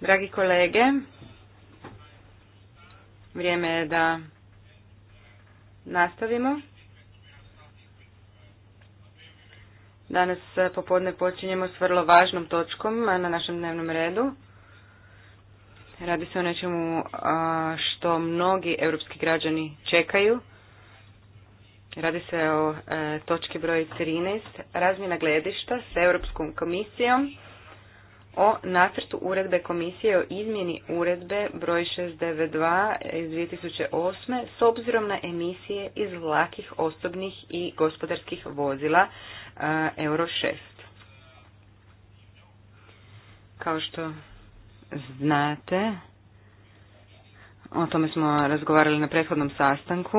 Dragi kolege, vrijeme je da nastavimo. Danas popodne počinjemo s vrlo važnom točkom na našem dnevnom redu. Radi se o nečemu što mnogi europski građani čekaju. Radi se o e, točki broj 13, razmjena gledišta s Europskom komisijom o nacrtu uredbe komisije o izmjeni uredbe broj 692 iz 2008 s obzirom na emisije iz vlakih osobnih i gospodarskih vozila e, Euro 6. Kao što znate, o tome smo razgovarali na prethodnom sastanku.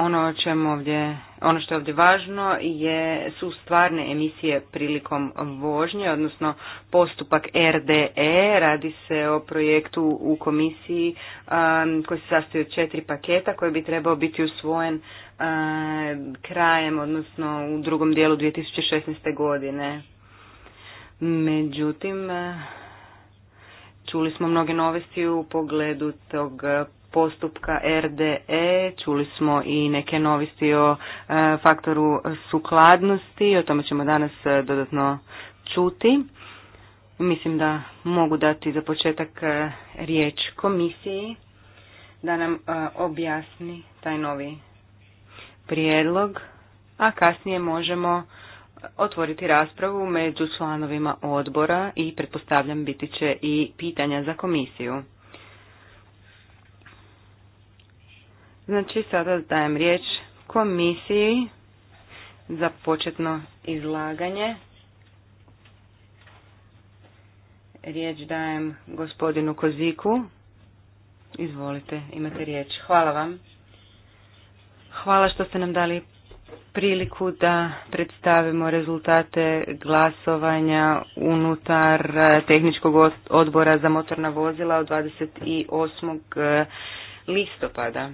Ono, ovdje, ono što je ovdje važno je, su stvarne emisije prilikom vožnje, odnosno postupak RDE. Radi se o projektu u komisiji um, koji se sastoji od četiri paketa koji bi trebao biti usvojen uh, krajem, odnosno u drugom dijelu 2016. godine. Međutim, čuli smo mnoge novosti u pogledu tog postupka RDE, čuli smo i neke novisti o e, faktoru sukladnosti, o tome ćemo danas e, dodatno čuti. Mislim da mogu dati za početak e, riječ komisiji da nam objasni taj novi prijedlog, a kasnije možemo otvoriti raspravu među članovima odbora i pretpostavljam biti će i pitanja za komisiju. Znači sada dajem riječ komisiji za početno izlaganje. Riječ dajem gospodinu Koziku. Izvolite, imate riječ. Hvala vam. Hvala što ste nam dali priliku da predstavimo rezultate glasovanja unutar e, tehničkog odbora za motorna vozila od 28. E, listopada.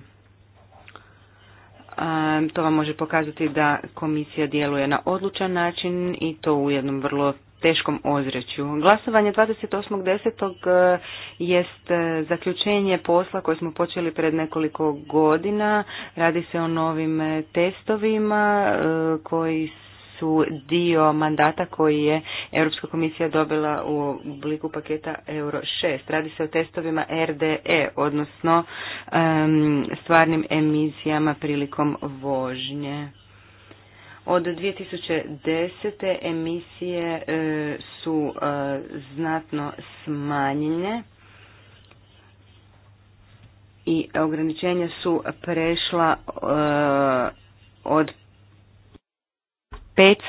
To vam može pokazati da komisija djeluje na odlučan način i to u jednom vrlo teškom ozreću. Glasovanje 28.10. E, jest e, zaključenje posla koje smo počeli pred nekoliko godina. Radi se o novim e, testovima koji su dio mandata koji je Europska komisija dobila u obliku paketa Euro 6. Radi se o testovima RDE, odnosno stvarnim emisijama prilikom vožnje. Od 2010. emisije e, su e, znatno smanjene i ograničenja su prešla e, od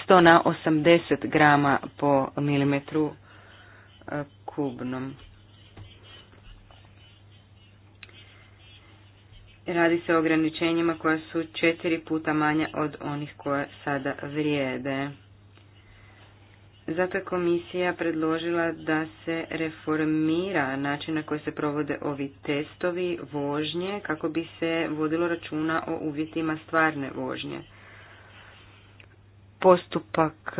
500 na 80 grama po milimetru kubnom. Radi se o ograničenjima koja su četiri puta manja od onih koja sada vrijede. Zato je komisija predložila da se reformira način na koji se provode ovi testovi vožnje kako bi se vodilo računa o uvjetima stvarne vožnje. Postupak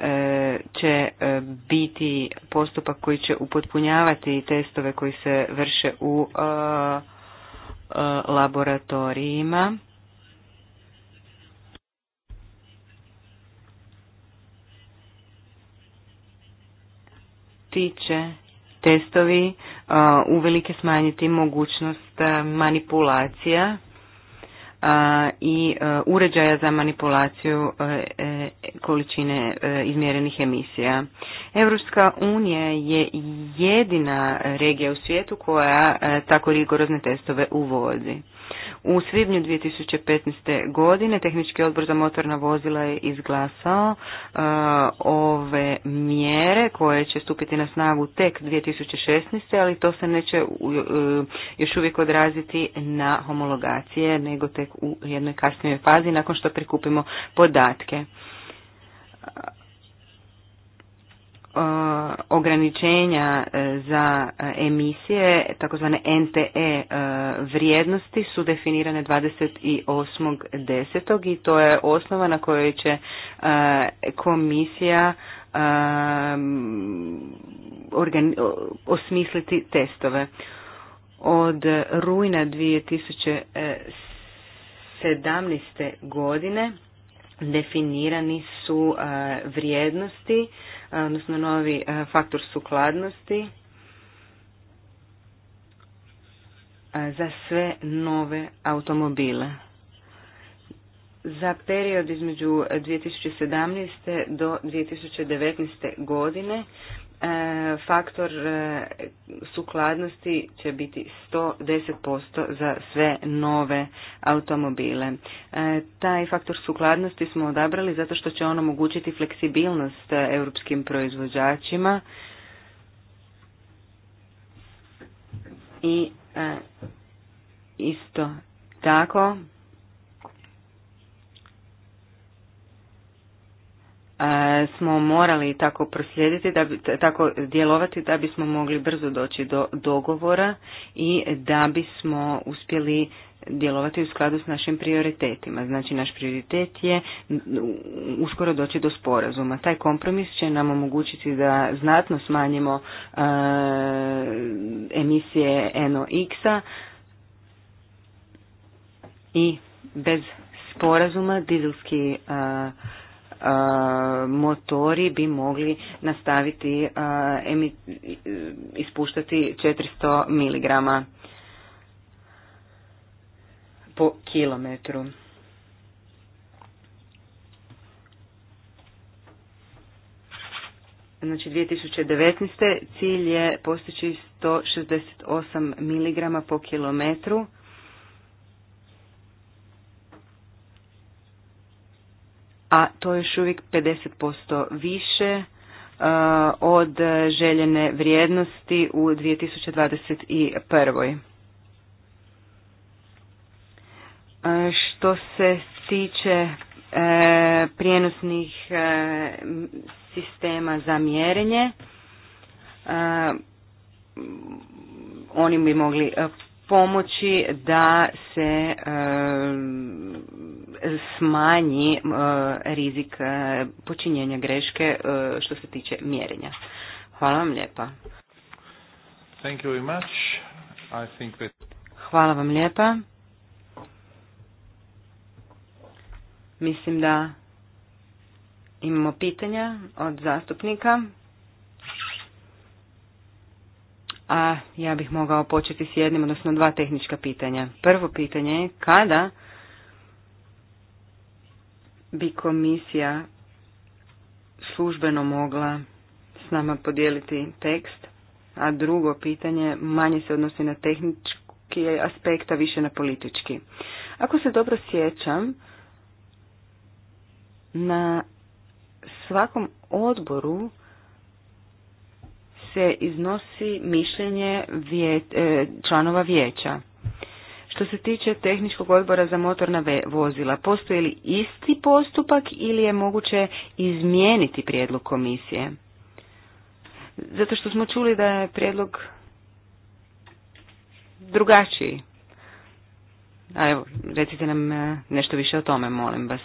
e, će e, biti postupak koji će upotpunjavati testove koji se vrše u e, Eh, laboratorijima. Ti će testovi eh, uvelike smanjiti mogućnost eh, manipulacija i e, uređaja za manipulaciju e, e, količine izmjerenih emisija. Europska unija je jedina regija u svijetu koja tako rigorozne testove uvozi. U svibnju 2015. godine tehnički odbor za motorna vozila je izglasao e, ove mjere koje će stupiti na snagu tek 2016. ali to se neće e, još uvijek odraziti na homologacije nego tek u jednoj kasnijoj fazi nakon što prikupimo podatke. E, ograničenja e, za e, emisije, takozvane NTE vrijednosti su definirane 28.10. i to je osnova na kojoj će komisija osmisliti testove. Od rujna 2017. godine definirani su vrijednosti odnosno novi e, faktor sukladnosti e, za sve nove automobile. Za period između 2017. do 2019. godine E, faktor e, sukladnosti će biti 110% za sve nove automobile. E, taj faktor sukladnosti smo odabrali zato što će on omogućiti fleksibilnost europskim proizvođačima i isto tako E, smo morali tako proslijediti, da bi, tako djelovati da bismo mogli brzo doći do dogovora i da bismo uspjeli djelovati u skladu s našim prioritetima. Znači naš prioritet je uskoro doći do sporazuma. Taj kompromis će nam omogućiti da znatno smanjimo e, emisije NOx-a i bez sporazuma dizelski e, motori bi mogli nastaviti ispuštati 400 mg po kilometru. Znači 2019. cilj je postići 168 mg po kilometru a to je još uvijek 50% više e, od željene vrijednosti u 2021. E, što se tiče e, prijenosnih sistema za mjerenje, oni bi mogli pomoći da se eh, smanji eh, rizik eh, počinjenja greške što se tiče mjerenja. Hvala vam lijepa. Thank you very much. I think Hvala vam lijepa. Mislim da imamo pitanja od zastupnika. a ja bih mogao početi s jednim, odnosno dva tehnička pitanja. Prvo pitanje je kada bi komisija službeno mogla s nama podijeliti tekst, a drugo pitanje manje se odnosi na tehnički aspekt, a više na politički. Ako se dobro sjećam, na svakom odboru se iznosi mišljenje e, članova vijeća. Što se tiče tehničkog odbora za motorna vozila, postoji li isti postupak ili je moguće izmijeniti prijedlog komisije? Zato što smo čuli da je prijedlog drugačiji. A evo, recite nam e, nešto više o tome, molim vas.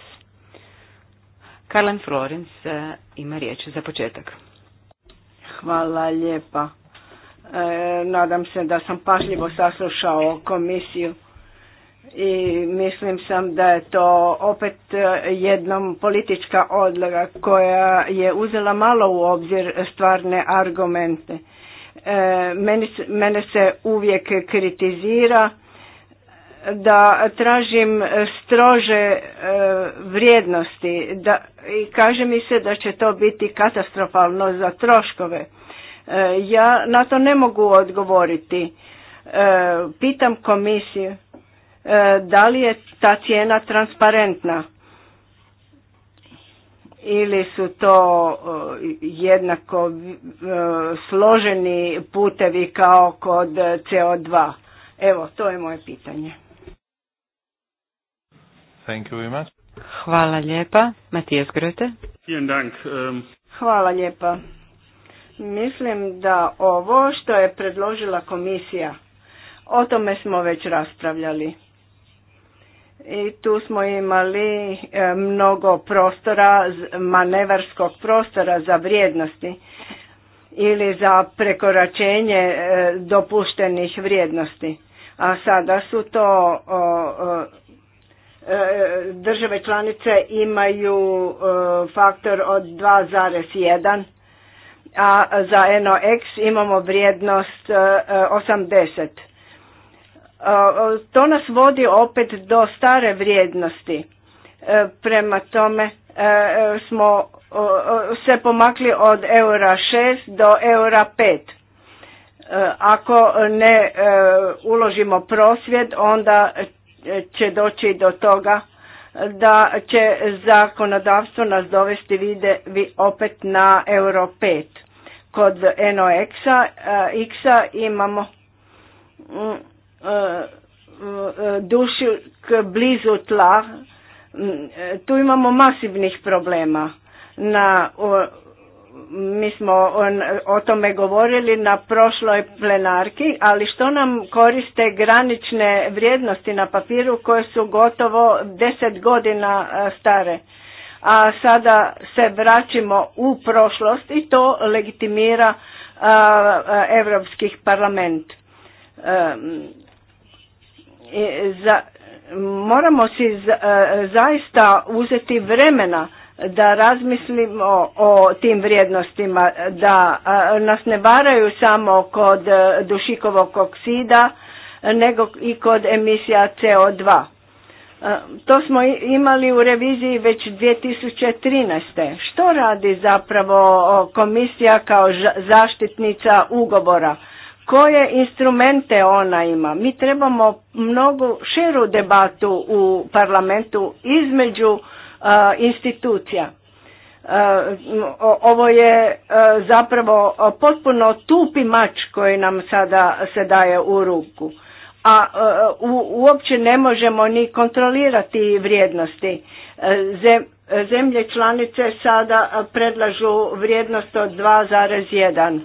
Karlan florins e, ima riječ za početak. Hvala lijepa. E, nadam se da sam pažljivo saslušao komisiju i mislim sam da je to opet jednom politička odloga koja je uzela malo u obzir stvarne argumente. E, mene se uvijek kritizira da tražim strože e, vrijednosti da, i kaže mi se da će to biti katastrofalno za troškove. E, ja na to ne mogu odgovoriti. E, pitam komisiju da li je ta cijena transparentna ili su to jednako složeni putevi kao kod CO2. Evo, to je moje pitanje. Thank Hvala lijepa. Matijas Grote. Ehm. Hvala lijepa. Mislim da ovo što je predložila komisija, o tome smo već raspravljali. I tu smo imali eh, mnogo prostora, manevarskog prostora za vrijednosti ili za prekoračenje eh, dopuštenih vrijednosti. A sada su to E, države članice imaju e, faktor od 2,1 a za NOx imamo vrijednost 80. E, to nas vodi opet do stare vrijednosti. Prema tome smo se pomakli od eura 6 do eura 5. Ako ne uložimo prosvjed, onda će doći do toga da će zakonodavstvo nas dovesti vide opet na Euro 5. Kod NOX-a uh, eh, uh, imamo mm, eh, k blizu tla. Mm, eh, tu imamo masivnih problema na mi smo o tome govorili na prošloj plenarki, ali što nam koriste granične vrijednosti na papiru koje su gotovo deset godina e, stare. A sada se vraćamo u prošlost i to legitimira evropskih parlament. E, moramo si e, zaista uzeti vremena da razmislimo o, tim vrijednostima, da nas ne varaju samo kod e, dušikovog oksida, nego i kod emisija CO2. E, to smo imali u reviziji već 2013. Što radi zapravo komisija kao zaštitnica ugovora? Koje instrumente ona ima? Mi trebamo mnogu širu debatu u parlamentu između institucija. Ovo je zapravo potpuno tupi mač koji nam sada se daje u ruku. A uopće ne možemo ni kontrolirati vrijednosti. Zemlje članice sada predlažu vrijednost od 2,1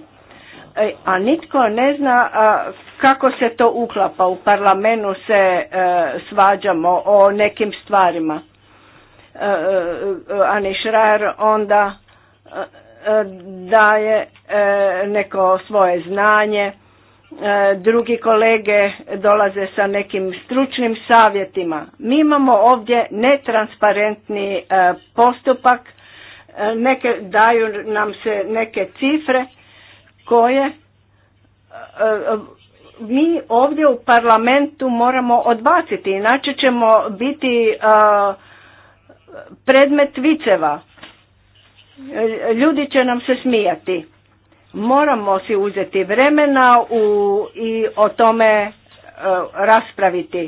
e, a nitko ne zna kako se to uklapa. U parlamentu se e, svađamo o nekim stvarima. Eh, eh, Ani Šrar onda eh, daje neko svoje znanje, drugi kolege dolaze sa nekim stručnim savjetima. Mi imamo ovdje netransparentni postupak, neke, daju nam se neke cifre koje mi ovdje u parlamentu moramo odbaciti, inače ćemo biti predmet viceva. Ljudi će nam se smijati. Moramo si uzeti vremena u, i o tome e, raspraviti. E,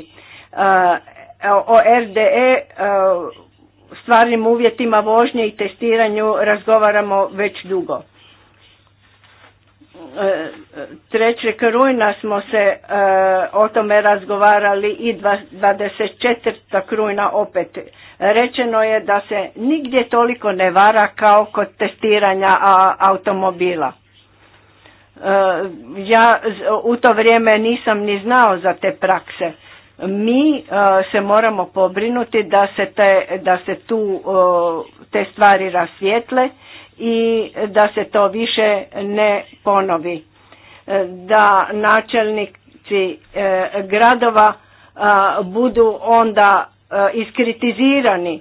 o RDE e, stvarnim uvjetima vožnje i testiranju razgovaramo već dugo. 3. rujna smo se e, o tome razgovarali i 24. rujna opet. Rečeno je da se nigdje toliko ne vara kao kod testiranja automobila. E, ja u to vrijeme nisam ni znao za te prakse. Mi e, se moramo pobrinuti da se, te, da se tu te stvari rasvijetle i da se to više ne ponovi. E, da načelnici e, gradova e, budu onda iskritizirani.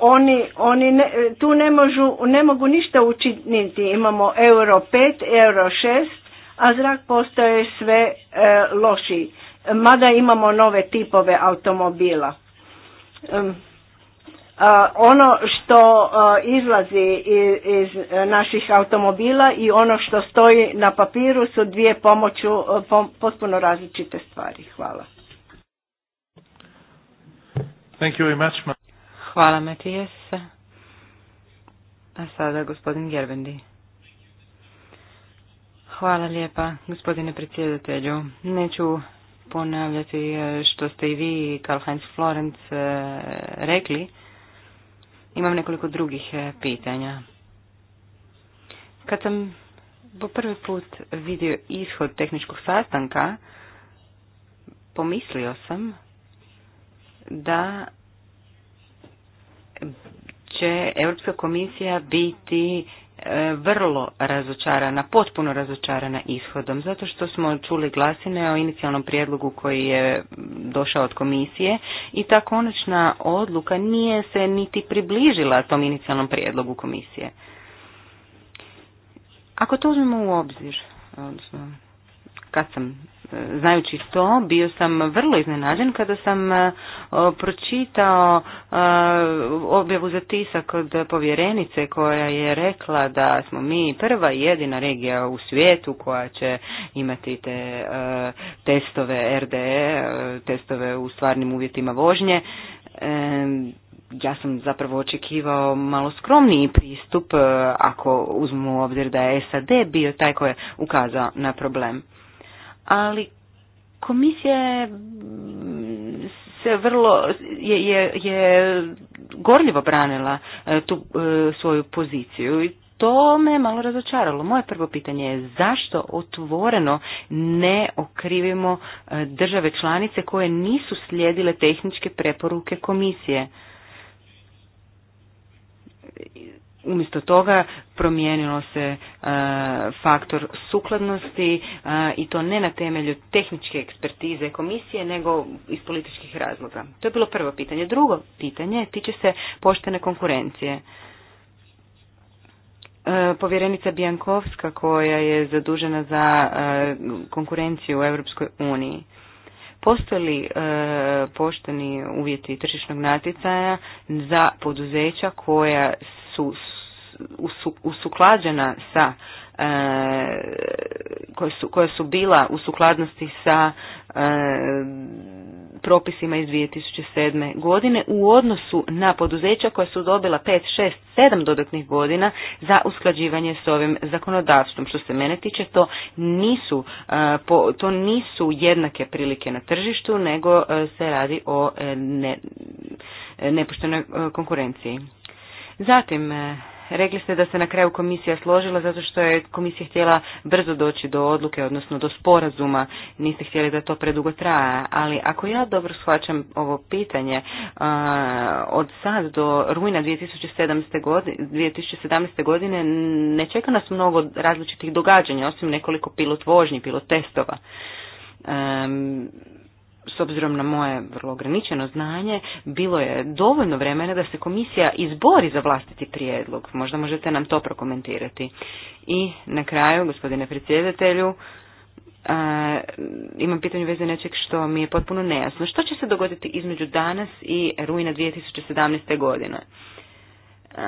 Oni, oni tu ne, možu, ne mogu ništa učiniti. Imamo euro 5, euro 6, a zrak postoje sve lošiji. Mada imamo nove tipove automobila. Eh, ono što eh, izlazi iz eh, naših automobila i ono što stoji na papiru su dvije pomoću potpuno različite stvari. Hvala. Thank you very much. Hvala Matijes. A sada gospodin Gerbendi. Hvala lijepa gospodine predsjedatelju. Neću ponavljati što ste i vi i Karl Heinz Florenc rekli imam nekoliko drugih e, pitanja. Kad sam po prvi put vidio ishod tehničkog sastanka, pomislio sam da će Europska komisija biti E, vrlo razočarana, potpuno razočarana ishodom, zato što smo čuli glasine o inicijalnom prijedlogu koji je došao od komisije i ta konačna odluka nije se niti približila tom inicijalnom prijedlogu komisije. Ako to uzmemo u obzir, odnosno kad sam znajući to, bio sam vrlo iznenađen kada sam e, pročitao e, objavu za tisak od povjerenice koja je rekla da smo mi prva i jedina regija u svijetu koja će imati te e, testove RDE, testove u stvarnim uvjetima vožnje ja sam zapravo očekivao malo skromniji pristup ako uzmu u obzir da je SAD bio taj koji je ukazao na problem ali komisija je se vrlo je, je, je gorljivo branila e, tu e, svoju poziciju i to me malo razočaralo. Moje prvo pitanje je zašto otvoreno ne okrivimo e, države članice koje nisu slijedile tehničke preporuke komisije? umjesto toga promijenilo se e, faktor sukladnosti e, i to ne na temelju tehničke ekspertize komisije nego iz političkih razloga. To je bilo prvo pitanje. Drugo pitanje tiče se poštene konkurencije. E, povjerenica Bijankovska koja je zadužena za konkurenciju u Europskoj uniji. Postoje li pošteni uvjeti tržišnog natjecanja za poduzeća koja su usuklađena sa e, koje, su, su bila u sukladnosti sa e, propisima iz 2007. godine u odnosu na poduzeća koja su dobila 5, 6, 7 dodatnih godina za usklađivanje s ovim zakonodavstvom. Što se mene tiče, to nisu, e, po, to nisu jednake prilike na tržištu, nego se radi o ne, nepoštenoj konkurenciji. Zatim, e, rekli ste da se na kraju komisija složila zato što je komisija htjela brzo doći do odluke, odnosno do sporazuma, niste htjeli da to predugo traje, ali ako ja dobro shvaćam ovo pitanje, e, od sad do rujna 2017. godine, godine ne čeka nas mnogo različitih događanja, osim nekoliko pilot vožnji, pilot testova s obzirom na moje vrlo ograničeno znanje, bilo je dovoljno vremena da se komisija izbori za vlastiti prijedlog. Možda možete nam to prokomentirati. I na kraju, gospodine predsjedatelju, e, imam pitanje veze nečeg što mi je potpuno nejasno. Što će se dogoditi između danas i rujna 2017. godine? Uh,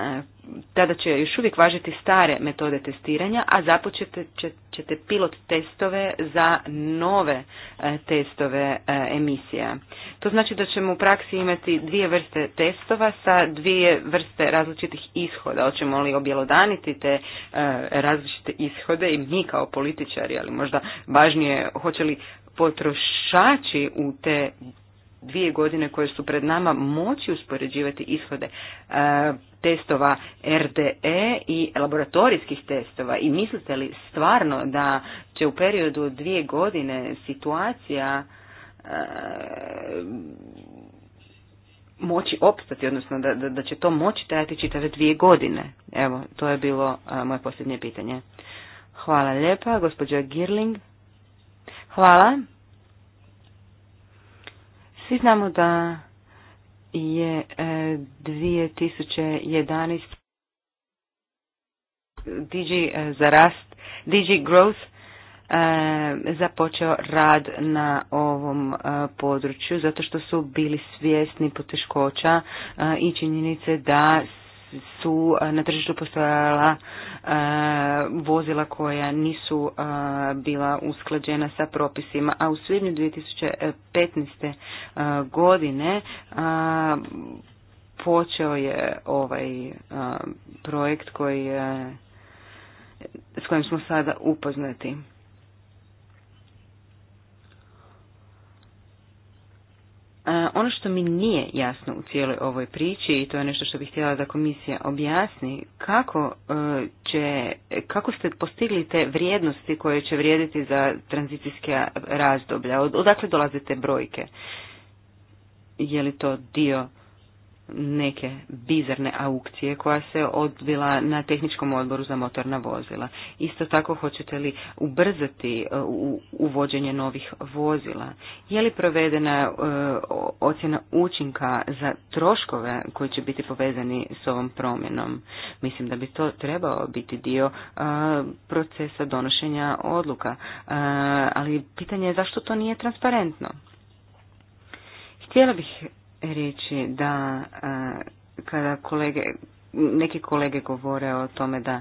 tada će još uvijek važiti stare metode testiranja, a započete ćete pilot testove za nove e, testove e, emisija. To znači da ćemo u praksi imati dvije vrste testova sa dvije vrste različitih ishoda. Hoćemo li objelodaniti te e, različite ishode i mi kao političari, ali možda važnije hoće li potrošači u te dvije godine koje su pred nama moći uspoređivati ishode e, testova RDE i laboratorijskih testova i mislite li stvarno da će u periodu dvije godine situacija e, moći opstati, odnosno da, da, će to moći trajati čitave dvije godine. Evo, to je bilo e, moje posljednje pitanje. Hvala lijepa, gospođa Girling. Hvala. Svi znamo da je 2011 e, DG e, za rast, DG Growth e, započeo rad na ovom području zato što su bili svjesni poteškoća i činjenice da su eh, na tržištu postojala eh, vozila koja nisu eh, bila usklađena sa propisima, a u svibnju 2015. godine počeo je ovaj projekt koji s kojim smo sada upoznati. Ono što mi nije jasno u cijeloj ovoj priči i to je nešto što bih htjela da komisija objasni, kako, e, će, kako ste postigli te vrijednosti koje će vrijediti za tranzicijske razdoblja? Odakle dolaze te brojke? Je li to dio neke bizarne aukcije koja se odvila na tehničkom odboru za motorna vozila. Isto tako hoćete li ubrzati e, uvođenje novih vozila? Je li provedena e, ocjena učinka za troškove koji će biti povezani s ovom promjenom? Mislim da bi to trebao biti dio e, procesa donošenja odluka, ali pitanje je zašto to nije transparentno? Htjela bih reći da e, kada kolege, neki kolege govore o tome da e,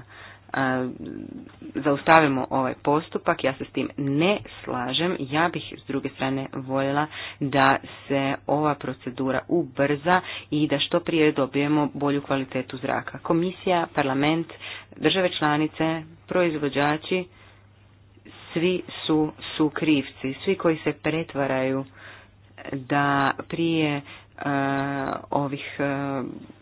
zaustavimo ovaj postupak, ja se s tim ne slažem, ja bih s druge strane voljela da se ova procedura ubrza i da što prije dobijemo bolju kvalitetu zraka. Komisija, parlament, države članice, proizvođači, svi su, su krivci, svi koji se pretvaraju da prije ovih e,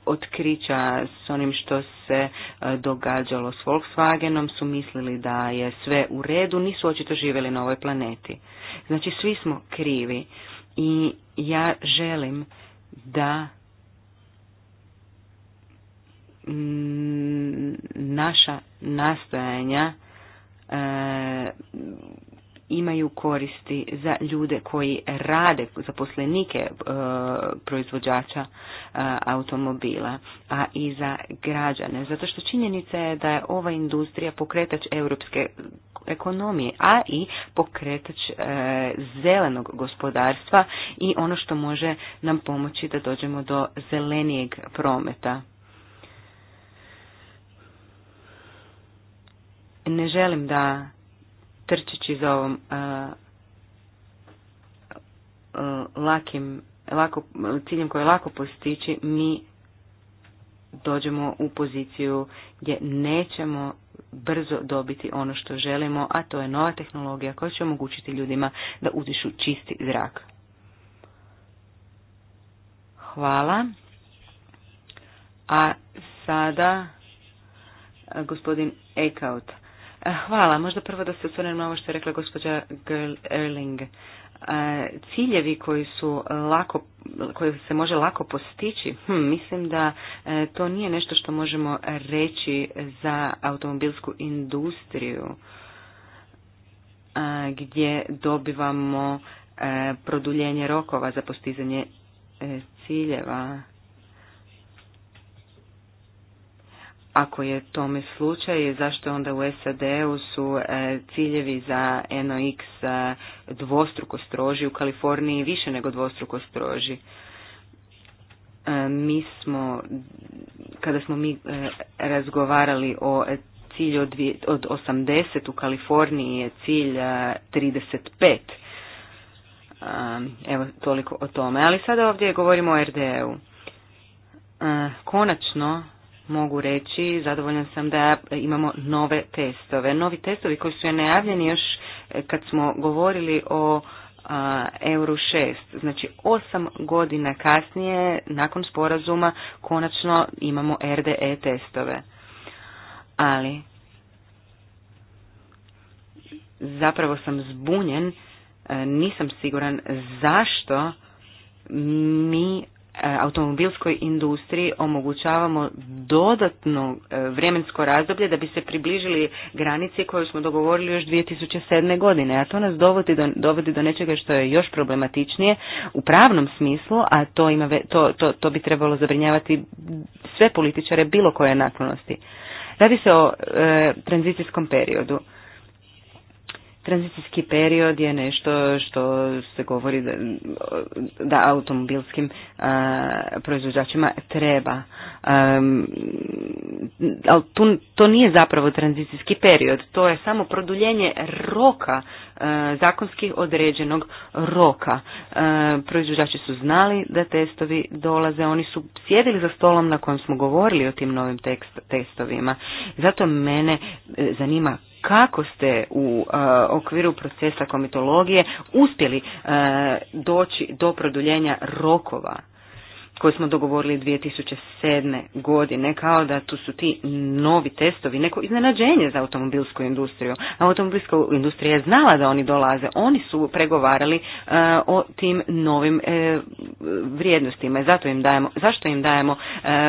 otkrića s onim što se e, događalo s Volkswagenom su mislili da je sve u redu, nisu očito živjeli na ovoj planeti. Znači svi smo krivi i ja želim da mm, naša nastojanja e, imaju koristi za ljude koji rade, zaposlenike e, proizvođača e, automobila, a i za građane. Zato što činjenica je da je ova industrija pokretač europske ekonomije, a i pokretač e, zelenog gospodarstva i ono što može nam pomoći da dođemo do zelenijeg prometa. Ne želim da trčeći za ovom e, e, lakim, lako, ciljem koji je lako postići, mi dođemo u poziciju gdje nećemo brzo dobiti ono što želimo, a to je nova tehnologija koja će omogućiti ljudima da udišu čisti zrak. Hvala. A sada e, gospodin Ekaut. Eh, hvala. Možda prvo da se osvrnem na ovo što je rekla gospođa Erling. Eh, ciljevi koji su lako, koji se može lako postići, hm, mislim da eh, to nije nešto što možemo reći za automobilsku industriju gdje dobivamo produljenje rokova za postizanje ciljeva. Ako je tome slučaj, zašto onda u SAD-u su e, ciljevi za NOx e, dvostruko stroži, u Kaliforniji više nego dvostruko stroži? E, mi smo, kada smo mi razgovarali o cilju od, od 80 u Kaliforniji je cilj 35. Evo toliko o tome. Ali sada ovdje govorimo o RDE-u. Konačno mogu reći, zadovoljan sam da imamo nove testove. Novi testovi koji su je najavljeni još e, kad smo govorili o Euro 6, znači osam godina kasnije nakon sporazuma konačno imamo RDE testove. Ali zapravo sam zbunjen, e, nisam siguran zašto mi E, automobilskoj industriji omogućavamo dodatno e, vremensko razdoblje da bi se približili granici koju smo dogovorili još 2007. godine, a to nas dovodi do, dovodi do nečega što je još problematičnije u pravnom smislu, a to, ima, to, to, to bi trebalo zabrinjavati sve političare bilo koje naklonosti. Radi se o e, tranzicijskom periodu. Tranzicijski period je nešto što se govori da, da automobilskim proizvođačima treba. ali to, to nije zapravo tranzicijski period, to je samo produljenje roka, zakonski određenog roka. proizvođači su znali da testovi dolaze, oni su sjedili za stolom na kojem smo govorili o tim novim tekst, testovima. Zato mene e, zanima kako ste u e, okviru procesa komitologije uspjeli e, doći do produljenja rokova koje smo dogovorili 2007. godine, kao da tu su ti novi testovi, neko iznenađenje za automobilsku industriju. A automobilska industrija je znala da oni dolaze, oni su pregovarali e, o tim novim vrijednostima i zato im dajemo, zašto im dajemo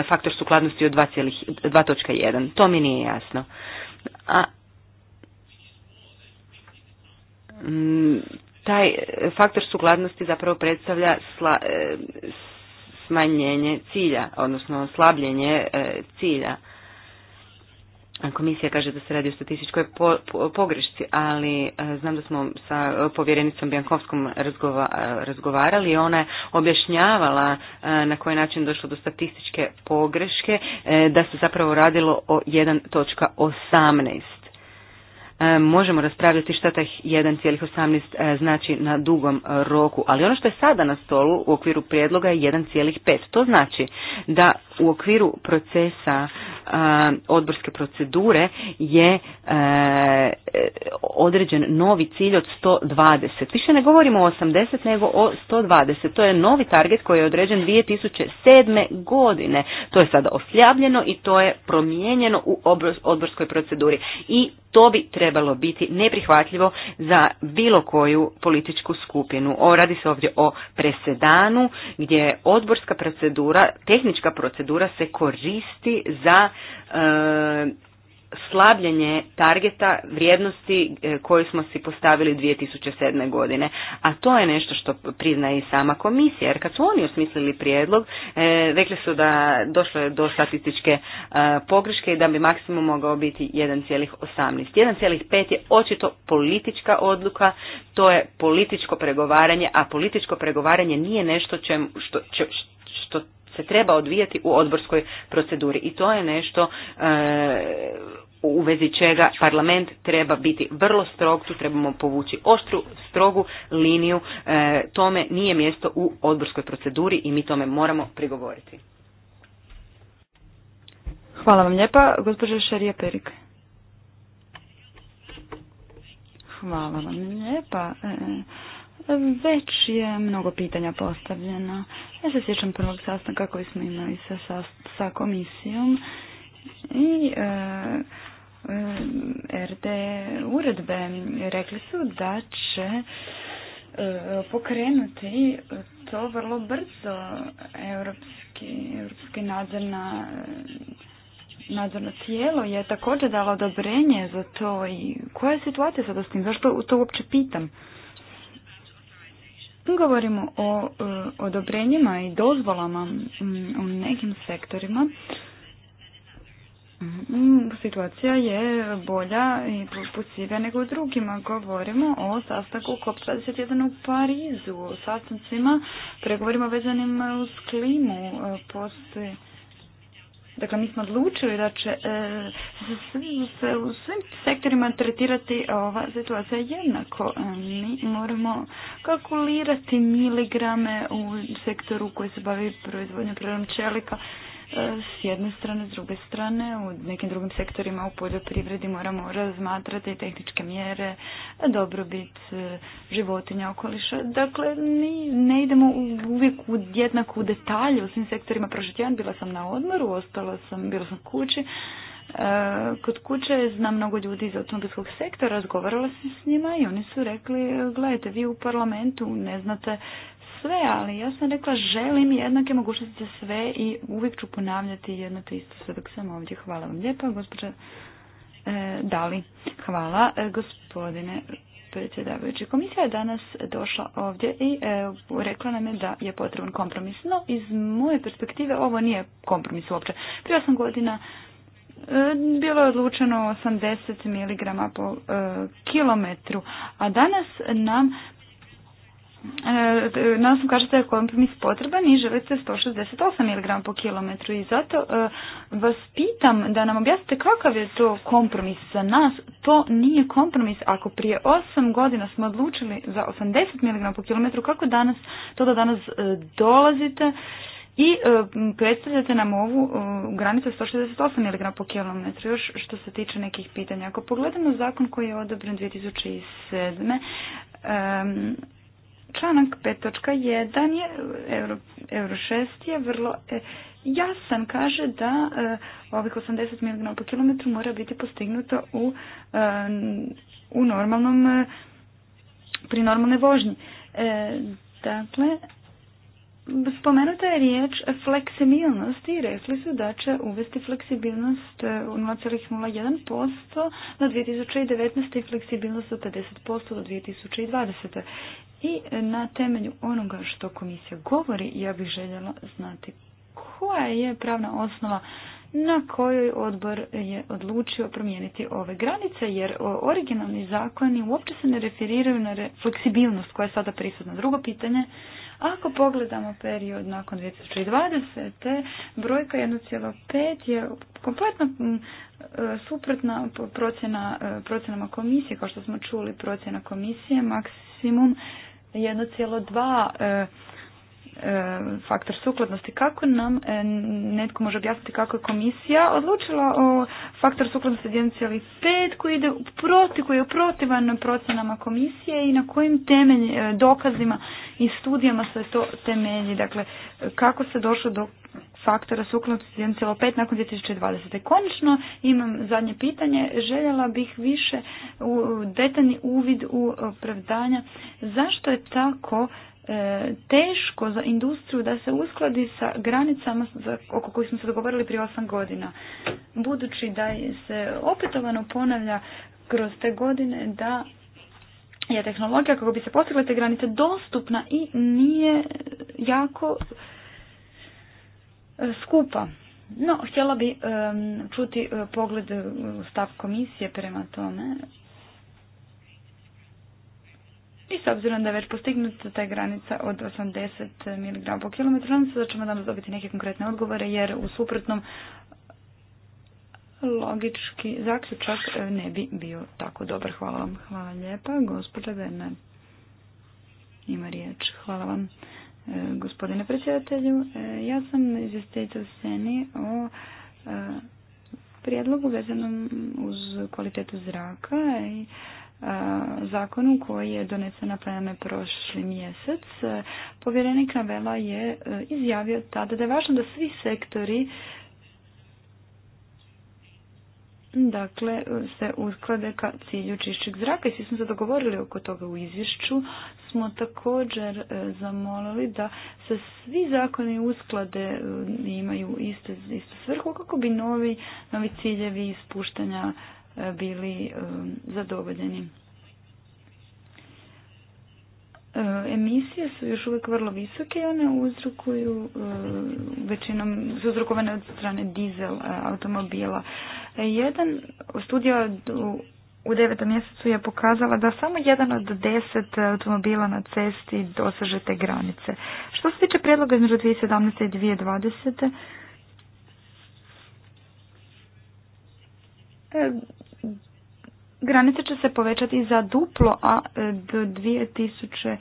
faktor sukladnosti od 2,1. To mi nije jasno. A Mm, taj faktor sukladnosti zapravo predstavlja e, smanjenje cilja, odnosno slabljenje e, cilja. Komisija kaže da se radi o statističkoj pogrešci, ali e, znam da smo sa povjerenicom Bjankovskom razgovarali i ona je objašnjavala na koji način došlo do statističke pogreške, da se zapravo radilo o 1.18 E, možemo raspravljati šta taj 1,18 e, znači na dugom e, roku, ali ono što je sada na stolu u okviru prijedloga je 1,5. To znači da u okviru procesa odborske procedure je e, određen novi cilj od 120. Više ne govorimo o 80 nego o 120. To je novi target koji je određen 2007. godine. To je sada osljavljeno i to je promijenjeno u odborskoj proceduri. I to bi trebalo biti neprihvatljivo za bilo koju političku skupinu. O, radi se ovdje o presedanu gdje je odborska procedura, tehnička procedura procedura se koristi za e, slabljenje targeta vrijednosti e, koju smo si postavili 2007. godine. A to je nešto što priznaje i sama komisija. Jer kad su oni osmislili prijedlog, e, rekli su da došlo je do statističke e, pogreške i da bi maksimum mogao biti 1,18. 1,5 je očito politička odluka, to je političko pregovaranje, a političko pregovaranje nije nešto čem, što, što, što se treba odvijati u odborskoj proceduri i to je nešto e, u vezi čega parlament treba biti vrlo strog, tu trebamo povući oštru, strogu liniju, e, tome nije mjesto u odborskoj proceduri i mi tome moramo prigovoriti. Hvala vam lijepa, gospođa Šarija Perik. Hvala vam lijepa. E, već je mnogo pitanja postavljeno. Ja se sjećam prvog sastanka koji smo imali sa, sa, komisijom i e, e RD uredbe rekli su da će e, pokrenuti to vrlo brzo europski, europski nadzor na nadzorno tijelo je također dalo odobrenje za to i koja je situacija sada s tim? Zašto to uopće pitam? govorimo o e, odobrenjima i dozvolama u nekim sektorima, mm, Situacija je bolja i nego u drugima. Govorimo o sastanku COP21 u Parizu, o sastancima, pregovorima vezanim uz klimu. E, postoje. Dakle, mi smo odlučili da će e, se u svim sektorima tretirati ova situacija jednako. E, mi moramo kalkulirati miligrame u sektoru koji se bavi proizvodnjom prirodom čelika E, s jedne strane, s druge strane, u nekim drugim sektorima u poljoprivredi moramo razmatrati tehničke mjere, dobrobit e, životinja, okoliša. Dakle, mi ne idemo uvijek u jednako u detalje u svim sektorima. Prošli tjedan bila sam na odmoru, ostala sam, bila sam kući. E, kod kuće znam mnogo ljudi iz automobilskog sektora, razgovarala sam s njima i oni su rekli, gledajte, vi u parlamentu ne znate sve, ali ja sam rekla želim jednake mogućnosti za sve i uvijek ću ponavljati jedno to isto sve dok sam ovdje. Hvala vam lijepa, gospođa e, Dali. Hvala, e, gospodine predsjedavajući. Komisija je danas došla ovdje i e, rekla nam je da je potreban kompromis. No, iz moje perspektive ovo nije kompromis uopće. Prije osam godina e, bilo je odlučeno 80 mg po kilometru, a danas nam E, na osnovu kažete da je kompromis potreban i želite 168 mg po kilometru i zato e, vas pitam da nam objasnite kakav je to kompromis za nas. To nije kompromis ako prije 8 godina smo odlučili za 80 mg po kilometru, kako danas, to da danas e, dolazite i predstavljate nam ovu granicu 168 mg po kilometru, još što se tiče nekih pitanja. Ako pogledamo zakon koji je odobren 2007. Članak 5.1 je, euro, euro 6 je vrlo e, jasan, kaže da e, ovih 80 mg po kilometru mora biti postignuto u, e, u normalnom, pri normalnoj vožnji. Dakle, spomenuta je riječ fleksibilnost i rekli su da će uvesti fleksibilnost u 0,01% na 2019. i fleksibilnost do 50% do 2020. I na temelju onoga što komisija govori, ja bih željela znati koja je pravna osnova na kojoj odbor je odlučio promijeniti ove granice, jer originalni zakoni uopće se ne referiraju na fleksibilnost koja je sada prisutna. Drugo pitanje, ako pogledamo period nakon 2020. brojka 1,5 je kompletno e, suprotna procjena, e, procjenama komisije, kao što smo čuli procjena komisije, maksimum 1,2 e, E, faktor sukladnosti. Kako nam e, netko može objasniti kako je komisija odlučila o faktor sukladnosti 1,5 koji ide protiv, koji je protivan procjenama komisije i na kojim temelj, e, dokazima i studijama se to temelji. Dakle, kako se došlo do faktora sukladnosti 1,5 nakon 2020. Konačno imam zadnje pitanje. Željela bih više u detaljni uvid u opravdanja. Zašto je tako E, teško za industriju da se uskladi sa granicama oko kojih smo se dogovorili prije osam godina. Budući da se opetovano ponavlja kroz te godine da je tehnologija kako bi se postigla te granice dostupna i nije jako e, skupa. No, htjela bi um, čuti uh, pogled stav komisije prema tome i s obzirom da je već postignuta ta granica od 80 mg po kilometru, nam da ćemo danas dobiti neke konkretne odgovore, jer u suprotnom logički zaključak ne bi bio tako dobar. Hvala vam. Hvala lijepa. Gospođa Bernard. ima riječ. Hvala vam. E, gospodine predsjedatelju, e, ja sam izvjestiteljica u sceni o e, prijedlogu vezanom uz kvalitetu zraka i zakonu koji je donesen na prošli mjesec. Povjerenik Navela je e, izjavio tada da je važno da svi sektori dakle, se usklade ka cilju čišćeg zraka i svi smo se dogovorili oko toga u izvješću. Smo također e, zamolili da se svi zakoni usklade e, imaju iste svrhu kako bi novi, novi ciljevi ispuštanja bili um, zadovoljeni. E, emisije su još uvijek vrlo visoke i one uzrokuju e, većinom su uzrokovane od strane dizel e, automobila. Jedan studija u devetom mjesecu je pokazala da samo jedan od deset automobila na cesti dosaže te granice. Što se tiče prijedloga između 2017. i 2020. E, granice će se povećati za duplo, a e, do 2000,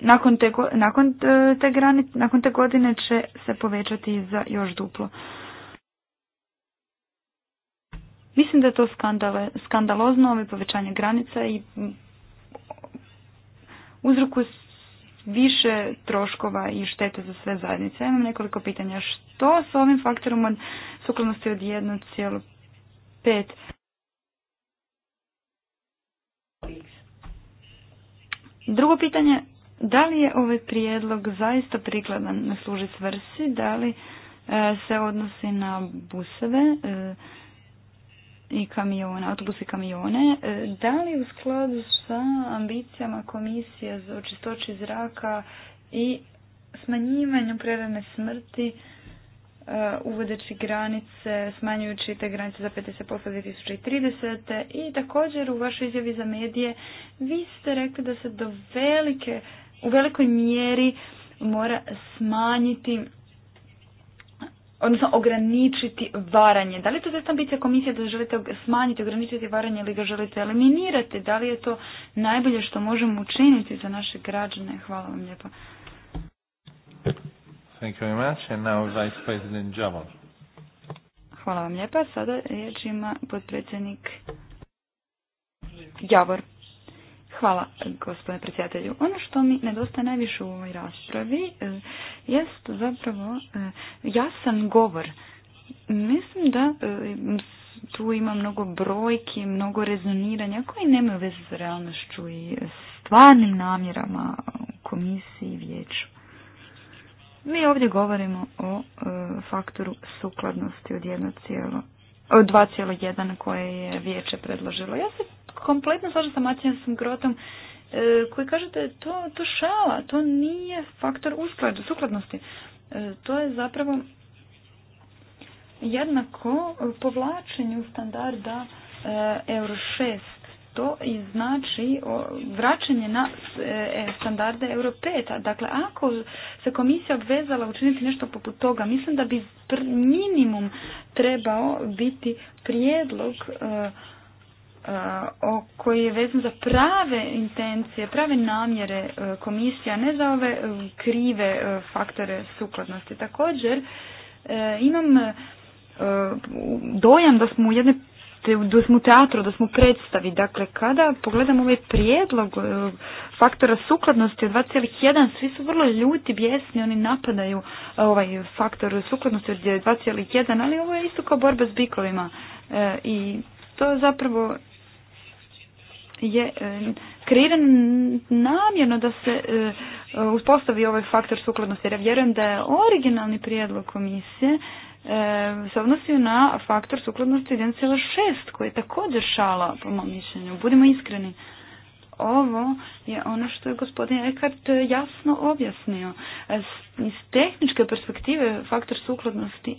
nakon te, nakon e, te, granice, nakon te godine će se povećati za još duplo. Mislim da je to skandalozno, ovo povećanje granica i uzroku više troškova i štete za sve zajednice. Ja imam nekoliko pitanja. Što s ovim faktorom od sukladnosti od 1,5? 5. Drugo pitanje, da li je ovaj prijedlog zaista prikladan na služi svrsi, da li e, se odnosi na buseve e, i kamione, autobuse i kamione, e, da li u skladu sa ambicijama komisije za očistoći zraka i smanjivanju prerane smrti Uh, uvodeći granice, smanjujući te granice za 50% 2030. I također u vašoj izjavi za medije vi ste rekli da se do velike, u velikoj mjeri mora smanjiti odnosno ograničiti varanje. Da li je to zaista ambicija komisije da želite smanjiti, ograničiti varanje ili ga želite eliminirati? Da li je to najbolje što možemo učiniti za naše građane? Hvala vam lijepa. Thank you very much. Hvala vam lijepa. Sada riječ ima potpredsjednik Javor. Hvala, gospodine predsjedatelju. Ono što mi nedostaje najviše u ovoj raspravi e, jest zapravo e, jasan govor. Mislim da e, tu ima mnogo brojki, mnogo rezoniranja koji nemaju veze sa realnošću i stvarnim namjerama komisiji i vijeću. Mi ovdje govorimo o e, faktoru sukladnosti od 2,1 koje je vijeće predložilo. Ja se kompletno slažem sa Macijasom Grotom e, koji kaže da je to, šala, to nije faktor sukladnosti. E, to je zapravo jednako povlačenju standarda Euro 6 to i znači vraćanje na e, standarde europeta. Dakle, ako se komisija obvezala učiniti nešto poput toga, mislim da bi minimum trebao biti prijedlog e, e, o koji je vezan za prave intencije, prave namjere komisija, ne za ove krive faktore sukladnosti. Također, imam dojam da smo u jednoj da smo u teatru, da smo predstavi. Dakle, kada pogledamo ovaj prijedlog e, faktora sukladnosti od 2,1, svi su vrlo ljuti, bjesni, oni napadaju e, ovaj faktor sukladnosti od 2,1, ali ovo je isto kao borba s bikovima. E, I to zapravo je e, kreiran namjerno da se uspostavi ovaj faktor sukladnosti. Jer ja vjerujem da je originalni prijedlog komisije E, se odnosi na faktor sukladnosti 1,6 koji je također šala po mom mišljenju. Budimo iskreni. Ovo je ono što je gospodin Eckhart jasno objasnio. E, iz tehničke perspektive faktor sukladnosti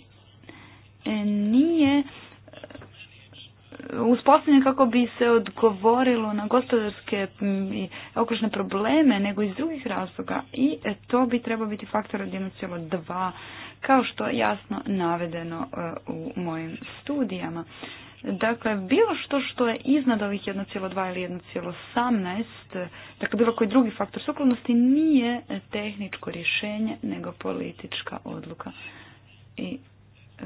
e, nije uspostavljen kako bi se odgovorilo na gospodarske i okružne probleme, nego iz drugih razloga i e, to bi trebao biti faktor od 1,2 kao što je jasno navedeno e, u mojim studijama. Dakle, bilo što što je iznad ovih 1,2 ili 1,18, dakle bilo koji drugi faktor sukladnosti nije tehničko rješenje, nego politička odluka. I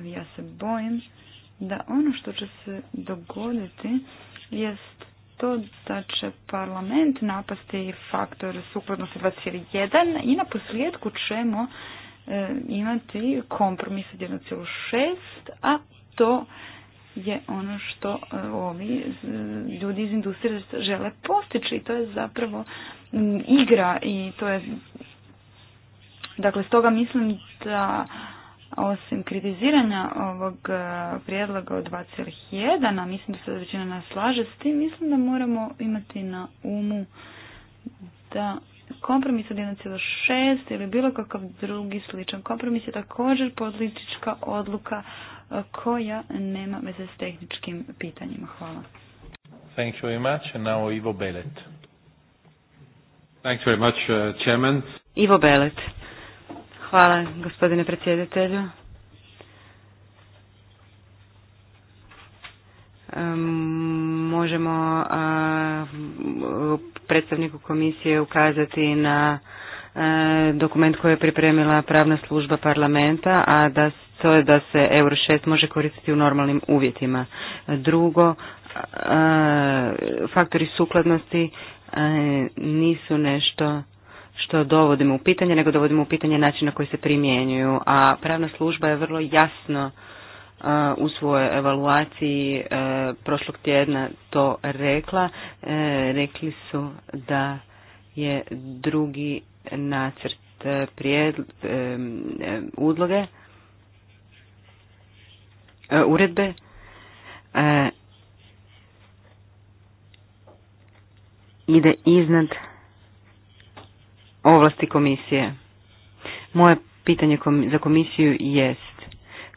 ja se bojim da ono što će se dogoditi jest to da će parlament napasti faktor sukladnosti 21 i na posljedku ćemo e, imati kompromis od 1,6, a to je ono što e, ovi e, ljudi iz industrije žele postići i to je zapravo igra i to je dakle stoga mislim da osim kritiziranja ovog e, prijedloga od 2.1, a mislim da se većina nas slaže s tim, mislim da moramo imati na umu da kompromis od 1.6 ili bilo kakav drugi sličan kompromis je također politička odluka e, koja nema veze s tehničkim pitanjima. Hvala. Thank you very much. Ivo Belet. very much, uh, Chairman. Ivo Belet. Hvala gospodine predsjedatelju. Možemo eh, predstavniku komisije ukazati na eh, dokument koji je pripremila pravna služba parlamenta, a da to je da se Euro 6 može koristiti u normalnim uvjetima. Drugo, eh, faktori sukladnosti nisu nešto što dovodimo u pitanje, nego dovodimo u pitanje način na koji se primjenjuju. A pravna služba je vrlo jasno u svojoj evaluaciji e, prošlog tjedna to rekla. E, rekli su da je drugi nacrt e, udloge uredbe ide iznad ovlasti komisije. Moje pitanje za komisiju jest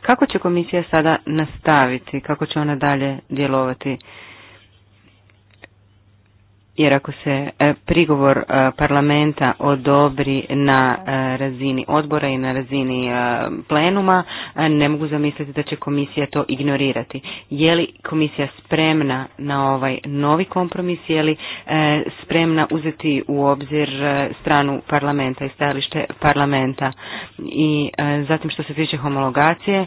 kako će komisija sada nastaviti, kako će ona dalje djelovati? jer ako se e, prigovor e, parlamenta odobri na e, razini odbora i na razini plenuma, ne mogu zamisliti da će komisija to ignorirati. Je li komisija spremna na ovaj novi kompromis, je li spremna uzeti u obzir stranu parlamenta i stajalište parlamenta? I zatim što se tiče homologacije,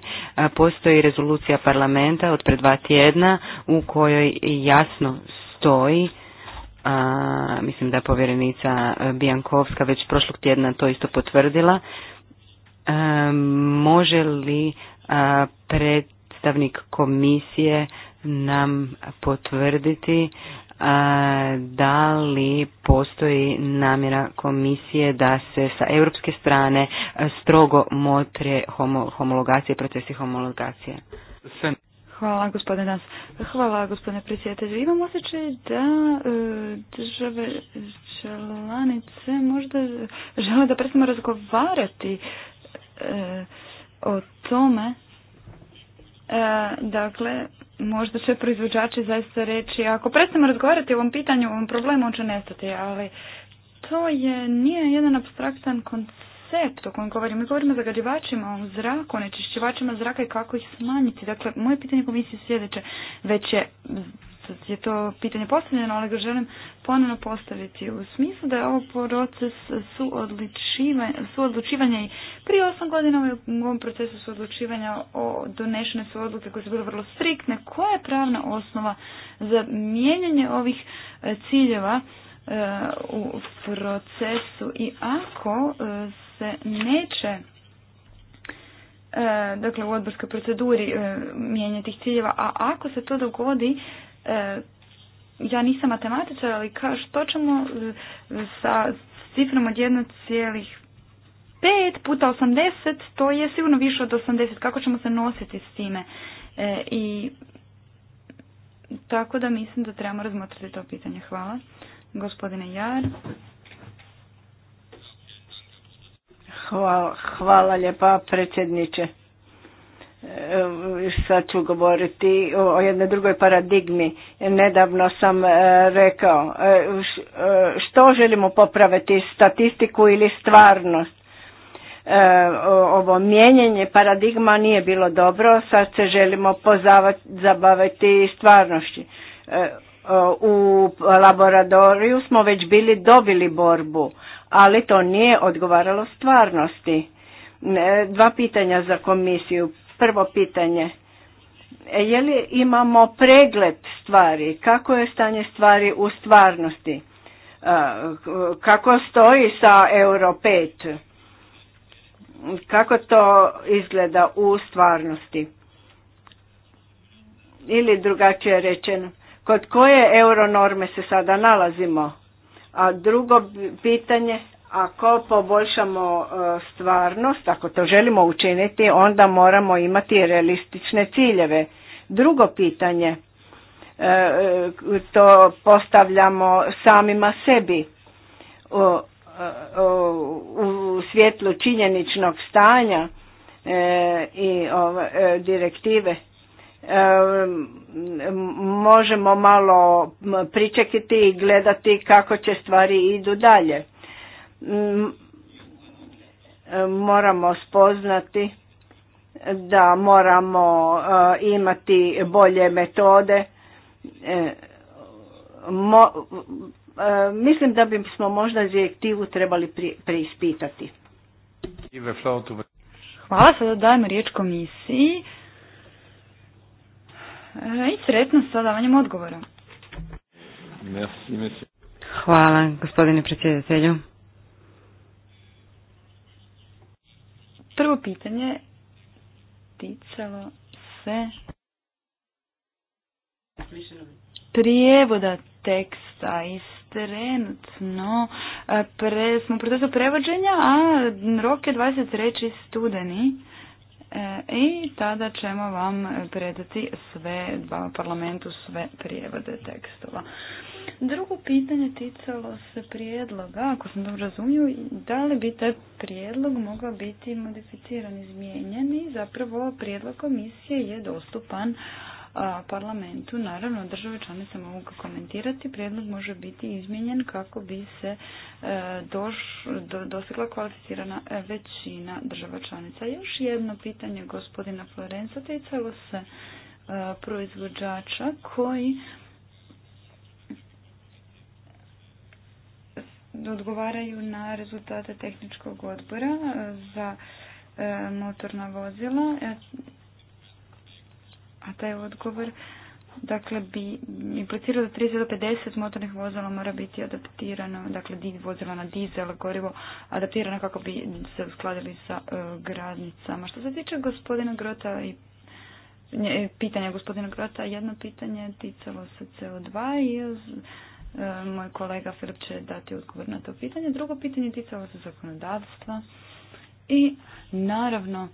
postoji rezolucija parlamenta od pred dva tjedna u kojoj jasno stoji a mislim da je povjerenica Bijankovska već prošlog tjedna to isto potvrdila. E, može li predstavnik komisije nam potvrditi da li postoji namjera komisije da se sa europske strane strogo motre homologacije, procesi homologacije? Hvala gospodine Nas. Hvala gospodine predsjedatelju. Imam osjećaj da e, države članice možda žele da prestamo razgovarati e, o tome. E, dakle, možda će proizvođači zaista reći ako prestamo razgovarati o ovom pitanju, o ovom problemu on će nestati, ali to je, nije jedan abstraktan koncept koncept o kojem govorimo. Mi govorimo o zagađivačima, o zraku, onečišćivačima zraka i kako ih smanjiti. Dakle, moje pitanje komisije sljedeće. Već je, je to pitanje postavljeno, ali ga želim ponovno postaviti u smislu da je ovo proces suodlučivanja, i prije osam godina u ovom procesu suodlučivanja o donešene su odluke koje su bile vrlo striktne. Koja je pravna osnova za mijenjanje ovih e, ciljeva e, u procesu i ako e, se neće e, dakle u odborskoj proceduri e, mijenjati tih ciljeva, a ako se to dogodi e, ja nisam matematičar, ali što ćemo sa cifrom od 1,5 puta 80, to je sigurno više od 80. Kako ćemo se nositi s time? I tako da mislim da trebamo razmotriti to pitanje. Hvala. Gospodine Jar. Hvala, hvala lijepa predsjedniče. E, sad ću govoriti o jednoj drugoj paradigmi. Nedavno sam e, rekao e, što želimo popraviti, statistiku ili stvarnost. Ovo mijenjanje paradigma nije bilo dobro, sad se želimo pozavati, zabaviti stvarnošću. U laboratoriju smo već bili dobili borbu ali to nije odgovaralo stvarnosti. E, dva pitanja za komisiju. Prvo pitanje, e, je li imamo pregled stvari, kako je stanje stvari u stvarnosti, e, kako stoji sa Euro 5, kako to izgleda u stvarnosti. Ili drugačije rečeno, kod koje euronorme se sada nalazimo? A drugo pitanje, ako poboljšamo e, stvarnost, ako to želimo učiniti, onda moramo imati realistične ciljeve. Drugo pitanje, e, e, to postavljamo samima sebi u svjetlu činjeničnog stanja i direktive možemo malo pričekiti i gledati kako će stvari idu dalje. Moramo spoznati da moramo eh, imati bolje metode. Eh, eh, mislim da bismo smo možda direktivu trebali preispitati. Hvala, sada dajem riječ komisiji. E, i sretno sa davanjem odgovora. Hvala gospodine predsjedatelju. Prvo pitanje ticalo se prijevoda teksta iz trenutno e, pre, smo u procesu prevođenja, a rok je 23. studeni. E, i tada ćemo vam predati sve, parlamentu sve prijevode tekstova. Drugo pitanje ticalo se prijedloga, ako sam dobro razumio, da li bi taj prijedlog mogao biti modificiran, izmijenjen i zapravo prijedlog komisije je dostupan parlamentu. Naravno, države članice mogu komentirati. Prijedlog može biti izmijenjen kako bi se e, dosegla kvalificirana većina država članica. Još jedno pitanje gospodina Florenca ticalo se e, proizvođača koji odgovaraju na rezultate tehničkog odbora e, za motorna vozila a taj odgovor dakle bi implicirao da 30 do 50 motornih vozila mora biti adaptirano, dakle vozila na dizel, gorivo adaptirano kako bi se uskladili sa e, gradnicama. Što se tiče gospodina Grota i nje, e, pitanja gospodina Grota, jedno pitanje ticalo se CO2 i e, moj kolega Filip će dati odgovor na to pitanje. Drugo pitanje ticalo se zakonodavstva i naravno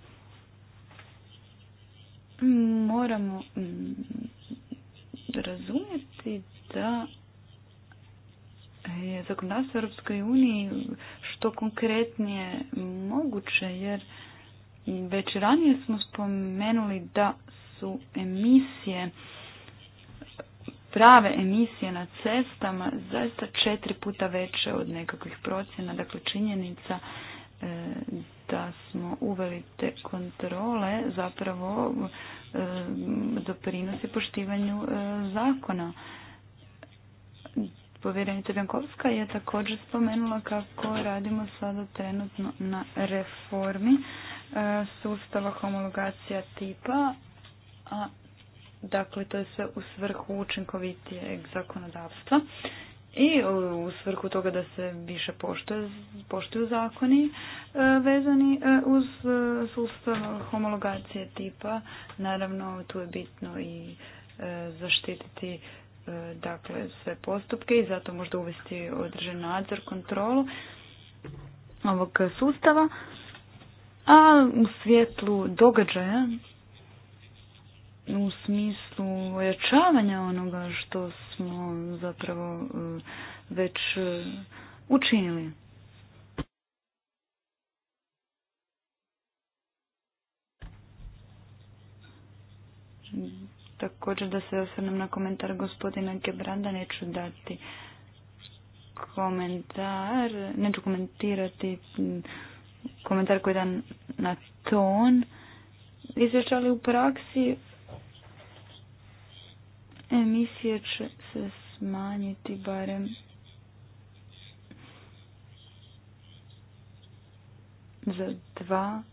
moramo mm, razumjeti da je zakonodavstvo Europskoj uniji što konkretnije moguće, jer već ranije smo spomenuli da su emisije, prave emisije na cestama zaista četiri puta veće od nekakvih procjena, dakle činjenica e, da smo uveli te kontrole zapravo e, doprinosi poštivanju e, zakona. Povjerenica Jankovska je također spomenula kako radimo sada trenutno na reformi e, sustava homologacija tipa, a dakle to je sve u svrhu učinkovitijeg zakonodavstva i e, u svrhu toga da se više poštuju zakoni e, vezani e, uz sustav homologacije tipa. Naravno, tu je bitno i zaštititi dakle sve postupke i zato možda uvesti određen nadzor, kontrolu ovog sustava. A u svijetlu događaja u smislu ojačavanja onoga što smo zapravo e, već e, učinili. Također da se osvrnem na komentar gospodina Gebranda, neću dati komentar, neću komentirati komentar koji je dan na ton izvješća, u praksi Emisije će se smanjiti barem za dva,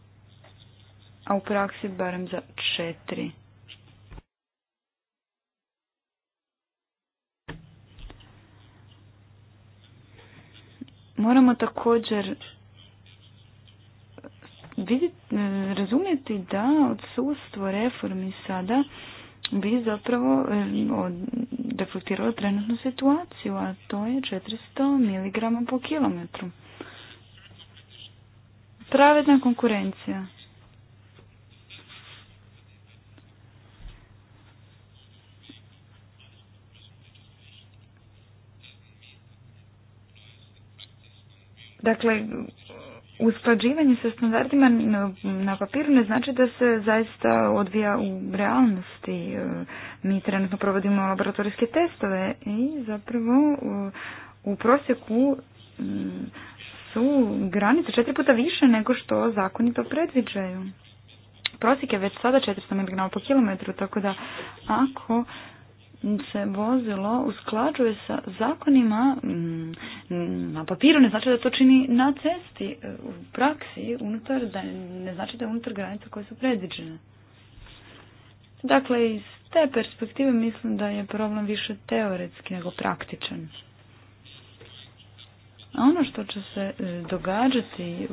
a u praksi barem za četiri. Moramo također vidjeti, eh, razumjeti da odsustvo reformi sada bi zapravo reflektiralo trenutnu situaciju, a to je 400 mg po kilometru. Pravedna konkurencija. Dakle, usklađivanje sa standardima na papiru ne znači da se zaista odvija u realnosti. E, Mi trenutno provodimo laboratorijske testove i zapravo e, u prosjeku su granice četiri puta više nego što zakoni to predviđaju. Prosjek je već sada 400 mg po kilometru, tako da ako se vozilo usklađuje sa zakonima mm, na papiru, ne znači da to čini na cesti, e, u praksi, unutar, da ne znači da je unutar granica koje su predviđene. Dakle, iz te perspektive mislim da je problem više teoretski nego praktičan. A ono što će se e, događati e,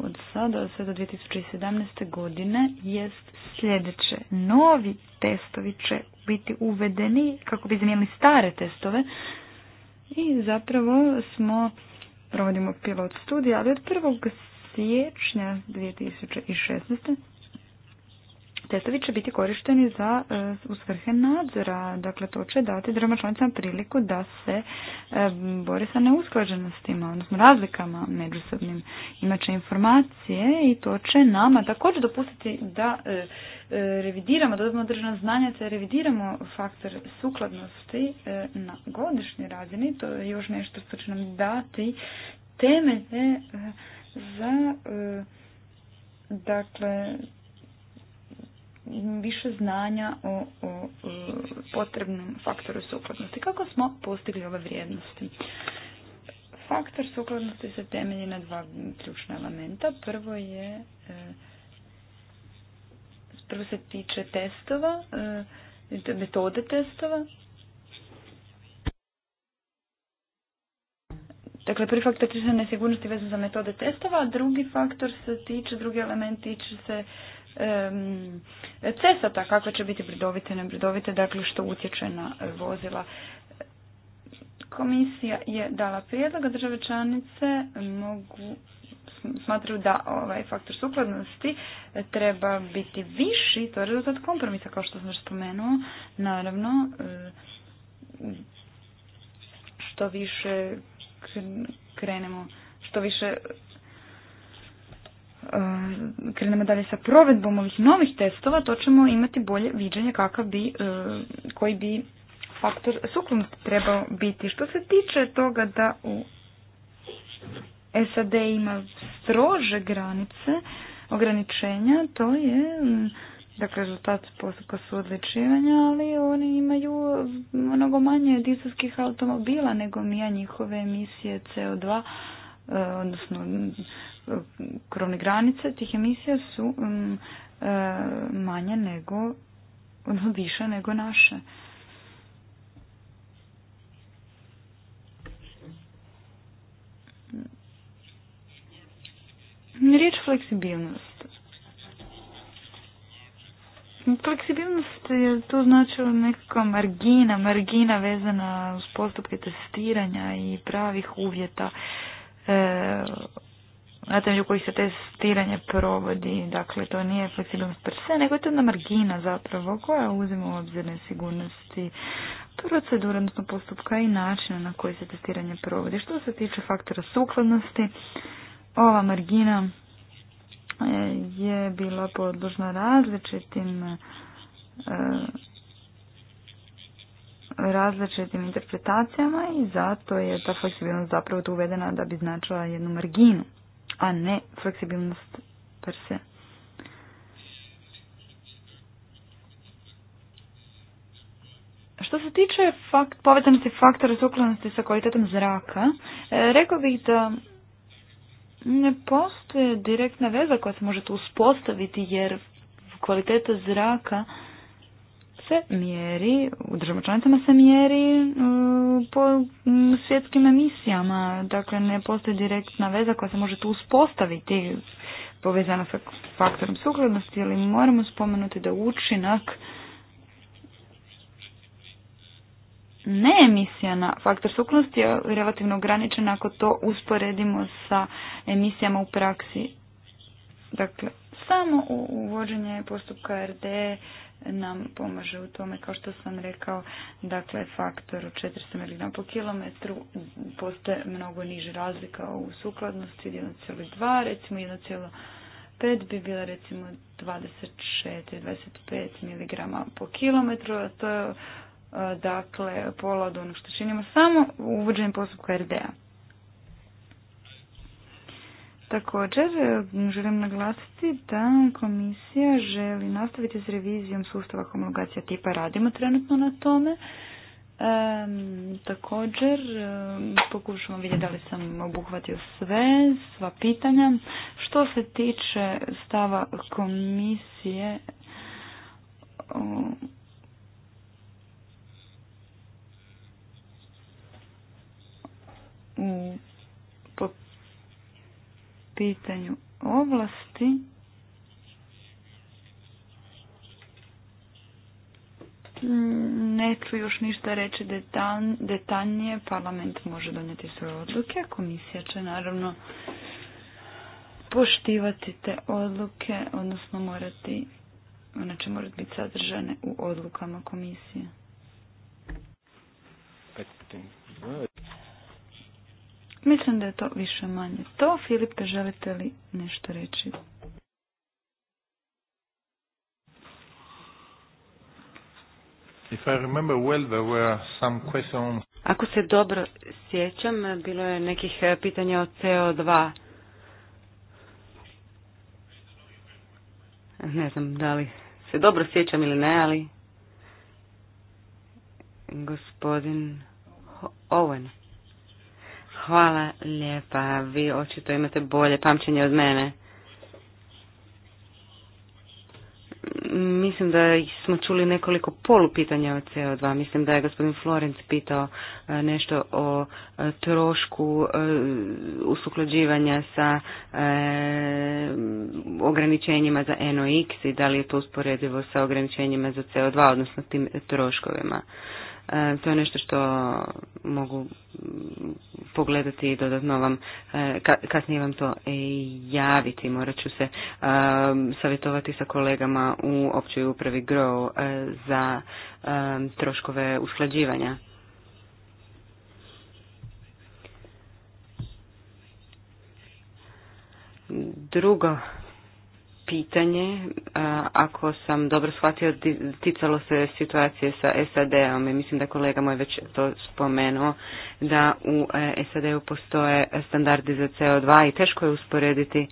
od sada sve do 2017. godine jest sljedeće. Novi testovi će biti uvedeni kako bi zamijenili stare testove i zapravo smo provodimo pilot studija ali od 1. siječnja 2016. Testovi će biti korišteni za e, u svrhe nadzora, dakle to će dati državama članicama priliku da se e, bori sa neusklađenostima, odnosno razlikama međusobnim. Imaće informacije i to će nama također dopustiti da e, revidiramo, da odmah državna znanja, te revidiramo faktor sukladnosti na godišnjoj razini. To je još nešto što će nam dati temelje za dakle više znanja o, o e, potrebnom faktoru sukladnosti. Kako smo postigli ove vrijednosti? Faktor sukladnosti se temelji na dva ključna elementa. Prvo je e, prvo se tiče testova, e, metode testova. Dakle, prvi faktor tiče se nesigurnosti vezan za metode testova, a drugi faktor se tiče, drugi element tiče se cesata, kako će biti bridovite, nebridovite, dakle što utječe na vozila. Komisija je dala prijedlog, a države članice mogu smatraju da ovaj faktor sukladnosti treba biti viši, to je rezultat kompromisa kao što sam već spomenuo, naravno što više krenemo, što više E, krenemo dalje sa provedbom ovih novih testova, to ćemo imati bolje viđenje kakav bi, e, koji bi faktor suklonosti trebao biti. Što se tiče toga da u SAD ima strože granice, ograničenja, to je dakle rezultat postupka su odličivanja, ali oni imaju mnogo manje dizelskih automobila nego mi, a njihove emisije CO2 E, odnosno krovne granice tih emisija su mm, e, manje nego, više nego naše. Riječ fleksibilnost. Fleksibilnost je tu znači nekakva margina, margina vezana uz postupke testiranja i pravih uvjeta E, na temelju kojih se testiranje provodi. Dakle, to nije fleksibilnost per se, nego je to jedna margina zapravo koja uzima u obzir nesigurnosti procedura, odnosno postupka i načina na koji se testiranje provodi. Što se tiče faktora sukladnosti, ova margina e, je bila podložna različitim e, različitim interpretacijama i zato je ta fleksibilnost zapravo tu uvedena da bi značila jednu marginu, a ne fleksibilnost per se. Što se tiče fakt, povezanosti faktora sukladnosti sa kvalitetom zraka, e, rekao bih da ne postoje direktna veza koja se može tu uspostaviti jer kvaliteta zraka se mjeri, u državama članicama se mjeri e, po svjetskim emisijama, dakle ne postoji direktna veza koja se može tu uspostaviti povezana sa faktorom sukladnosti, ali moramo spomenuti da učinak ne emisija na faktor sukladnosti je relativno ograničena ako to usporedimo sa emisijama u praksi. Dakle, samo uvođenje postupka RD nam pomaže u tome, kao što sam rekao, dakle faktor od 400 mg po kilometru postoje mnogo niže razlika u sukladnosti 1,2, recimo 1,5 bi bila recimo 24-25 mg po kilometru, a to je dakle pola od onog što činimo samo uvođenjem postupka RDA. Također e, želim naglasiti da komisija želi nastaviti s revizijom sustava homologacija tipa. Radimo trenutno na tome. također e, pokušamo vidjeti da li sam obuhvatio sve, sva pitanja. Što se tiče stava komisije u pitanju ovlasti neću još ništa reći detaljnije. Parlament može donijeti svoje odluke, komisija će naravno poštivati te odluke, odnosno morati, one će morati biti sadržane u odlukama komisije. Mislim da je to više manje to. Filipe, želite li nešto reći? Ako se dobro sjećam, bilo je nekih eh, pitanja o CO2. Ne znam da li se dobro sjećam ili ne, ali gospodin Owen. Hvala lijepa. Vi očito imate bolje pamćenje od mene. Mislim da smo čuli nekoliko polupitanja o CO2. Mislim da je gospodin Florenc pitao e, nešto o e, trošku e, usuklađivanja sa ograničenjima za NOx i da li je to usporedivo sa ograničenjima za CO2, odnosno tim troškovima. E, to je nešto što mogu pogledati i dodatno vam, e, kasnije vam to javiti. Morat ću se e, savjetovati sa kolegama u općoj upravi GROW za troškove usklađivanja. Drugo pitanje, ako sam dobro shvatio, ticalo se situacije sa SAD-om i mislim da kolega moj već to spomenuo, da u e, SAD-u postoje standardi za CO2 i teško je usporediti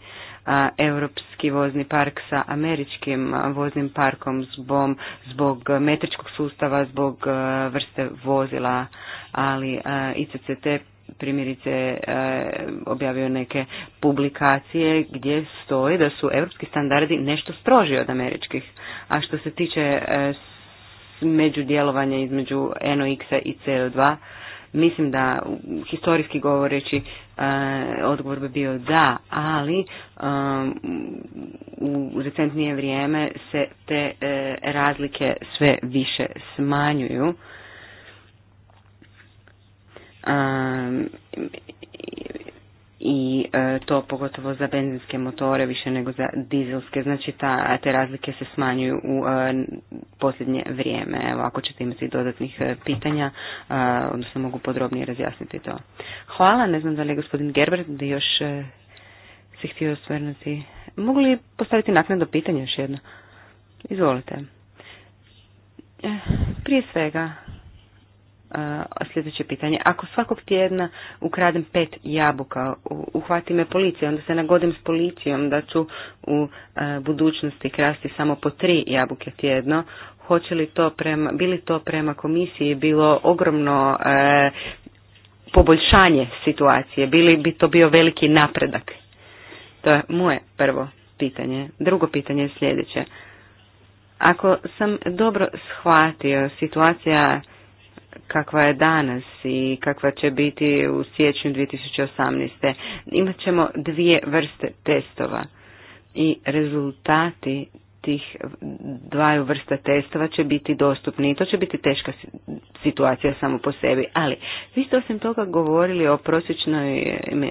europski vozni park sa američkim voznim parkom zbog, zbog metričkog sustava, zbog e, vrste vozila, ali e, ICCT primjerice e, objavio neke publikacije gdje stoji da su europski standardi nešto stroži od američkih. A što se tiče e, međudjelovanja između NOx-a i CO2, mislim da historijski govoreći e, odgovor bi bio da, ali u recentnije vrijeme se te razlike sve više smanjuju i e, to pogotovo za benzinske motore više nego za dizelske. Znači ta, te razlike se smanjuju u e, posljednje vrijeme. Evo, ako ćete imati dodatnih e, pitanja, odnosno mogu podrobnije razjasniti to. Hvala, ne znam da li je gospodin Gerber da još se htio osvrnuti. Mogu li postaviti naknadno pitanje još jedno? Izvolite. Prije svega, sljedeće pitanje. Ako svakog tjedna ukradem pet jabuka, uhvati me policija, onda se nagodim s policijom da ću u budućnosti krasti samo po tri jabuke tjedno, hoće li to prema, bili to prema komisiji bilo ogromno poboljšanje situacije, bili bi to bio veliki napredak? To je moje prvo pitanje. Drugo pitanje je sljedeće. Ako sam dobro shvatio, situacija kakva je danas i kakva će biti u siječnju 2018. Imat ćemo dvije vrste testova i rezultati tih dvaju vrsta testova će biti dostupni i to će biti teška situacija samo po sebi. Ali vi ste osim toga govorili o prosječnoj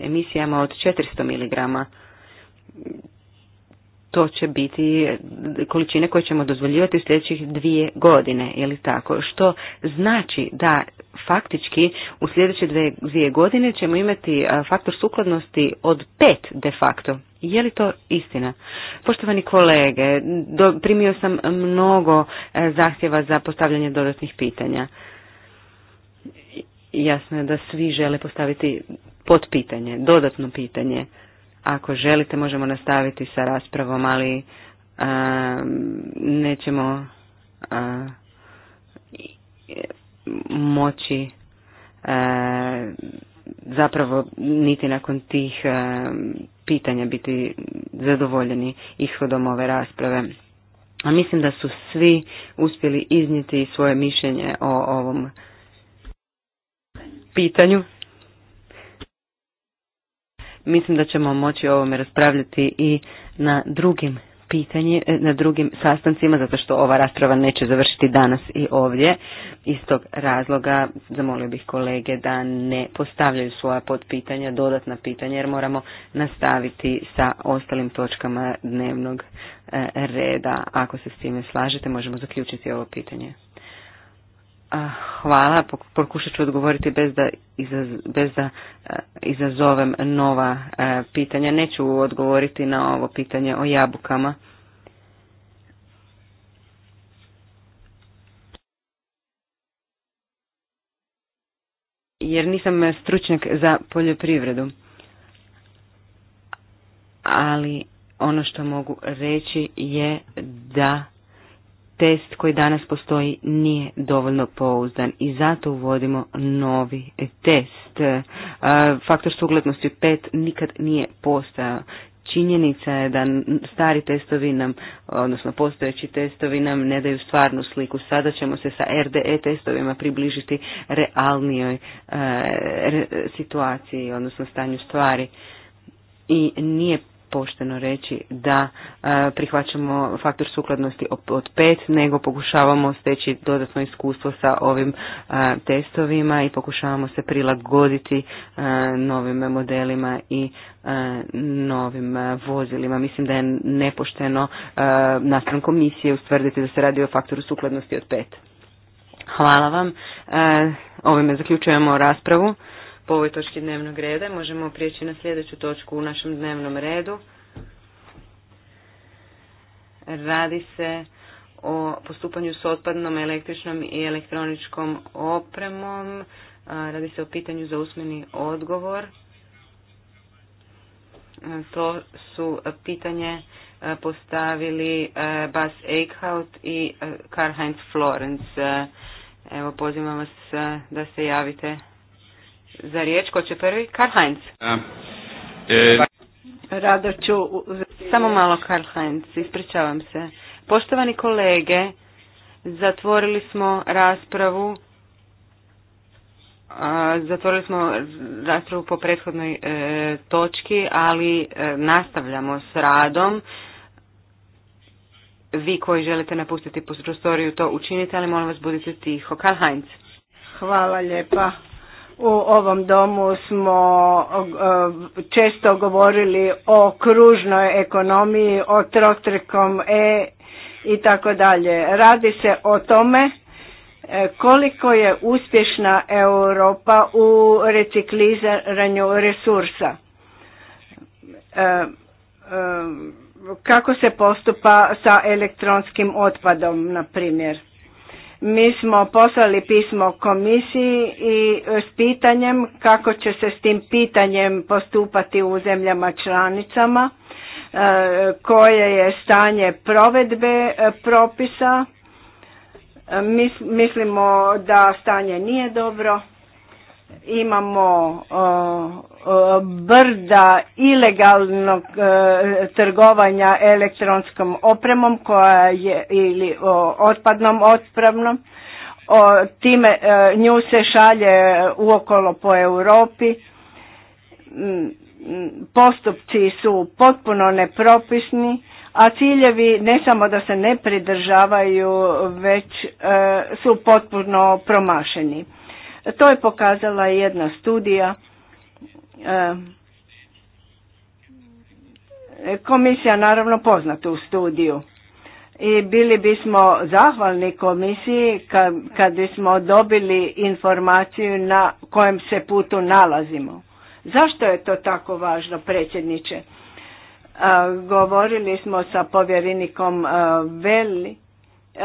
emisijama od 400 mg to će biti količine koje ćemo dozvoljivati u sljedećih dvije godine, je li tako? Što znači da faktički u sljedeće dvije, godine ćemo imati faktor sukladnosti od pet de facto. Je li to istina? Poštovani kolege, do, primio sam mnogo e, zahtjeva za postavljanje dodatnih pitanja. Jasno je da svi žele postaviti potpitanje, dodatno pitanje. Ako želite možemo nastaviti sa raspravom, ali nećemo a, moći zapravo niti nakon tih pitanja biti zadovoljeni ishodom ove rasprave. A mislim da su svi uspjeli iznijeti svoje mišljenje o ovom pitanju. Mislim da ćemo moći o ovome raspravljati i na drugim pitanje e, na drugim sastancima, zato što ova rasprava neće završiti danas i ovdje. Iz tog razloga zamolio bih kolege da ne postavljaju svoja podpitanja, dodatna pitanja, jer moramo nastaviti sa ostalim točkama dnevnog e, reda. Ako se s time slažete, možemo zaključiti ovo pitanje. Hvala, pokušat ću odgovoriti bez da, izaz, bez da e, izazovem nova e, pitanja. Neću odgovoriti na ovo pitanje o jabukama. Jer nisam stručnjak za poljoprivredu. Ali ono što mogu reći je da test koji danas postoji nije dovoljno pouzdan i zato uvodimo novi test. E, faktor suglednosti 5 nikad nije postojao. Činjenica je da stari testovi nam, odnosno postojeći testovi nam ne daju stvarnu sliku. Sada ćemo se sa RDE testovima približiti realnijoj e, situaciji, odnosno stanju stvari i nije pošteno reći da e, prihvaćamo faktor sukladnosti od 5, nego pokušavamo steći dodatno iskustvo sa ovim e, testovima i pokušavamo se prilagoditi e, novim modelima i novim vozilima. Mislim da je nepošteno nastran komisije ustvrditi da se radi o faktoru sukladnosti od 5. Hvala vam. Ovime zaključujemo raspravu po ovoj točki dnevnog reda. Možemo prijeći na sljedeću točku u našem dnevnom redu. Radi se o postupanju s otpadnom električnom i elektroničkom opremom. Radi se o pitanju za usmeni odgovor. To su pitanje postavili Bas Eichhout i Karl-Heinz Florence. Evo, pozivam vas da se javite za riječ. Ko će prvi? Karl Heinz. E, Rado ću... Samo malo, Karl Heinz, ispričavam se. Poštovani kolege, zatvorili smo raspravu Zatvorili smo raspravu po prethodnoj e, točki, ali e, nastavljamo s radom. Vi koji želite napustiti prostoriju to učinite, ali molim vas budite tiho. Karl Heinz. Hvala lijepa. U ovom domu smo e, često govorili o kružnoj ekonomiji, o trotrekom E i tako dalje. Radi se o tome e, koliko je uspješna Europa u recikliranju resursa. E, kako se postupa sa elektronskim otpadom, na primjer. Mi smo poslali pismo komisiji i e, s pitanjem kako će se s tim pitanjem postupati u zemljama članicama, e, koje je stanje provedbe e, propisa. Mislimo da stanje nije dobro imamo brda ilegalnog e, trgovanja elektronskom opremom koja je ili otpadnom otpravnom o time e, nju se šalje uokolo po Europi mm, mm, postupci su potpuno nepropisni a ciljevi ne samo da se ne pridržavaju već e, su potpuno promašeni to je pokazala jedna studija. E, komisija naravno pozna u studiju i bili bismo zahvalni komisiji kad, kad bismo dobili informaciju na kojem se putu nalazimo. Zašto je to tako važno, predsjedniče? govorili smo sa povjerenikom Veli E,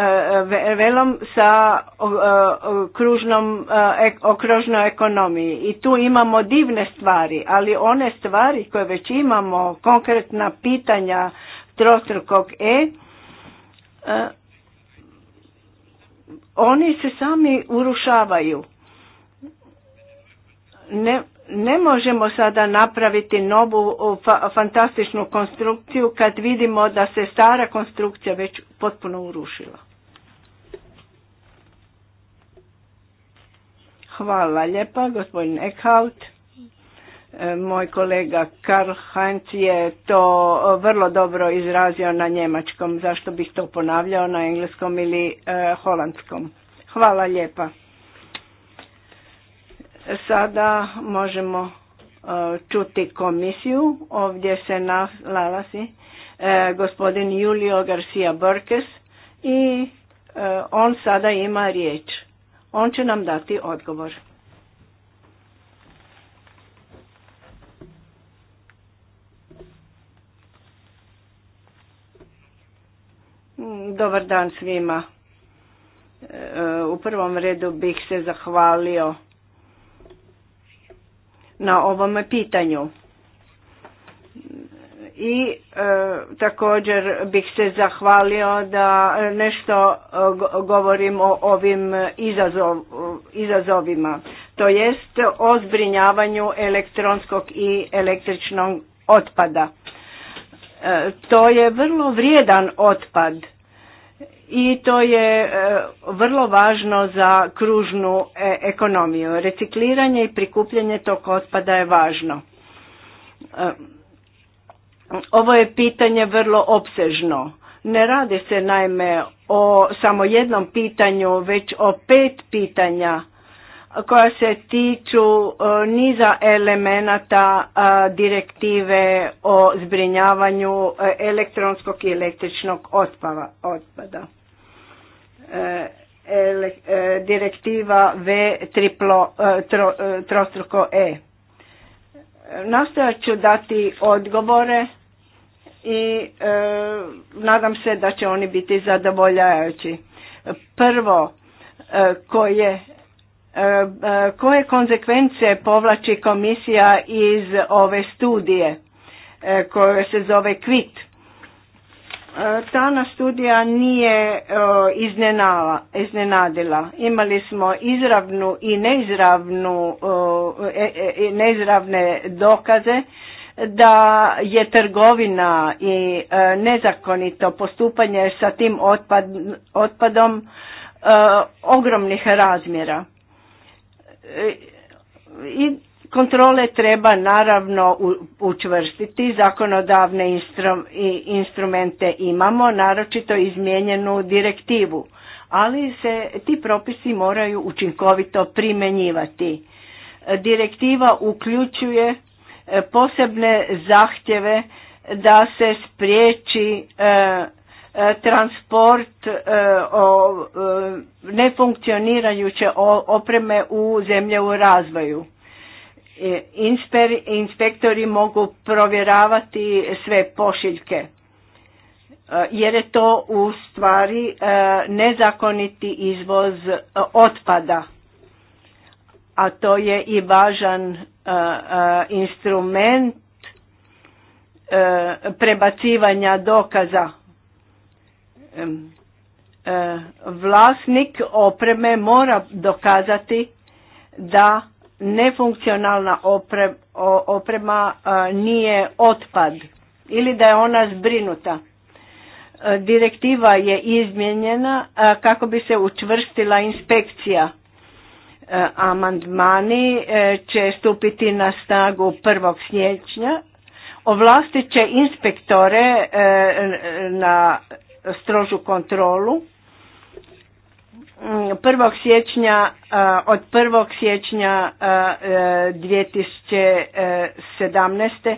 velom sa e, kružnom, e, okružnoj ekonomiji. I tu imamo divne stvari, ali one stvari koje već imamo, konkretna pitanja trostrukog E, oni se sami urušavaju. Ne, ne možemo sada napraviti novu fantastičnu konstrukciju kad vidimo da se stara konstrukcija već potpuno urušila. Hvala lijepa, gospodin Eckhout. E, moj kolega Karl Heinz je to vrlo dobro izrazio na njemačkom, zašto bih to ponavljao na engleskom ili e, holandskom. Hvala lijepa. Sada možemo e, čuti komisiju. Ovdje se nalazi e, gospodin Julio Garcia Borges i e, on sada ima riječ. On će nam dati odgovor. Dobar dan svima. U prvom redu bih se zahvalio na ovome pitanju. I e, također bih se zahvalio da nešto e, govorim o ovim izazov, izazovima, to jest o zbrinjavanju elektronskog i električnog otpada. E, to je vrlo vrijedan otpad i to je e, vrlo važno za kružnu e, ekonomiju. Recikliranje i prikupljanje tog otpada je važno. E, ovo je pitanje vrlo opsežno. Ne radi se naime o samo jednom pitanju, već o pet pitanja koja se tiču niza elemenata direktive o zbrinjavanju elektronskog i električnog otpada direktiva V triplo, tro, trostruko E. Nastojat ću dati odgovore i e, nadam se da će oni biti zadovoljajući. Prvo, e, koje e, koje konsekvence povlači komisija iz ove studije koje se zove kvit E, ta nas studija nije e, iznenadila. Imali smo izravnu i neizravnu, e, neizravne dokaze da je trgovina i nezakonito postupanje sa tim otpad, otpadom ogromnih razmjera. I Kontrole treba naravno učvrstiti, zakonodavne instrumente imamo, naročito izmijenjenu direktivu, ali se ti propisi moraju učinkovito primjenjivati. Direktiva uključuje e, posebne zahtjeve da se spriječi e, e, transport nefunkcionirajuće opreme u zemlje u razvoju E, inspektori mogu provjeravati sve pošiljke e, jer je to u stvari e, nezakoniti izvoz otpada a to je i važan instrument prebacivanja dokaza vlasnik opreme mora dokazati da nefunkcionalna oprema nije otpad ili da je ona zbrinuta. E, direktiva je izmijenjena kako bi se učvrstila inspekcija. E, amandmani e, će stupiti na snagu 1. siječnja. Ovlasti će inspektore na strožu kontrolu 1. Mm, siječnja od 1. siječnja 2017. E,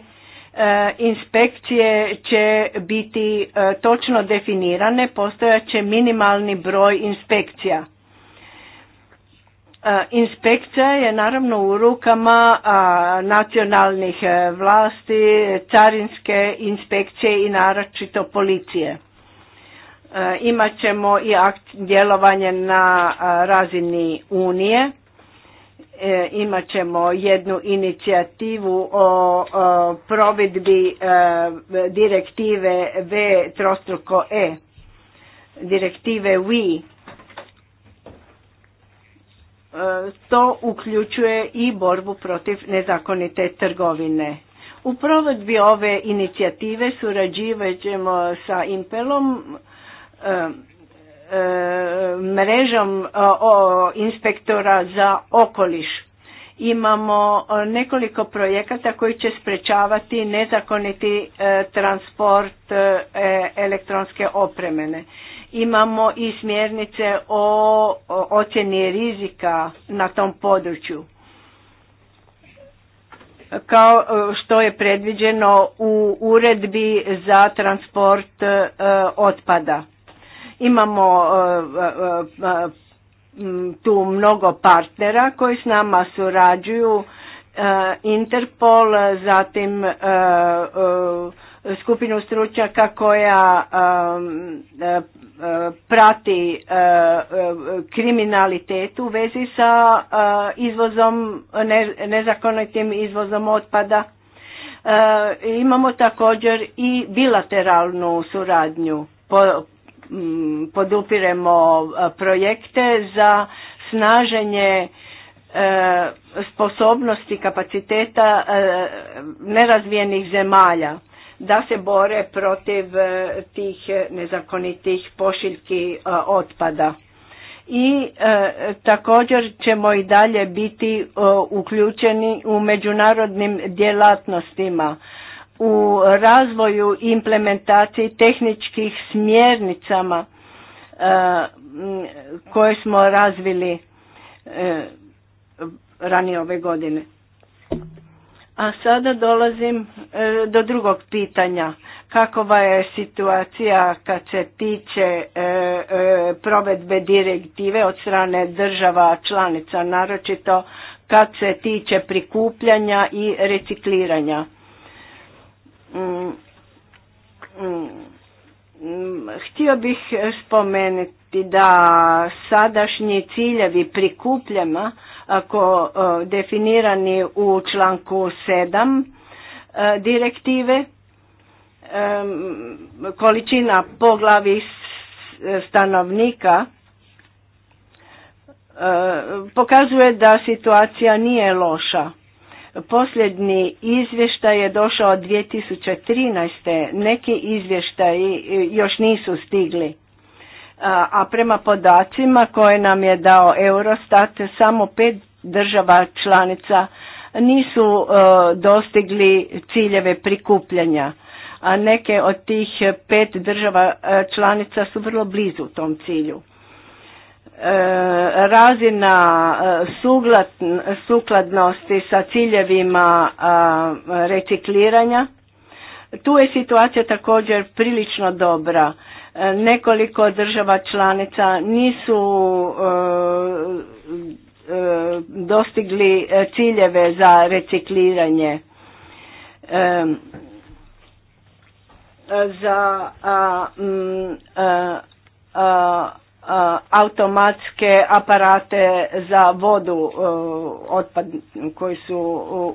e, inspekcije će biti e, točno definirane, postojaće minimalni broj inspekcija. Inspekcija je naravno u rukama nacionalnih vlasti, carinske inspekcije i naročito policije E, imat ćemo i akt djelovanje na e, razini Unije, e, imat ćemo jednu inicijativu o provedbi direktive V trostruko E, direktive WE. To uključuje i borbu protiv nezakonite trgovine. U provedbi ove inicijative surađivat sa Impelom, Um, um, mrežom uh, inspektora za okoliš. Imamo uh, nekoliko projekata koji će sprečavati nezakoniti uh, transport e, elektronske opremene. Imamo i smjernice o ocjeni rizika na tom području kao što je predviđeno u uredbi za transport otpada Imamo e, e, e, tu mnogo partnera koji s nama surađuju, Interpol, zatim skupinu stručnjaka koja prati kriminalitet u vezi sa izvozom, nezakonitim izvozom otpada. Imamo također i bilateralnu suradnju Mm, podupiremo e, projekte za snaženje e, sposobnosti kapaciteta e, nerazvijenih zemalja da se bore protiv tih nezakonitih pošiljki otpada. I također ćemo i dalje biti uključeni u međunarodnim djelatnostima u razvoju i implementaciji tehničkih smjernicama e, koje smo razvili e, ranije ove godine. A sada dolazim e, do drugog pitanja. Kakova je situacija kad se tiče provedbe direktive od strane država članica, naročito kad se tiče prikupljanja i recikliranja? Htio bih spomenuti da sadašnji ciljevi prikupljama ako definirani u članku 7 direktive količina po glavi stanovnika pokazuje da situacija nije loša. Posljednji izvještaj je došao 2013. Neki izvještaji e, još nisu stigli. E, a prema podacima koje nam je dao Eurostat, samo pet država članica nisu e, dostigli ciljeve prikupljanja. A neke od tih pet država članica su vrlo blizu tom cilju. E, razina e, sukladnosti sa ciljevima e, recikliranja. Tu je situacija također prilično dobra. Nekoliko država članica nisu dostigli ciljeve za recikliranje. Za automatske aparate za vodu e, otpad, koji su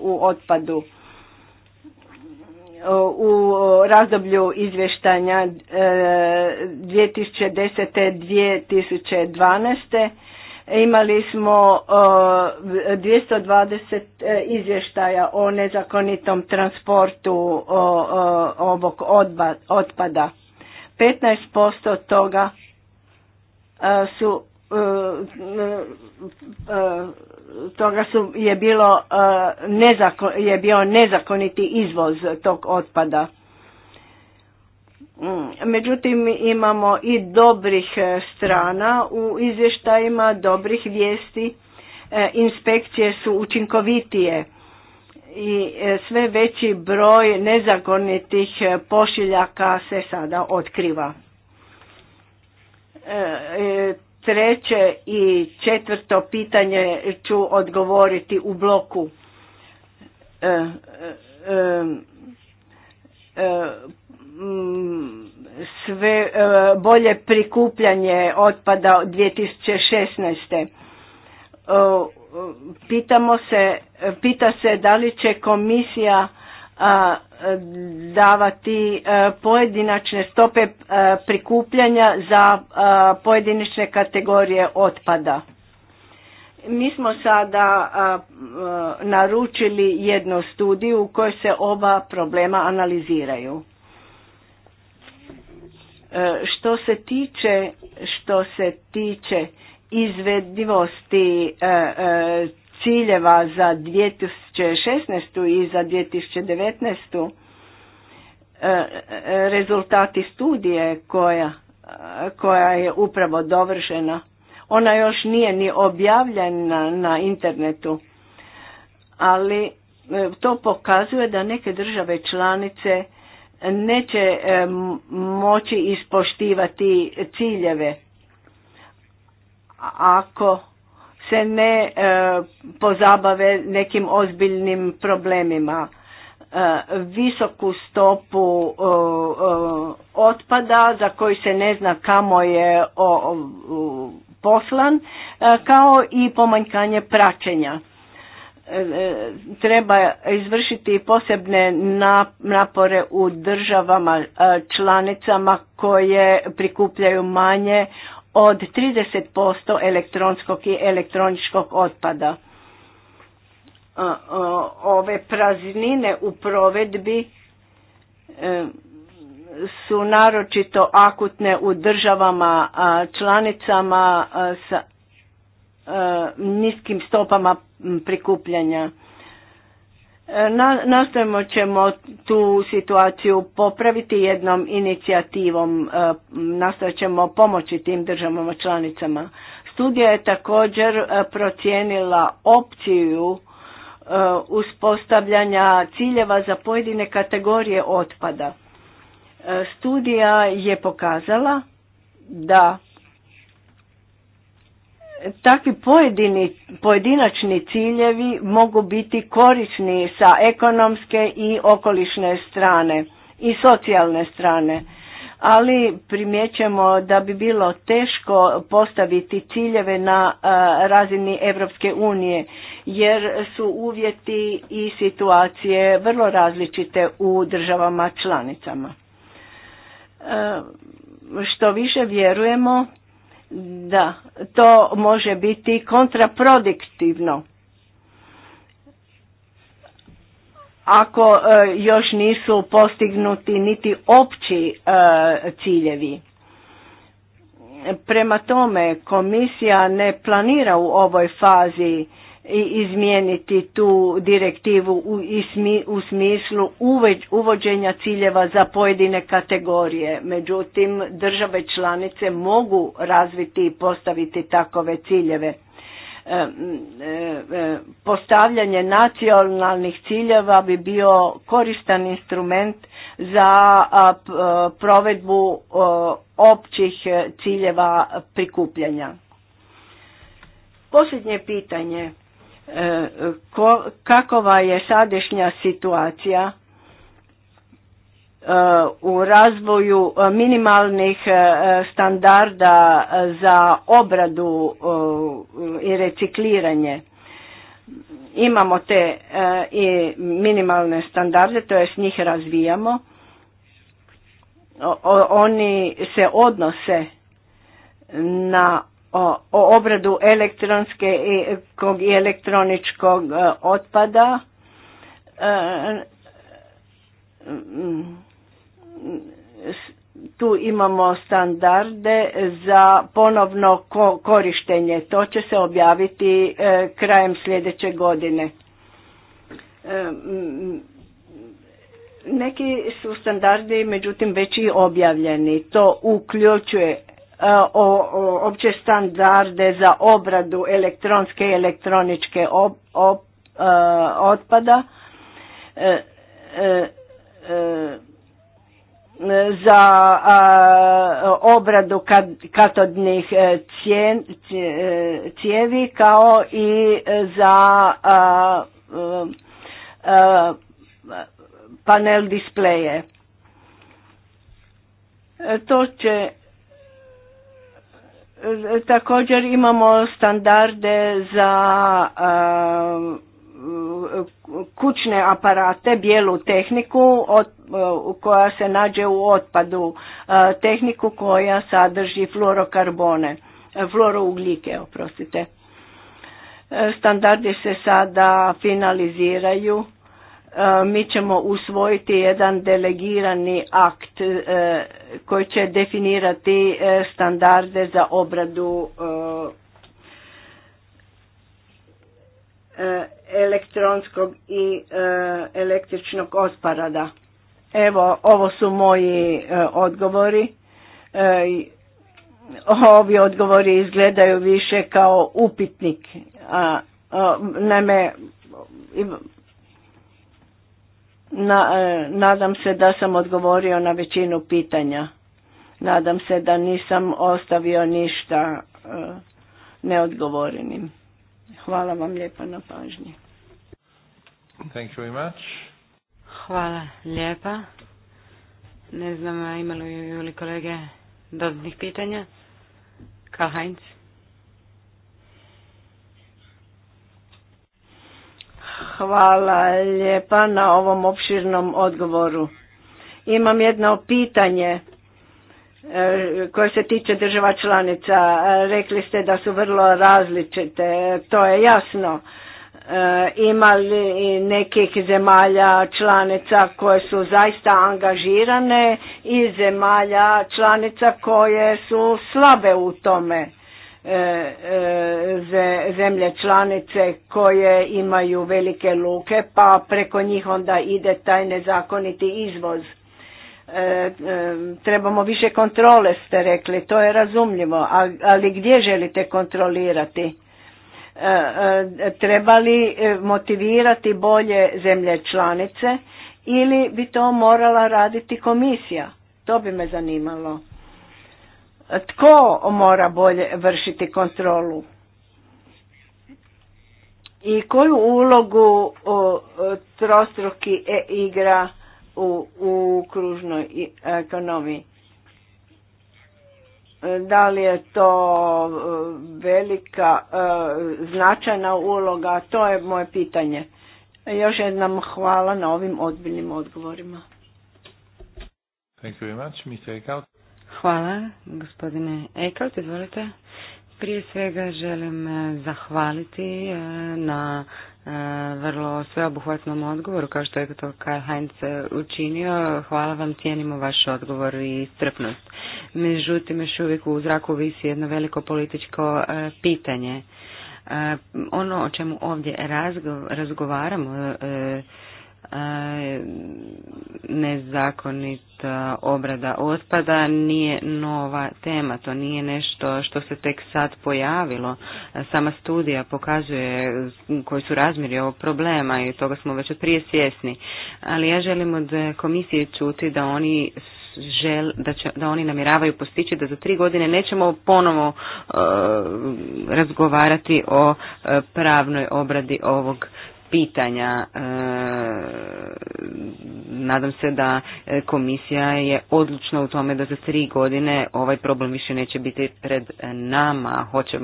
u otpadu. E, u razdoblju izvještanja 2010-2012 e, imali smo 220 izvještaja o nezakonitom transportu ovog otpada. 15% toga E, su e, e, toga su je bilo je bio nezakoniti izvoz tog otpada. Mm, međutim, imamo i dobrih strana u izvještajima, dobrih vijesti. Inspekcije su učinkovitije i sve veći broj nezakonitih pošiljaka se sada otkriva. E, e, treće i četvrto pitanje ću odgovoriti u bloku. E, sve bolje prikupljanje otpada od 2016 pitamo se, pita se da li će komisija a, davati e, pojedinačne stope e, prikupljanja za e, pojedinačne kategorije otpada. Mi smo sada naručili jednu studiju u kojoj se oba problema analiziraju. Što se tiče što se tiče izvedivosti ciljeva za 2016. i za 2019. E, e, rezultati studije koja, koja je upravo dovršena. Ona još nije ni objavljena na internetu, ali e, to pokazuje da neke države članice neće moći ispoštivati ciljeve ako se ne e, pozabave nekim ozbiljnim problemima. E, visoku stopu e, otpada za koji se ne zna kamo je poslan kao i pomanjkanje praćenja treba izvršiti posebne napore u državama članicama koje prikupljaju manje od 30% elektronskog i elektroničkog otpada. Ove praznine u provedbi e, su naročito akutne u državama članicama sa e, niskim stopama prikupljanja E, na, nastojimo ćemo tu situaciju popraviti jednom inicijativom, e, Nastavit ćemo pomoći tim državama članicama. Studija je također e, procijenila opciju uspostavljanja ciljeva za pojedine kategorije otpada. studija je pokazala da takvi pojedini, pojedinačni ciljevi mogu biti korisni sa ekonomske i okolišne strane i socijalne strane. Ali primjećemo da bi bilo teško postaviti ciljeve na razini Europske unije jer su uvjeti i situacije vrlo različite u državama članicama. Što više vjerujemo, da to može biti kontraproduktivno. Ako e, još nisu postignuti niti opći e, ciljevi. Prema tome komisija ne planira u ovoj fazi izmijeniti tu direktivu u smislu uvođenja ciljeva za pojedine kategorije. Međutim, države članice mogu razviti i postaviti takove ciljeve. E, e, e, postavljanje nacionalnih ciljeva bi bio koristan instrument za provedbu općih ciljeva prikupljanja. Posljednje pitanje E, ko, kakova je sadašnja situacija e, u razvoju minimalnih e, standarda za obradu i recikliranje. Imamo te i minimalne standarde, to je njih razvijamo. Oni se odnose na o obradu elektronske i elektroničkog e, otpada e, tu imamo standarde za ponovno korištenje to će se objaviti e, krajem sljedeće godine neki su standardi međutim već i objavljeni to uključuje E, o, opće standarde za obradu elektronske i elektroničke op, otpada za obradu katodnih cijevi kao i za e, e, panel displeje. To će Također imamo standarde za kućne aparate, bijelu tehniku koja se nađe u otpadu, tehniku koja sadrži fluorokarbone, fluorougljike, oprostite. Standardi se sada finaliziraju E, mi ćemo usvojiti jedan delegirani akt e, koji će definirati e, standarde za obradu elektronskog i električnog osparada. Evo, ovo su moji odgovori. Ovi odgovori izgledaju više kao upitnik. Naime, na, e, nadam se da sam odgovorio na većinu pitanja. Nadam se da nisam ostavio ništa e, neodgovorenim. Hvala vam lijepa na pažnji. Thank you very much. Hvala lijepa. Ne znam imali li kolege dodatnih pitanja. Karl Heinz. Hvala lijepa na ovom opširnom odgovoru. Imam jedno pitanje e, koje se tiče država članica. Rekli ste da su vrlo različite, to je jasno. E, ima li nekih zemalja članica koje su zaista angažirane i zemalja članica koje su slabe u tome? E, e, zemlje članice koje imaju velike luke pa preko njih onda ide taj nezakoniti izvoz. E, trebamo više kontrole ste rekli, to je razumljivo, ali gdje želite kontrolirati? treba li motivirati bolje zemlje članice ili bi to morala raditi komisija? To bi me zanimalo. Tko mora bolje vršiti kontrolu? I koju ulogu trostruki e igra u, u kružnoj ekonomiji? Da li je to e, velika, e, značajna uloga? To je moje pitanje. Još jednom hvala na ovim odbiljnim odgovorima. Thank you very much, Mr. Hvala, gospodine Ekalt, izvolite. Prije svega želim e, zahvaliti e, na e, vrlo sveobuhvatnom odgovoru, kao što je to Karl Heinz učinio. Hvala vam, cijenimo vaš odgovor i strpnost. Međutim, još uvijek u zraku visi jedno veliko političko pitanje. Ono o čemu ovdje razgovaramo E, nezakonita obrada otpada nije nova tema, to nije nešto što se tek sad pojavilo. E, sama studija pokazuje koji su razmjeri ovog problema i toga smo već prije svjesni. Ali ja želim od komisije čuti da oni žel, da, da oni namjeravaju postići da za tri godine nećemo ponovo e, razgovarati o pravnoj obradi ovog pitanja. E, nadam se da e, komisija je odlučna u tome da za tri godine ovaj problem više neće biti pred nama. Hoće,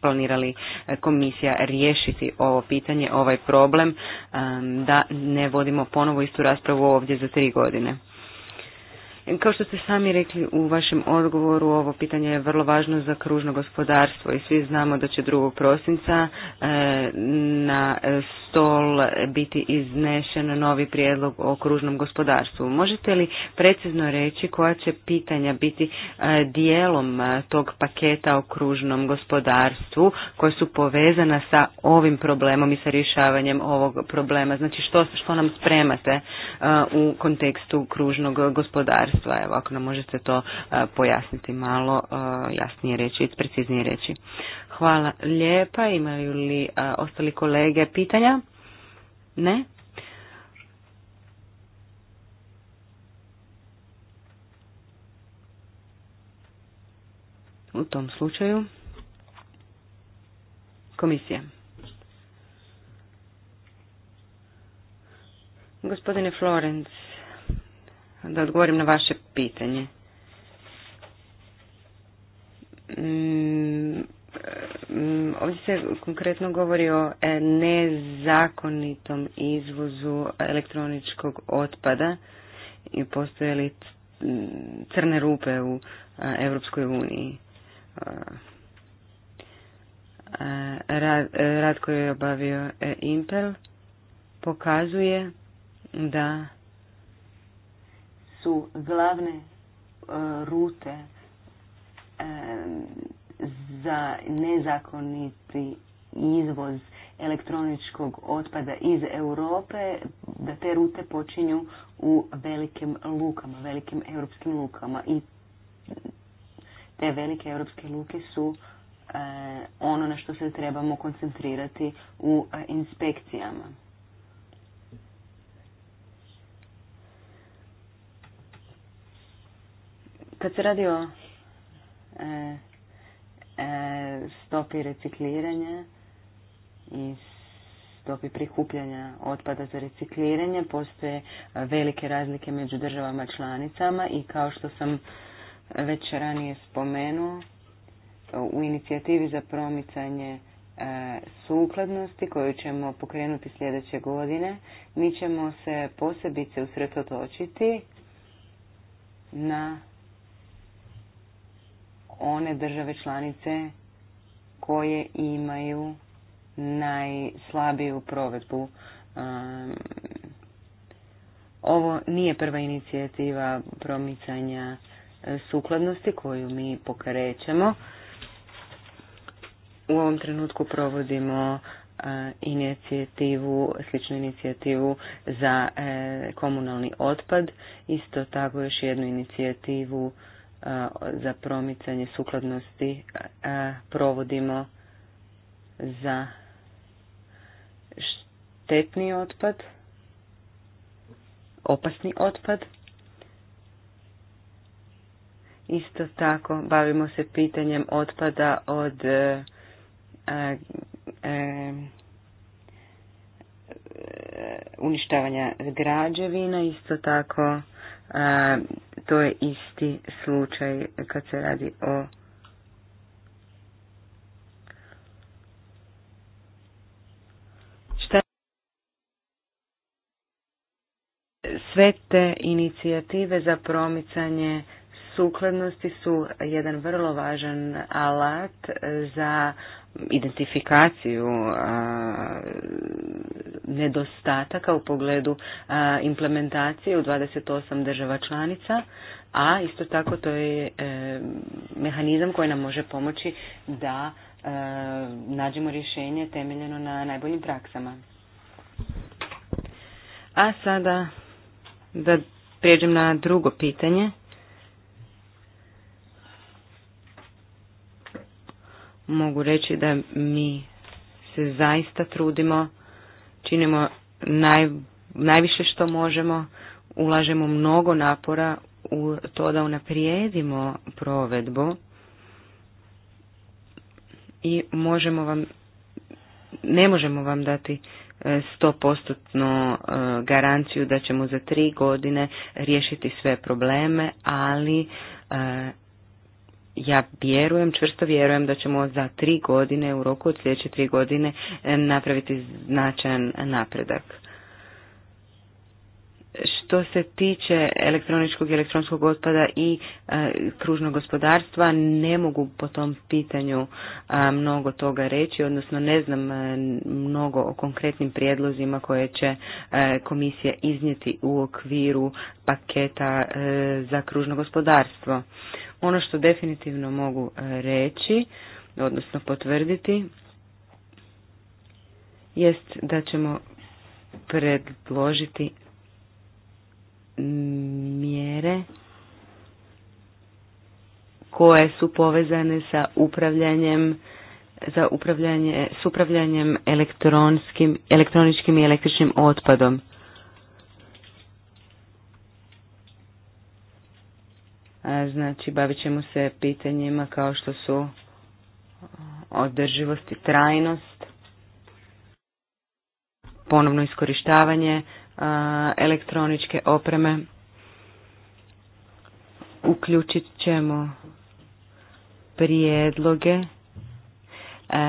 planirali e, komisija riješiti ovo pitanje, ovaj problem, da ne vodimo ponovo istu raspravu ovdje za tri godine. Kao što ste sami rekli u vašem odgovoru, ovo pitanje je vrlo važno za kružno gospodarstvo i svi znamo da će 2. prosinca e, na stol biti iznešen novi prijedlog o kružnom gospodarstvu. Možete li precizno reći koja će pitanja biti e, dijelom e, tog paketa o kružnom gospodarstvu koja su povezana sa ovim problemom i sa rješavanjem ovog problema? Znači što, što nam spremate u kontekstu kružnog gospodarstva? partnerstva. ako nam možete to e, pojasniti malo, e, jasnije reći i preciznije reći. Hvala lijepa. Imaju li e, ostali kolege pitanja? Ne? U tom slučaju komisija. Gospodine Florence, da odgovorim na vaše pitanje. Mm, mm, ovdje se konkretno govori o e, nezakonitom izvozu elektroničkog otpada i postoje li mm, crne rupe u e, Europskoj uniji. E, rad, rad koji je obavio Impel pokazuje da su glavne e, rute e, za nezakoniti izvoz elektroničkog otpada iz Europe, da te rute počinju u velikim lukama, velikim europskim lukama. I te velike europske luke su e, ono na što se trebamo koncentrirati u inspekcijama. Kad se radi o e, e, stopi recikliranja i stopi prikupljanja otpada za recikliranje, postoje velike razlike među državama članicama i kao što sam već ranije spomenuo, u inicijativi za promicanje e, sukladnosti koju ćemo pokrenuti sljedeće godine, mi ćemo se posebice usredotočiti na one države članice koje imaju najslabiju provedbu. Um, ovo nije prva inicijativa promicanja e, sukladnosti koju mi pokrećemo. U ovom trenutku provodimo e, inicijativu, sličnu inicijativu za e, komunalni otpad, isto tako još jednu inicijativu za promicanje sukladnosti provodimo za štetni otpad, opasni otpad. Isto tako bavimo se pitanjem otpada od e, e, e, uništavanja građevina, isto tako to je isti slučaj kad se radi o sve te inicijative za promicanje sukladnosti su jedan vrlo važan alat za identifikaciju nedostataka u pogledu implementacije u 28 država članica, a isto tako to je e, mehanizam koji nam može pomoći da e, nađemo rješenje temeljeno na najboljim praksama. A sada da prijeđem na drugo pitanje. mogu reći da mi se zaista trudimo, činimo najviše što možemo, ulažemo mnogo napora u to da unaprijedimo provedbu i možemo vam, ne možemo vam dati e, stopostotnu e, garanciju da ćemo za tri godine riješiti sve probleme, ali e, ja vjerujem, čvrsto vjerujem da ćemo za tri godine, u roku od sljedeće tri godine, napraviti značajan napredak. Što se tiče elektroničkog i elektronskog otpada i e, kružnog gospodarstva, ne mogu po tom pitanju mnogo toga reći, odnosno ne znam e, mnogo o konkretnim prijedlozima koje će e, komisija iznijeti u okviru paketa za kružno gospodarstvo. Ono što definitivno mogu e, reći, odnosno potvrditi, jest da ćemo predložiti mjere koje su povezane sa upravljanjem za upravljanje s upravljanjem elektronskim, elektroničkim i električnim otpadom. Znači, bavit ćemo se pitanjima kao što su održivost i trajnost, ponovno iskorištavanje elektroničke opreme. Uključit ćemo prijedloge E,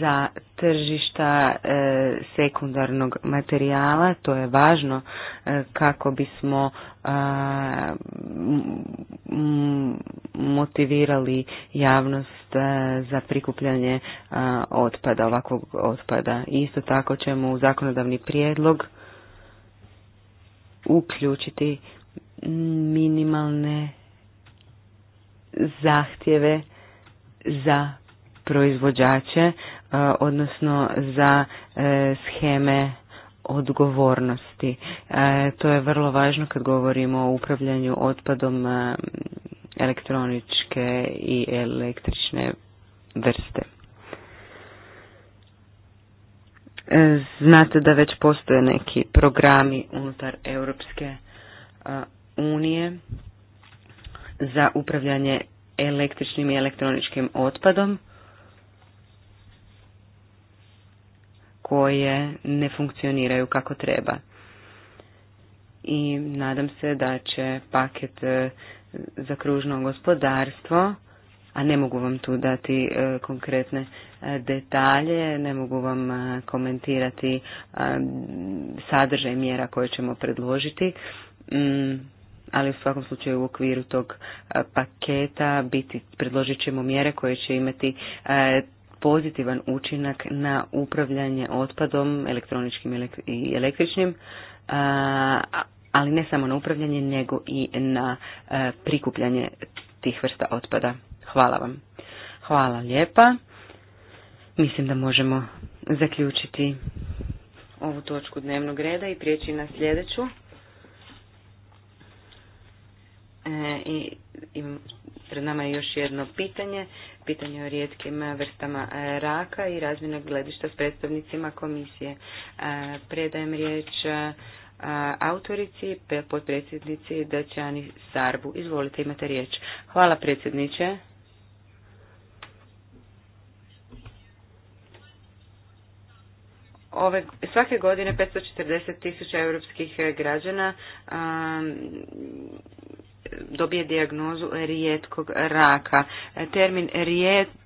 za tržišta e, sekundarnog materijala. To je važno e, kako bismo motivirali javnost za prikupljanje otpada, ovakvog otpada. Isto tako ćemo u zakonodavni prijedlog uključiti minimalne zahtjeve za proizvođače, e, odnosno za e, scheme odgovornosti. E, to je vrlo važno kad govorimo o upravljanju otpadom elektroničke i električne vrste. Znate da već postoje neki programi unutar Europske unije za upravljanje električnim i elektroničkim otpadom. koje ne funkcioniraju kako treba. I nadam se da će paket e, za kružno gospodarstvo, a ne mogu vam tu dati e, konkretne e, detalje, ne mogu vam komentirati sadržaj mjera koje ćemo predložiti, mm, ali u svakom slučaju u okviru tog paketa biti, predložit ćemo mjere koje će imati pozitivan učinak na upravljanje otpadom elektroničkim i električnim, ali ne samo na upravljanje, nego i na prikupljanje tih vrsta otpada. Hvala vam. Hvala lijepa. Mislim da možemo zaključiti ovu točku dnevnog reda i prijeći na sljedeću. E, I pred nama je još jedno pitanje pitanje o rijetkim e, vrstama e, raka i razmjena gledišta s predstavnicima komisije. E, predajem riječ autorici, potpredsjednici Daćani Sarbu. Izvolite, imate riječ. Hvala predsjedniče. Ove, svake godine 540 tisuća europskih građana dobije dijagnozu rijetkog raka. Termin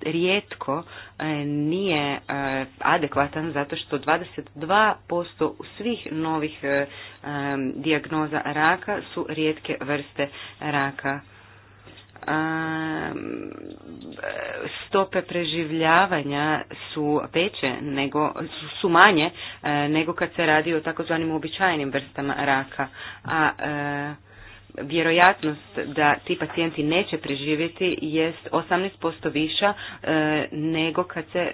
rijetko e, nije e, adekvatan zato što 22% svih novih e, dijagnoza raka su rijetke vrste raka. Stope preživljavanja su veće nego su manje nego kad se radi o takozvanim uobičajenim vrstama raka. A vjerojatnost da ti pacijenti neće preživjeti jest 18% viša e, nego kad se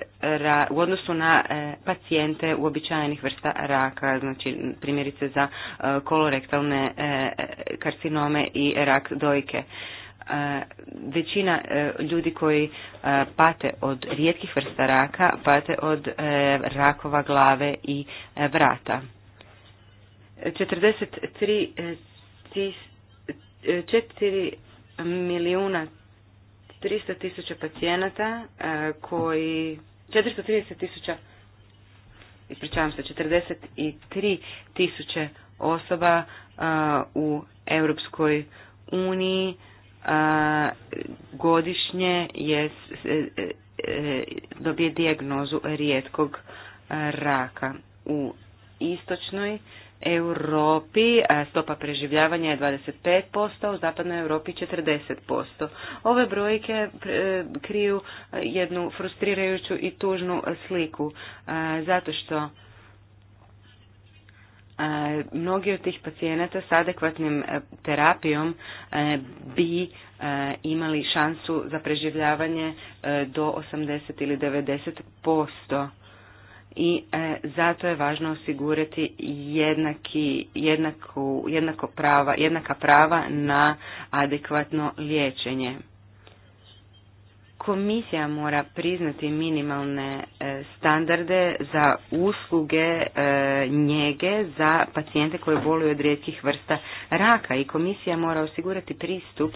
u odnosu na e, pacijente uobičajenih vrsta raka, znači primjerice za e, kolorektalne karcinome i rak dojke. Većina ljudi koji pate od rijetkih vrsta raka pate od rakova glave i vrata. 43 4 milijuna 300 tisuća pacijenata koji 430 tisuća ispričavam se 43 tisuće osoba u Europskoj uniji godišnje je e, e, dobije dijagnozu rijetkog raka u istočnoj Europi stopa preživljavanja je 25%, u zapadnoj Europi 40%. Ove brojke e, kriju jednu frustrirajuću i tužnu sliku, e, zato što e, mnogi od tih pacijenata s adekvatnim terapijom bi imali šansu za preživljavanje do 80 ili 90% i e, zato je važno osigurati jednaki, jednako, jednako prava, jednaka prava na adekvatno liječenje. Komisija mora priznati minimalne e, standarde za usluge e, njege za pacijente koji boluju od rijetkih vrsta raka i komisija mora osigurati pristup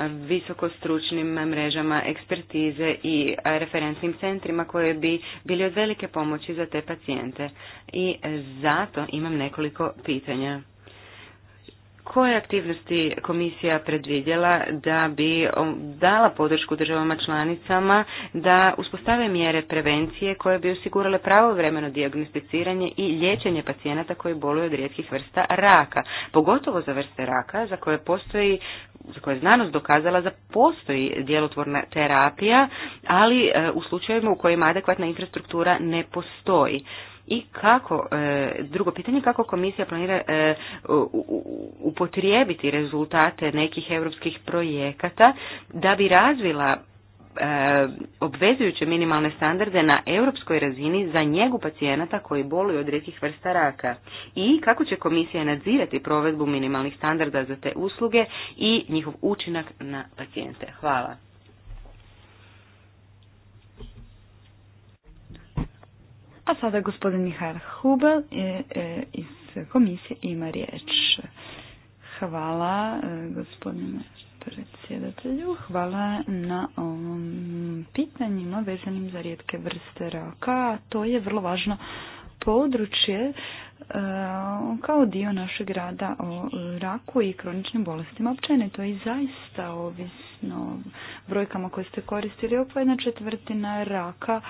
visokostručnim mrežama ekspertize i referencnim centrima koje bi bili od velike pomoći za te pacijente. I zato imam nekoliko pitanja koje aktivnosti komisija predvidjela da bi um, dala podršku državama članicama da uspostave mjere prevencije koje bi osigurale pravovremeno dijagnosticiranje i liječenje pacijenata koji boluju od rijetkih vrsta raka, pogotovo za vrste raka za koje postoji za koje je znanost dokazala da postoji djelotvorna terapija, ali e, u slučajevima u kojima adekvatna infrastruktura ne postoji i kako, e, drugo pitanje, kako komisija planira e, upotrijebiti rezultate nekih europskih projekata da bi razvila e, obvezujuće minimalne standarde na europskoj razini za njegu pacijenata koji boluju od rijetkih vrsta raka i kako će komisija nadzirati provedbu minimalnih standarda za te usluge i njihov učinak na pacijente. Hvala. A sada gospodin Mihajl Hubel e, e, iz komisije ima riječ. Hvala e, gospodine predsjedatelju, hvala na ovom pitanjima vezanim za rijetke vrste raka. To je vrlo važno područje kao dio našeg rada o raku i kroničnim bolestima općenito i zaista ovisno brojkama koje ste koristili oko jedna četvrtina raka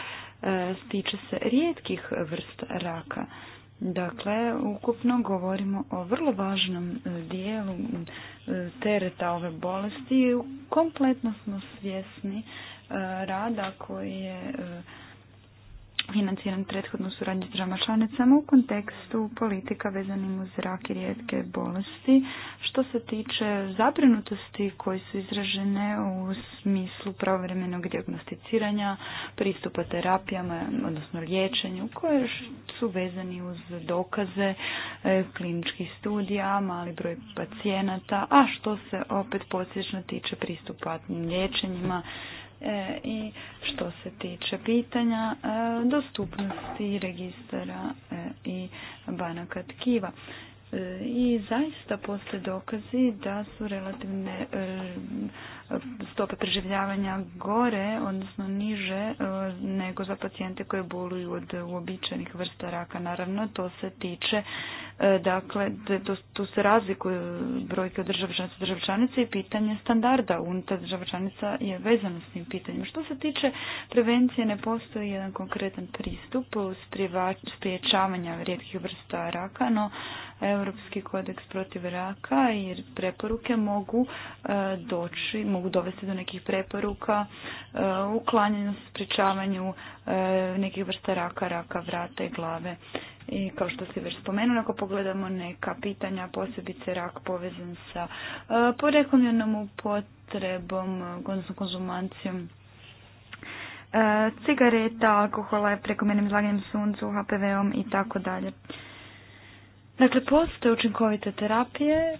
tiče se rijetkih vrsta raka. Dakle, ukupno govorimo o vrlo važnom e, dijelu e, tereta ove bolesti i kompletno smo svjesni e, rada koji je financiran prethodnu suradnju s državama članicama u kontekstu politika vezanim uz rak i rijetke bolesti. Što se tiče zabrinutosti koje su izražene u smislu pravovremenog dijagnosticiranja, pristupa terapijama, odnosno liječenju, koje su vezani uz dokaze e, kliničkih studija, mali broj pacijenata, a što se opet posjećno tiče pristupatnim liječenjima, E, i što se tiče pitanja e, dostupnosti registara e, i banaka tkiva. I zaista postoje dokazi da su relativne stope preživljavanja gore, odnosno niže nego za pacijente koje boluju od uobičajenih vrsta raka. Naravno, to se tiče E, dakle, tu se razlikuju brojke država članica država i pitanje standarda unutar država članica je vezano s tim pitanjem. Što se tiče prevencije, ne postoji jedan konkretan pristup spriječavanja rijetkih vrsta raka, no Europski kodeks protiv raka i preporuke mogu e, doći, mogu dovesti do nekih preporuka e, uklanjanju, sprječavanju nekih vrsta raka, raka vrata i glave. I kao što se već spomenuli, ako pogledamo neka pitanja, posebice rak povezan sa e, poreklom upotrebom, odnosno konzumacijom e, cigareta, alkohola, prekomjernim zlaganjem suncu, HPV-om i tako dalje. Dakle, postoje učinkovite terapije, e,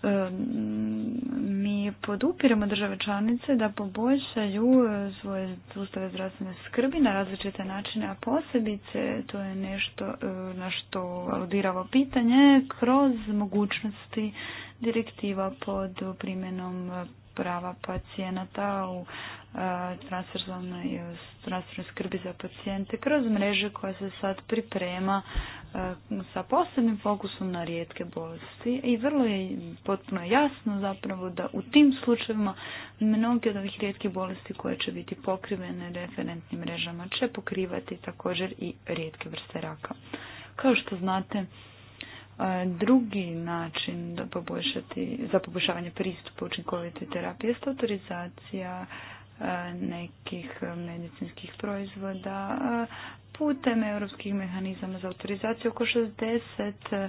mi podupiramo države članice da poboljšaju e, svoje sustave zdravstvene skrbi na različite načine, a posebice to je nešto e, na što aludiravo pitanje kroz mogućnosti direktiva pod primjenom prava pacijenata u transferzalnoj skrbi za pacijente kroz mreže koja se sad priprema sa posebnim fokusom na rijetke bolesti i vrlo je potpuno jasno zapravo da u tim slučajevima mnogi od ovih rijetkih bolesti koje će biti pokrivene referentnim mrežama će pokrivati također i rijetke vrste raka. Kao što znate, e, drugi način da poboljšati, za poboljšavanje pristupa učinkovite terapije je autorizacija E, nekih medicinskih proizvoda e, putem europskih mehanizama za autorizaciju oko 60 e,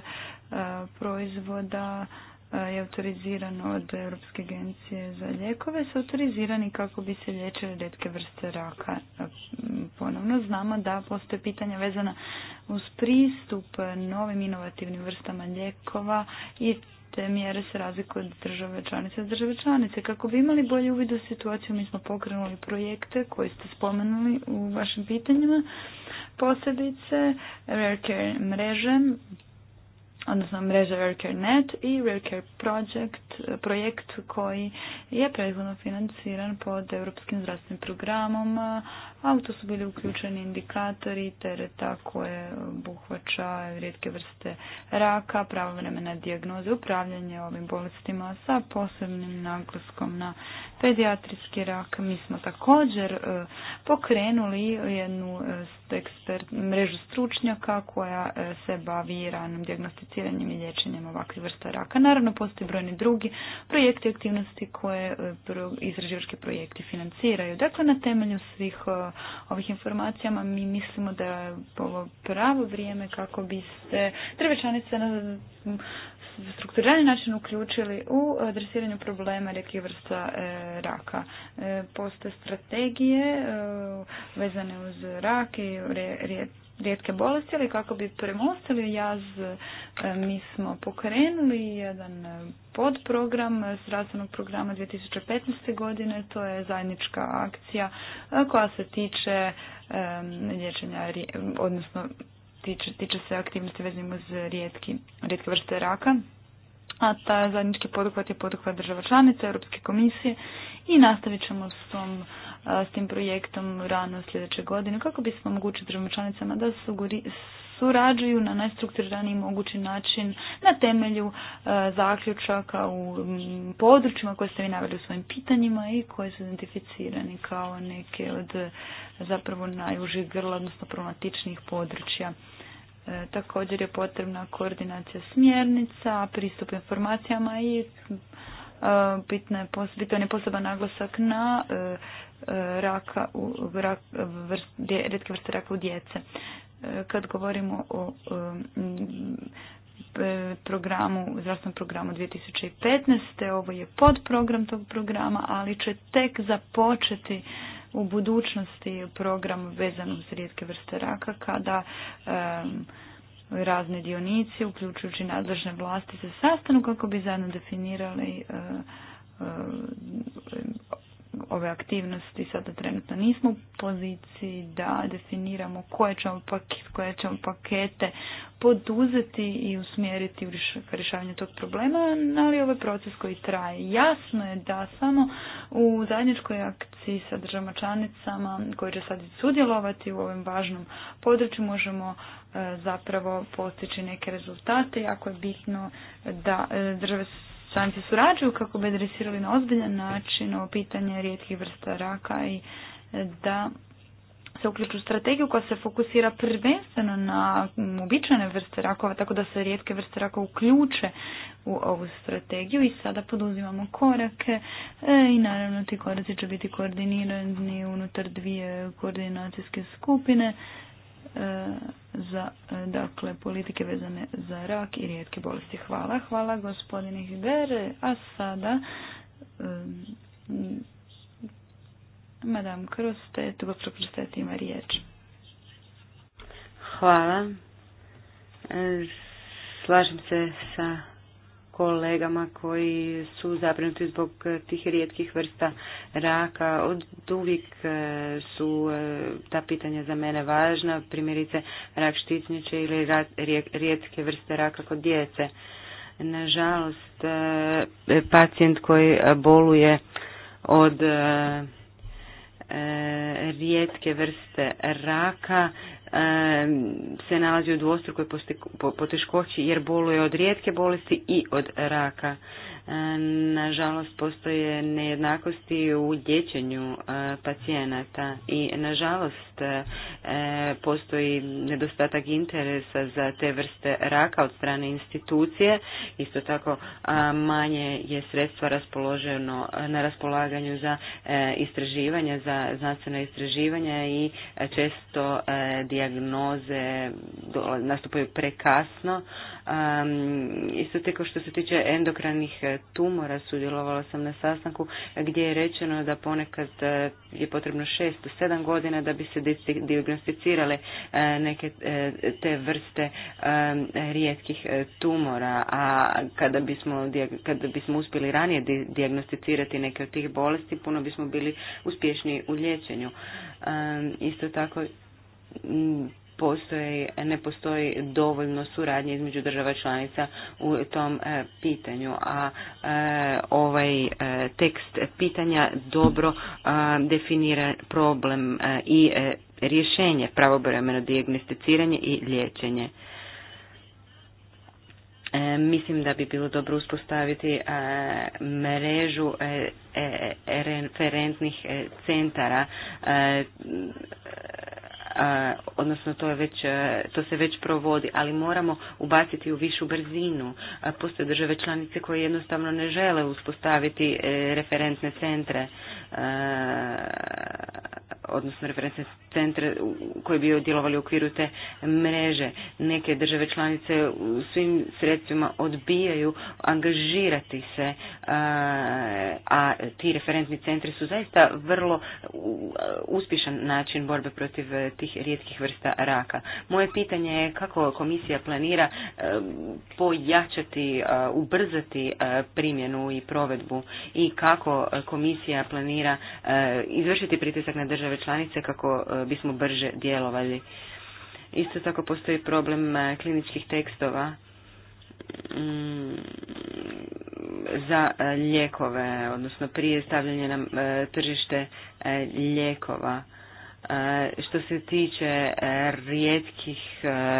proizvoda je autorizirano od Europske agencije za lijekove su autorizirani kako bi se liječile redke vrste raka. Ponovno znamo da postoje pitanja vezana uz pristup novim inovativnim vrstama lijekova i te mjere se razlikuju od države članice od države članice. Kako bi imali bolji uvid u situaciju, mi smo pokrenuli projekte koje ste spomenuli u vašim pitanjima, posebice Rare Care mreže, odnosno mreža Care Net i Care Project, projekt koji je prethodno financiran pod Europskim zdravstvenim programom Auto su bili uključeni indikatori tereta koje obuhvaća rijetke vrste raka, pravovremena dijagnoze, upravljanje ovim bolestima sa posebnim naglaskom na pedijatrijski rak. Mi smo također e, pokrenuli jednu e, mrežu stručnjaka koja e, se bavi ranom diagnosticiranjem i liječenjem ovakvih vrsta raka. Naravno, postoji brojni drugi projekti aktivnosti koje izraživački projekti financiraju. Dakle, na temelju svih ovih informacijama. Mi mislimo da je ovo pravo vrijeme kako bi se na strukturalni način uključili u adresiranju problema nekih vrsta e, raka. E, postoje strategije e, vezane uz rak i rijetke bolesti, ali kako bi premostili jaz, e, mi smo pokrenuli jedan e, podprogram zdravstvenog programa 2015. godine, to je zajednička akcija e, koja se tiče liječenja, odnosno tiče, tiče se aktivnosti vezanim uz rijetki, rijetke vrste raka, a ta zajednički poduhvat je poduhvat država članica, Europske komisije i nastavit ćemo s tom s tim projektom rano sljedeće godine kako bismo omogućili državama članicama da surađuju na najstrukturiraniji mogući način na temelju zaključaka u područjima koje ste vi naveli u svojim pitanjima i koje su identificirani kao neke od zapravo najužih grla, odnosno problematičnih područja. E, također je potrebna koordinacija smjernica, pristup informacijama i bitno je poseban naglasak na e, raka u redke vrste raka u djece. E, kad govorimo o um, programu, zdravstvenom programu 2015. Ovo je podprogram tog programa, ali će tek započeti u budućnosti program vezan uz rijetke vrste raka kada um, razne razni dionici, uključujući nadležne vlasti, se sastanu kako bi zajedno definirali uh, uh, ove aktivnosti sada trenutno nismo u poziciji da definiramo koje ćemo, pakete, koje ćemo pakete poduzeti i usmjeriti u rješavanje tog problema, ali ovaj proces koji traje. Jasno je da samo u zajedničkoj akciji sa državama članicama koji će sad sudjelovati u ovom važnom području možemo e, zapravo postići neke rezultate. Jako je bitno da e, države se surađuju kako bi adresirali na ozbiljan način ovo pitanje rijetkih vrsta raka i e, da se uključu strategiju koja se fokusira prvenstveno na uobičajene vrste rakova, tako da se rijetke vrste raka uključe u ovu strategiju i sada poduzimamo korake e, i naravno ti koraci će biti koordinirani unutar dvije koordinacijske skupine za dakle, politike vezane za rak i rijetke bolesti. Hvala. Hvala gospodine Hiber. A sada Madame tu gospod ima riječ. Hvala. Slažem se sa kolegama koji su zabrinuti zbog eh, tih rijetkih vrsta raka. Od uvijek eh, su eh, ta pitanja za mene važna, primjerice rak štitniče ili rijetke vrste raka kod djece. Nažalost, pacijent koji boluje od rijetke vrste raka se nalazi u dvostrukoj poteškoći jer boluje od rijetke bolesti i od raka. Nažalost, postoje nejednakosti u liječenju eh, pacijenata i nažalost nažalost e, postoji nedostatak interesa za te vrste raka od strane institucije. Isto tako manje je sredstva raspoloženo na raspolaganju za e, istraživanja, za znanstvena istraživanja i e, često dijagnoze nastupaju prekasno. Isto tako što se tiče endokranih tumora sudjelovala sam na sastanku gdje je rečeno da ponekad je potrebno šest do sedam godina da bi se diagnosticirale e, neke e, te vrste e, rijetkih tumora, a kada bismo, kada bismo uspjeli ranije diagnosticirati neke od tih bolesti, puno bismo bili uspješni u liječenju. Isto tako ne postoji dovoljno suradnje između država članica u tom e, pitanju, a e, ovaj e, tekst pitanja dobro definira problem i rješenje, pravobremeno dijagnosticiranje i liječenje. Mislim da bi bilo dobro uspostaviti mrežu referentnih centara odnosno to, je već, to se već provodi, ali moramo ubaciti u višu brzinu. Postoje države članice koje jednostavno ne žele uspostaviti e, referentne centre, odnosno referentne centre koji bi djelovali u okviru te mreže. Neke države članice u svim sredstvima odbijaju angažirati se, a ti referentni centri su zaista vrlo uspješan način borbe protiv eh, tih rijetkih vrsta raka. Moje pitanje je kako komisija planira eh, pojačati, eh, ubrzati primjenu i provedbu i kako komisija planira izvršiti pritisak na države članice kako bismo brže djelovali. Isto tako postoji problem e, kliničkih tekstova mm, za e, lijekove, odnosno prije stavljanja na e, tržište lijekova. Što se tiče rijetkih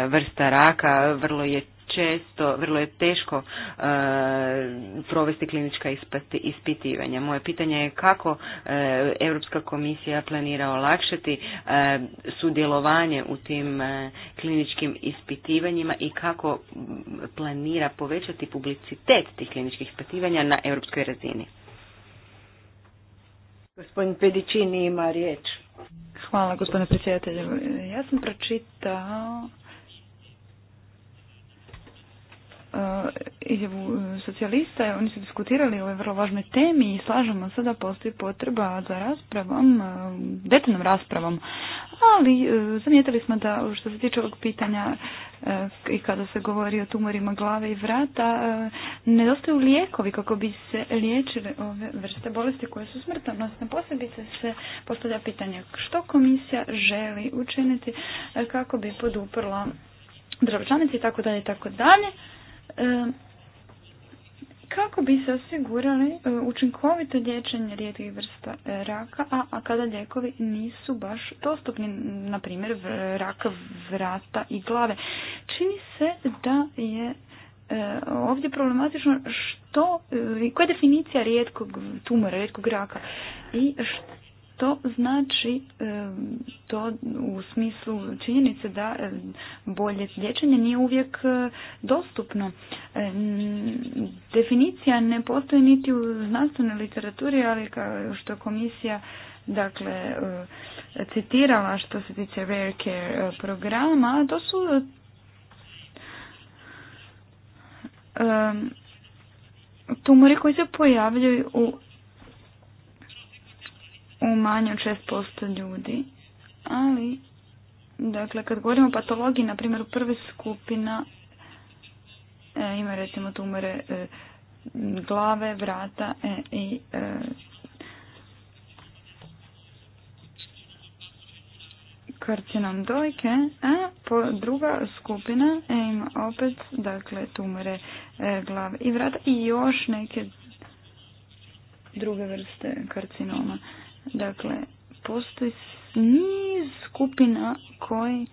vrsta raka, vrlo je često, vrlo je teško e, provesti klinička ispitivanja. Moje pitanje je kako e, Europska komisija planira olakšati e, sudjelovanje u tim kliničkim ispitivanjima i kako planira povećati publicitet tih kliničkih ispitivanja na europskoj razini. Gospodin Pedičini ima riječ. Hvala gospodine predsjedatelju. Ja sam pročitao E, izjavu e, socijalista, oni su diskutirali o ovoj vrlo važnoj temi i slažemo se da postoji potreba za raspravom, e, detaljnom raspravom, ali zamijetili smo da što se tiče ovog pitanja i kada se govori o tumorima glave i vrata, nedostaju lijekovi kako bi se liječile ove vrste bolesti koje su smrtonosne. Posebice se postavlja pitanje što komisija želi učiniti kako bi poduprla državčanici i tako dalje i tako dalje. E, kako bi se osigurali e, učinkovito liječenje rijetkih vrsta e, raka, a, kada lijekovi nisu baš dostupni, na primjer raka vrata i glave. Čini se da je ovdje problematično što koja je definicija rijetkog tumora, rijetkog raka i to znači e, to u smislu činjenice da e, bolje liječenje nije uvijek e, dostupno. Definicija ne postoji niti u znanstvenoj literaturi, ali kao što komisija dakle citirala što se tiče Rare Care programa, to su tumori koji se pojavljuju u u manje od 6% ljudi, ali dakle kad govorimo o patologiji, na primjer u prve skupina e, ima recimo tumore e, glave, vrata e, i e, karcinom dojke, a po druga skupina e, ima opet dakle tumore glave i vrata i još neke druge vrste karcinoma. Dakle, postoji niz skupina koji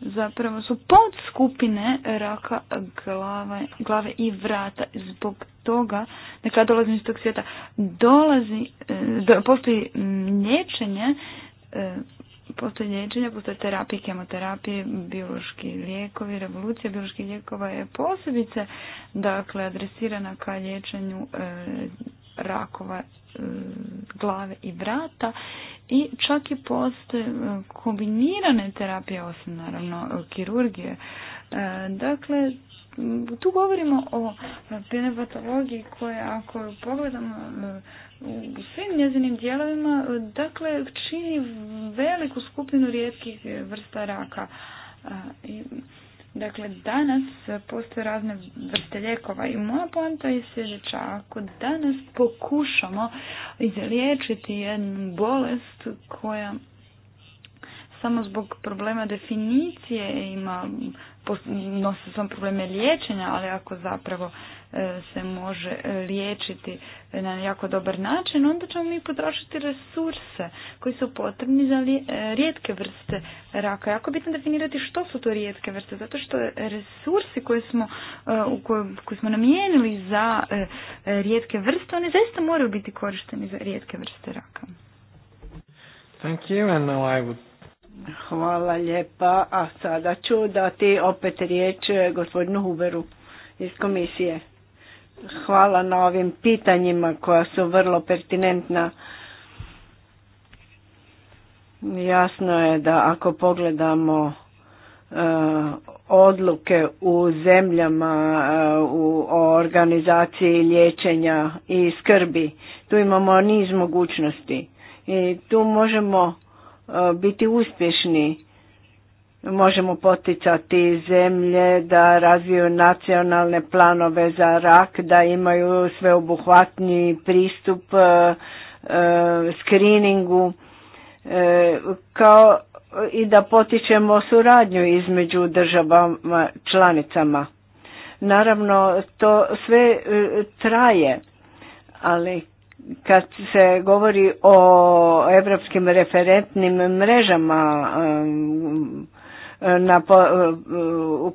zapravo su podskupine raka glave, glave i vrata. Zbog toga, dakle, dolazim iz tog svijeta, dolazi, e, postoji liječenje, e, postoji liječenje, postoje terapije, kemoterapije, biološki lijekovi, revolucija bioloških lijekova je posebice, dakle, adresirana ka liječenju e, rakova glave i vrata i čak i postoje kombinirane terapije osim naravno e, kirurgije. E, dakle, tu govorimo o penepatologiji koja ako pogledamo u svim njezinim dijelovima dakle čini veliku skupinu rijetkih vrsta raka. E, I Dakle, danas postoje razne vrste lijekova i moja poanta je sljedeća. Ako danas pokušamo izliječiti jednu bolest koja samo zbog problema definicije ima, nosi sam probleme liječenja, ali ako zapravo E, se može e, liječiti na jako dobar način, onda ćemo mi potrošiti resurse koji su potrebni za e, rijetke vrste raka. Jako bitno definirati što su to rijetke vrste, zato što resursi koje smo, u koje, smo namijenili za rijetke vrste, oni zaista moraju biti korišteni za rijetke vrste raka. Thank you, and I would... Hvala lijepa, a sada ću dati opet riječ gospodinu Huberu iz komisije. Hvala na ovim pitanjima koja su vrlo pertinentna. Jasno je da ako pogledamo e, odluke u zemljama e, u, organizaciji liječenja i skrbi, tu imamo niz mogućnosti i tu možemo e, biti uspješni Možemo poticati zemlje da razviju nacionalne planove za rak, da imaju sveobuhvatni pristup e, e, screeningu, e, kao i da potičemo suradnju između državama članicama. Naravno, to sve traje, ali kad se govori o evropskim referentnim mrežama na e,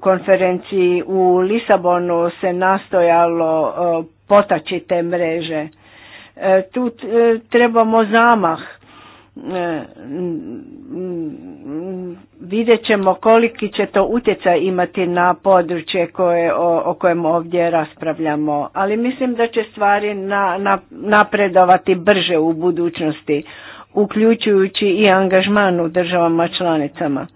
konferenciji u Lisabonu se nastojalo e, potaći te mreže. E, tu trebamo zamah. Vidjet ćemo koliki će to utjecaj imati na područje koje, o, kojem ovdje raspravljamo, ali mislim da će stvari na, napredovati brže u budućnosti, uključujući i angažman u državama članicama.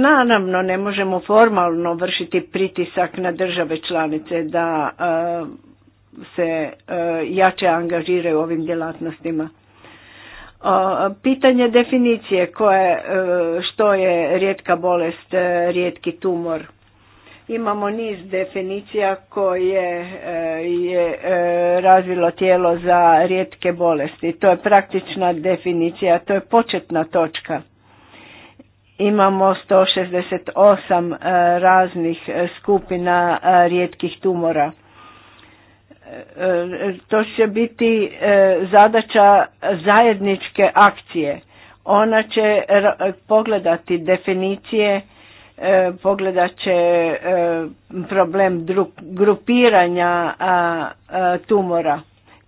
Naravno, ne možemo formalno vršiti pritisak na države članice da e, se e, jače angažiraju ovim djelatnostima. E, pitanje definicije koje, što je rijetka bolest, rijetki tumor. Imamo niz definicija koje je razvilo tijelo za rijetke bolesti. To je praktična definicija, to je početna točka. Imamo 168 e, raznih e, skupina e, rijetkih tumora. To će biti zadaća zajedničke akcije. Ona će pogledati definicije, pogledat će problem grupiranja tumora.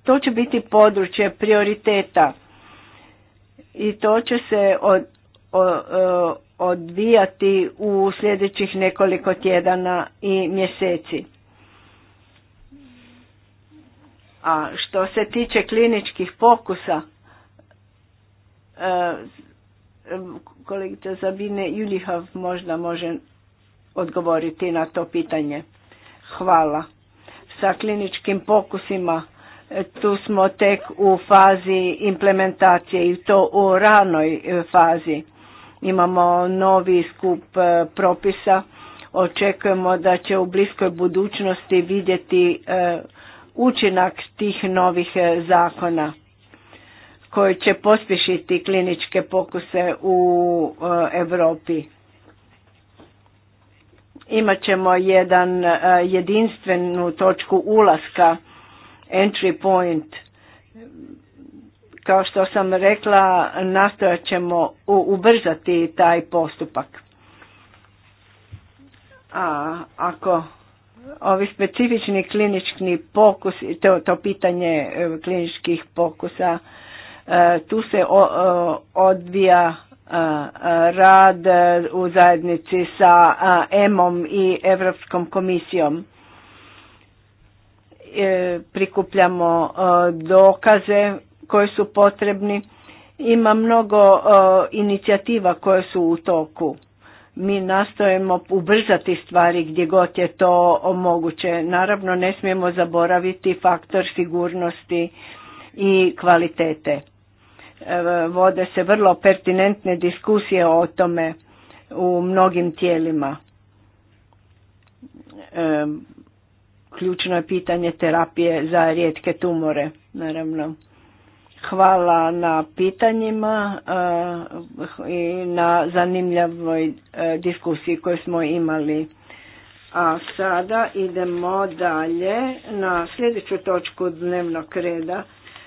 To će biti područje prioriteta i to će se od, E, odvijati u sljedećih nekoliko tjedana i mjeseci. A što se tiče kliničkih pokusa, e, kolegica Zabine Julihav možda može odgovoriti na to pitanje. Hvala. Sa kliničkim pokusima e, tu smo tek u fazi implementacije i to u ranoj fazi Imamo novi skup e, propisa. Očekujemo da će u bliskoj budućnosti vidjeti e, učinak tih novih e, zakona koji će pospješiti kliničke pokuse u Europi. Imaćemo jedan jedinstvenu točku ulaska, entry point, kao što sam rekla, nastojat ćemo ubrzati taj postupak. A ako ovi specifični klinički pokus, to, to pitanje e, kliničkih pokusa, e, tu se e, odvija rad u zajednici sa EMOM i Europskom komisijom. Prikupljamo dokaze koji su potrebni. Ima mnogo e, inicijativa koje su u toku. Mi nastojemo ubrzati stvari gdje god je to moguće. Naravno ne smijemo zaboraviti faktor sigurnosti i kvalitete. E, vode se vrlo pertinentne diskusije o tome u mnogim tijelima. E, ključno je pitanje terapije za rijetke tumore, naravno. Hvala na pitanjima eh, i na zanimljavoj eh, diskusiji koju smo imali. A sada idemo dalje na sljedeću točku dnevnog reda.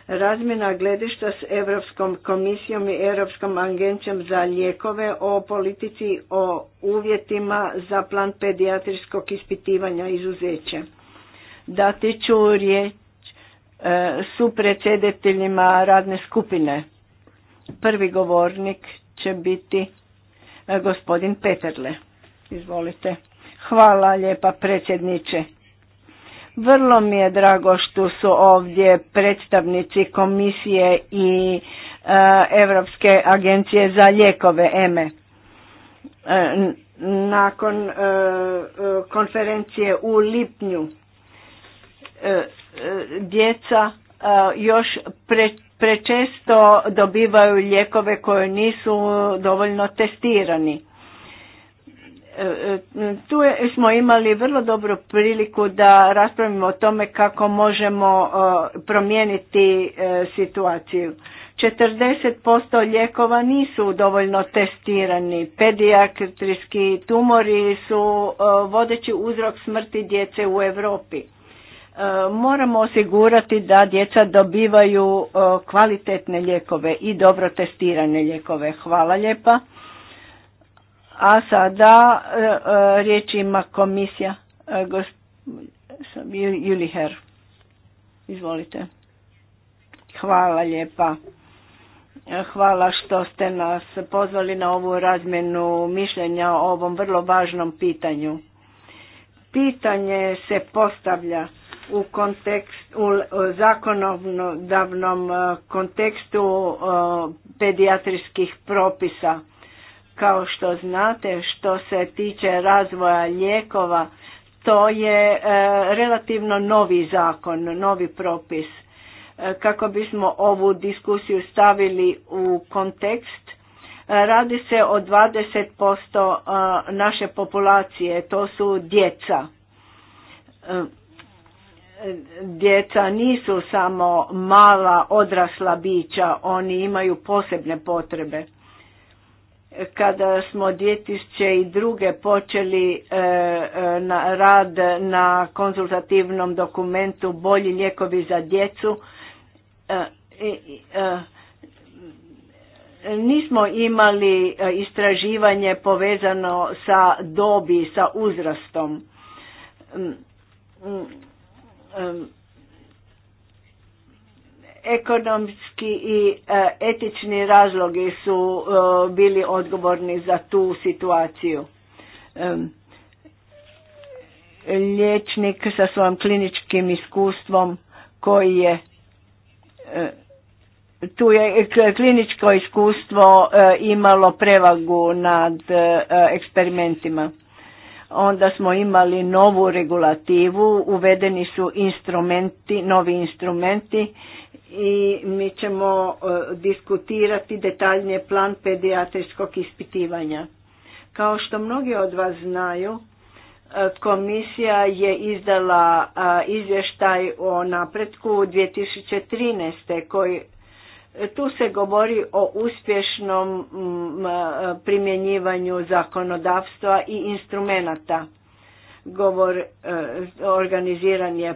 Razmjena gledišta s Europskom komisijom i Europskom agencijom za lijekove o politici o uvjetima za plan pedijatrijskog ispitivanja izuzeće. Dati ću riječ E, su predsjedateljima radne skupine. Prvi govornik će biti e, gospodin Peterle. Izvolite. Hvala lijepa predsjedniče. Vrlo mi je drago što su ovdje predstavnici komisije i Europske agencije za lijekove EME. E, nakon konferencije u lipnju djeca e, još prečesto dobivaju lijekove koje nisu dovoljno testirani. E, e, tu smo imali vrlo dobru priliku da raspravimo o tome kako možemo promijeniti situaciju. 40% lijekova nisu dovoljno testirani. Pedijatrijski tumori su vodeći uzrok smrti djece u Europi. E, moramo osigurati da djeca dobivaju e, kvalitetne lijekove i dobro testirane lijekove. Hvala lijepa. A sada e, riječ ima komisija Juliher. Izvolite. Hvala lijepa. Hvala što ste nas pozvali na ovu razmjenu mišljenja o ovom vrlo važnom pitanju. Pitanje se postavlja u, kontekst, u zakonodavnom e, kontekstu e, pedijatrijskih propisa. Kao što znate, što se tiče razvoja lijekova, to je e, relativno novi zakon, novi propis. Kako bismo ovu diskusiju stavili u kontekst, radi se o 20% naše populacije, to su djeca djeca nisu samo mala odrasla bića, oni imaju posebne potrebe. Kada smo 2002. počeli e, e, na rad na konzultativnom dokumentu Bolji lijekovi za djecu, e, e nismo imali e, istraživanje povezano sa dobi, sa uzrastom mm, mm, Ekonomski i e, etični razlogi su e, bili odgovorni za tu situaciju. Liječnik sa svojim kliničkim iskustvom koji je e, tu je kliničko iskustvo imalo prevagu nad eksperimentima onda smo imali novu regulativu, uvedeni su instrumenti, novi instrumenti i mi ćemo e, diskutirati detaljnije plan pedijatrijskog ispitivanja. Kao što mnogi od vas znaju, e, komisija je izdala izvještaj o napretku 2013. koji tu se govori o uspješnom mm, primjenjivanju zakonodavstva i instrumenata. Govor e, organiziran je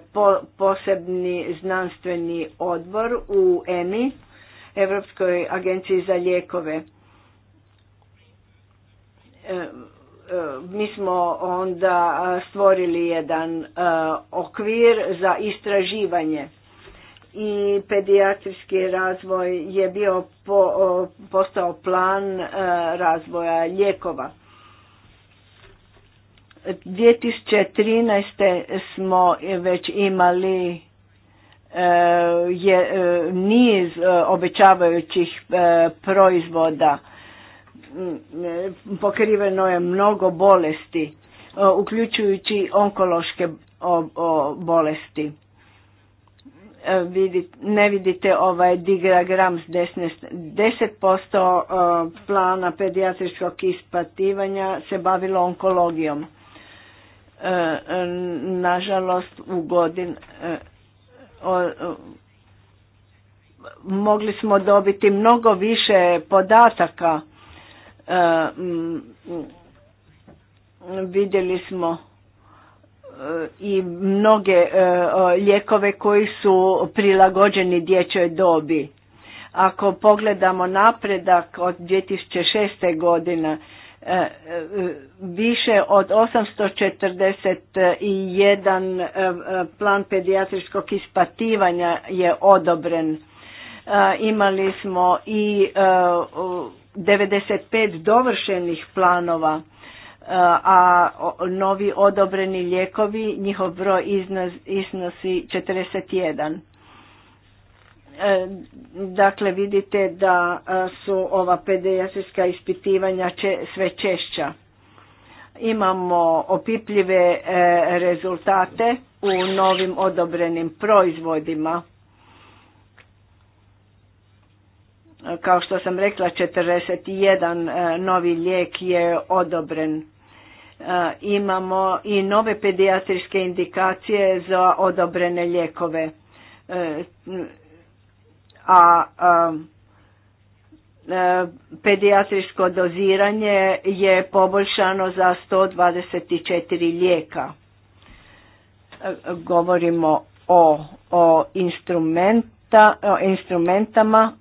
posebni znanstveni odbor u EMI, Europskoj agenciji za lijekove. E, e, mi smo onda stvorili jedan okvir za istraživanje i pedijatrijski razvoj je bio po, postao plan e, razvoja lijekova. 2013. smo već imali e, je e, niz obećavajućih proizvoda mm, pokriveno je mnogo bolesti uključujući onkološke bolesti E, ne vidite ovaj digragram s deset 10% e, plana pedijatričkog ispativanja se bavilo onkologijom. E, nažalost, u godin mogli smo dobiti mnogo više podataka. Vidjeli smo i mnoge e, e, lijekove koji su prilagođeni dječjoj dobi. Ako pogledamo napredak od 2006. godina, e, više od 841 plan pedijatrijskog ispativanja je odobren. Imali smo i 95 dovršenih planova a novi odobreni lijekovi, njihov broj iznosi 41. E, dakle, vidite da e, su ova pedijatrijska ispitivanja sve češća. Imamo opipljive e, rezultate u novim odobrenim proizvodima. Kao što sam rekla, 41 novi lijek je odobren E, imamo i nove pedijatrijske indikacije za odobrene lijekove. E, a e, pedijatrijsko doziranje je poboljšano za 124 lijeka. Govorimo o, o, instrumenta, o instrumentama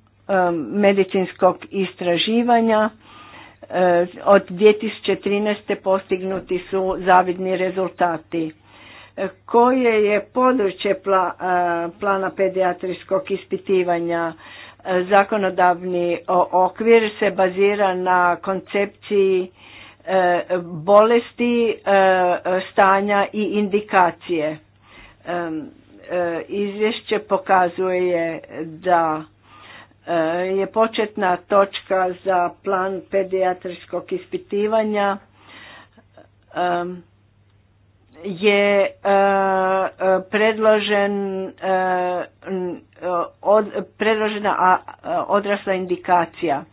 medicinskog istraživanja Eh, od 2013. postignuti su zavidni rezultati. Eh, koje je područje eh, plana pedijatrijskog ispitivanja? Zakonodavni okvir se bazira na koncepciji bolesti, stanja i indikacije. Izvješće pokazuje da je početna točka za plan pedijatrijskog ispitivanja je e, e, e, od, predložena odrasla indikacija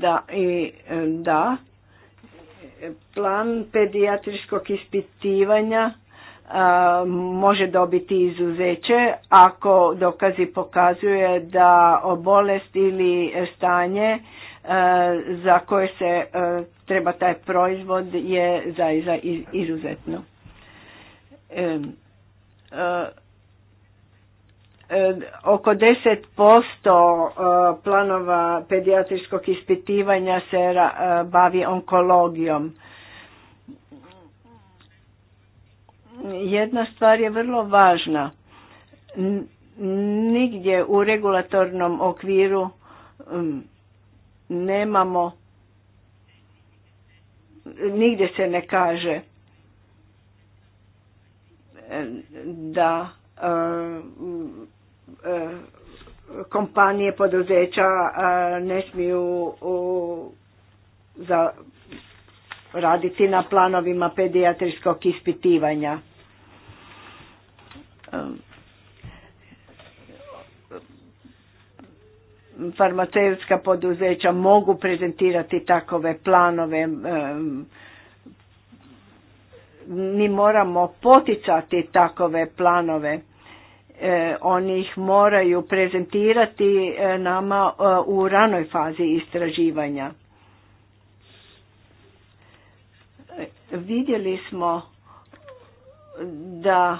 da i da plan pedijatrijskog ispitivanja može dobiti izuzeće ako dokazi pokazuje da bolest ili stanje za koje se treba taj proizvod je zaista izuzetno. E, e, oko 10% planova pedijatrijskog ispitivanja se bavi onkologijom jedna stvar je vrlo važna. Nigdje u regulatornom okviru nemamo, nigdje se ne kaže e, da e, e, kompanije, poduzeća ne smiju za raditi na planovima pedijatrijskog ispitivanja. Ehm, farmaceutska poduzeća mogu prezentirati takove planove ehm, mi moramo poticati takove planove ehm, oni ih moraju prezentirati nama u ranoj fazi istraživanja vidjeli smo da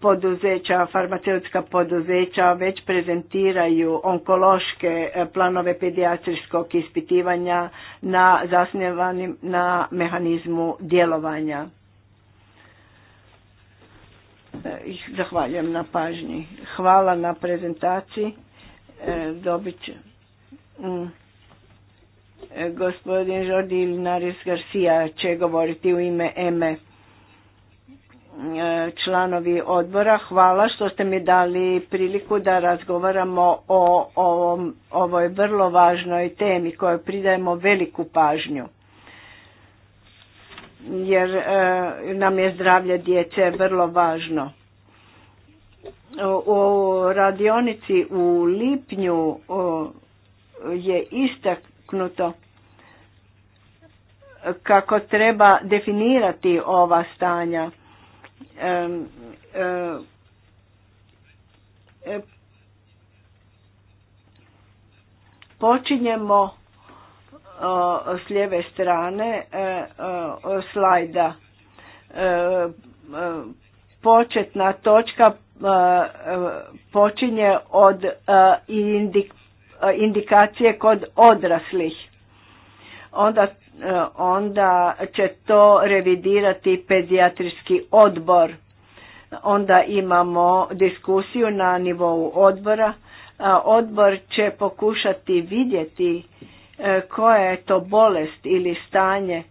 poduzeća, farmaceutska poduzeća već prezentiraju onkološke e, planove pedijatrijskog ispitivanja na zasnivanim na mehanizmu djelovanja. E, zahvaljujem na pažnji. Hvala na prezentaciji. E, dobit će. Mm. Gospodin Jordi Linares Garcia će govoriti u ime EME. E, članovi odbora. Hvala što ste mi dali priliku da razgovaramo o ovom, ovoj vrlo važnoj temi kojoj pridajemo veliku pažnju. Jer e, nam je zdravlje djece vrlo važno. U radionici u lipnju je istaknuto kako treba definirati ova stanja E, e, počinjemo s lijeve strane e, slajda. Početna točka počinje od indikacije kod odraslih. Onda E, onda će to revidirati pedijatrijski odbor. Onda imamo diskusiju na nivou odbora. E, odbor će pokušati vidjeti e, koja je to bolest ili stanje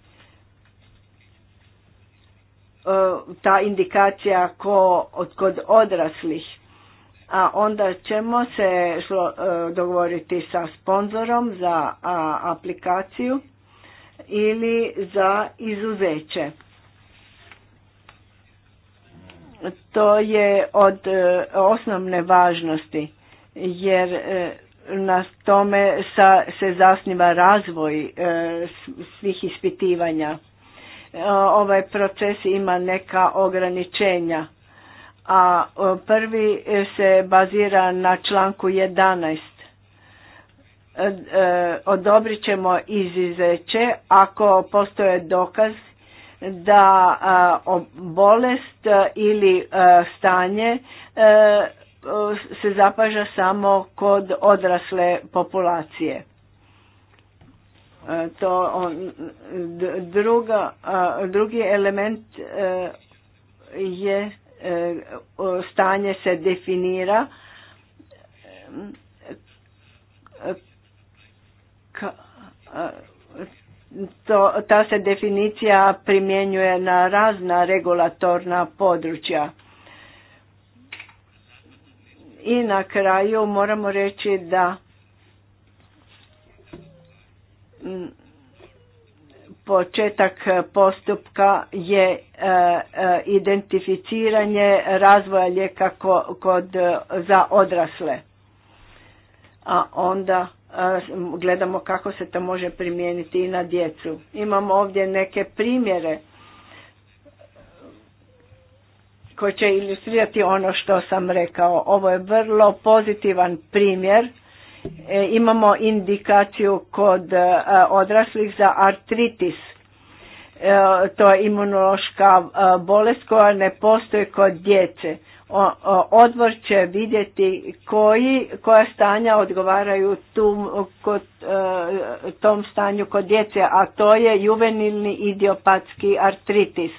ta indikacija kod odraslih. A onda ćemo se dogovoriti sa sponzorom za aplikaciju ili za izuzeće. To je od e, osnovne važnosti jer e, na tome se zasniva razvoj e, svih ispitivanja. Ovaj proces ima neka ograničenja, a prvi se bazira na članku 11 E, odobrit ćemo izizeće ako postoje dokaz da e, bolest e, ili stanje se zapaža samo kod odrasle populacije. To on, druga, drugi element je stanje se definira E, to, ta se definicija primjenjuje na razna regulatorna područja. I na kraju moramo reći da početak postupka je e, e, identificiranje razvoja lijeka kod za odrasle. A onda gledamo kako se to može primijeniti i na djecu. Imamo ovdje neke primjere koje će ilustrirati ono što sam rekao. Ovo je vrlo pozitivan primjer. E, imamo indikaciju kod odraslih za artritis. E, to je imunološka bolest koja ne postoji kod djece Odbor će vidjeti koji, koja stanja odgovaraju kod, e, tom stanju kod djece, a to je juvenilni idiopatski artritis.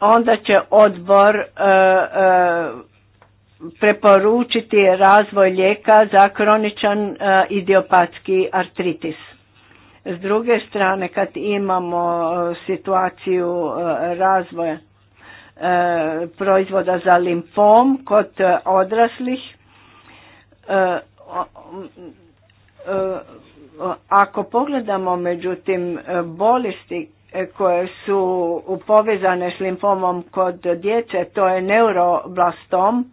Onda će odbor e, e, preporučiti razvoj lijeka za kroničan idiopatski artritis. S druge strane, kad imamo situaciju razvoja, proizvoda za limfom kod e, odraslih e, e, ako pogledamo međutim bolesti koje su povezane s limfomom kod djece, to je neuroblastom,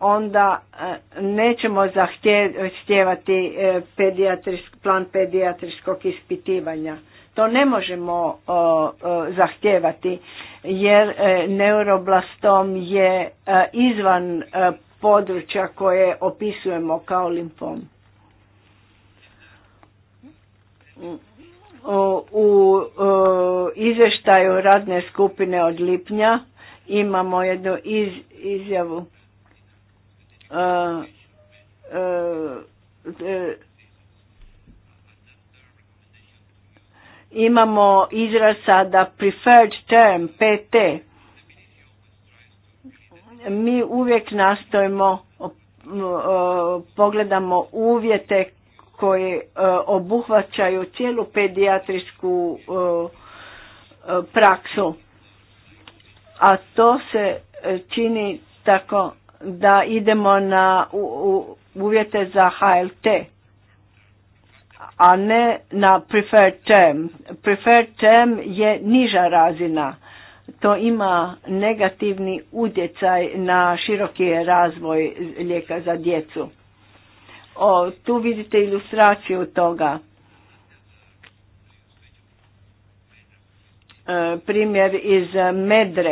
onda nećemo zahtijevati plan pedijatrijskog ispitivanja. To ne možemo zahtijevati jer e, neuroblastom je e, izvan e, područja koje opisujemo kao limfom. U izvještaju radne skupine od lipnja imamo jednu iz, izjavu Imamo izraz da preferred term, PT. Mi uvijek nastojimo, pogledamo uvjete koji e, obuhvaćaju cijelu pedijatrijsku e, e, praksu. A to se čini tako da idemo na uvjete za HLT a ne na preferred term. Preferred term je niža razina. To ima negativni utjecaj na široki razvoj lijeka za djecu. O, tu vidite ilustraciju toga. E, primjer iz Medre.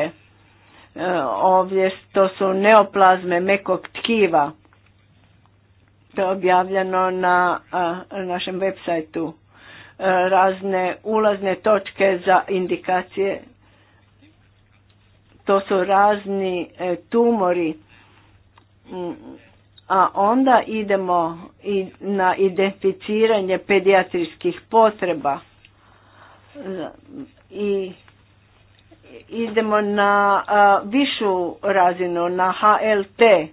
E, ovdje to su neoplazme mekog tkiva. To je objavljeno na našem web sajtu. E, razne ulazne točke za indikacije. To su razni e, tumori. Mm, a onda idemo i na identificiranje pedijatrijskih potreba. E, I idemo na višu razinu, na HLT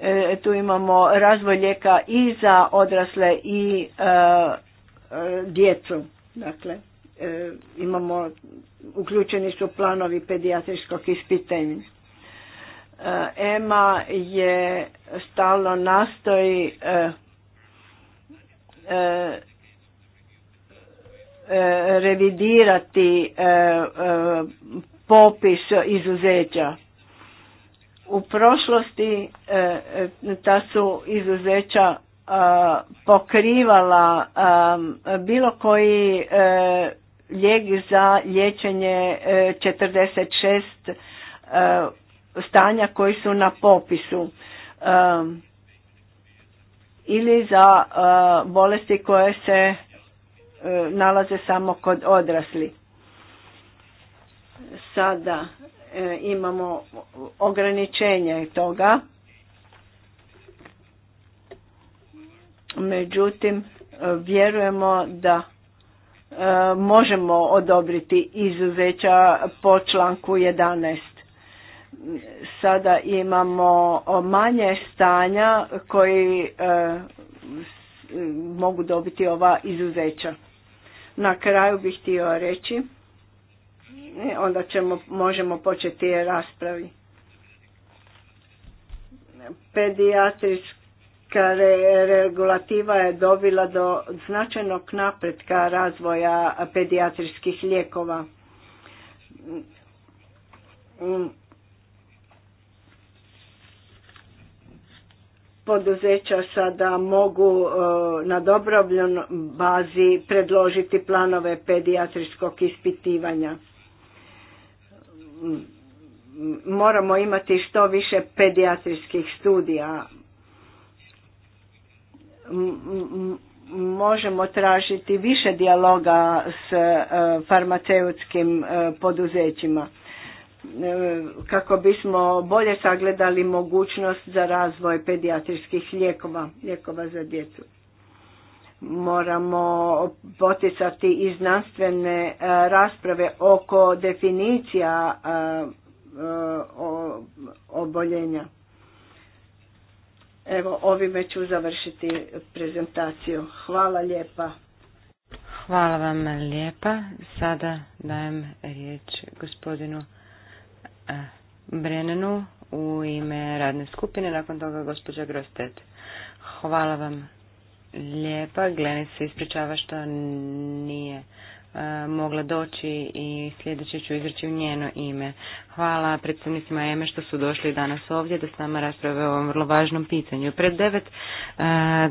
E, tu imamo razvoj lijeka i za odrasle i e, e, djecu. Dakle, imamo, uključeni su planovi pedijatrijskog ispitanja. EMA je stalno nastoji revidirati popis izuzeća u prošlosti e, e, ta su izuzeća e, pokrivala bilo koji lijek za liječenje 46 stanja koji su na popisu ili za bolesti koje se nalaze samo kod odrasli. Sada E, imamo ograničenje toga. Međutim, e, vjerujemo da e, možemo odobriti izuzeća po članku 11. Sada imamo manje stanja koji mogu dobiti ova izuzeća. Na kraju bih htio reći E, onda ćemo, možemo početi raspravi. Pedijatrijska regulativa je dobila do značajnog napretka razvoja pedijatrijskih lijekova. Poduzeća sada mogu e, na dobrovoljnoj bazi predložiti planove pedijatrijskog ispitivanja moramo imati što više pedijatrijskih studija. Možemo tražiti više dijaloga s e, farmaceutskim e, poduzećima e, kako bismo bolje sagledali mogućnost za razvoj pedijatrijskih lijekova, lijekova za djecu moramo poticati i znanstvene e, rasprave oko definicija e, e, oboljenja. Evo, ovime ću završiti prezentaciju. Hvala lijepa. Hvala vam lijepa. Sada dajem riječ gospodinu Brenenu u ime radne skupine, nakon toga gospođa Grostet. Hvala vam lijepa. Glenis se ispričava što nije e, mogla doći i sljedeće ću izreći u njeno ime. Hvala predstavnicima EME što su došli danas ovdje da s nama rasprave o ovom vrlo važnom pitanju. Pred devet e,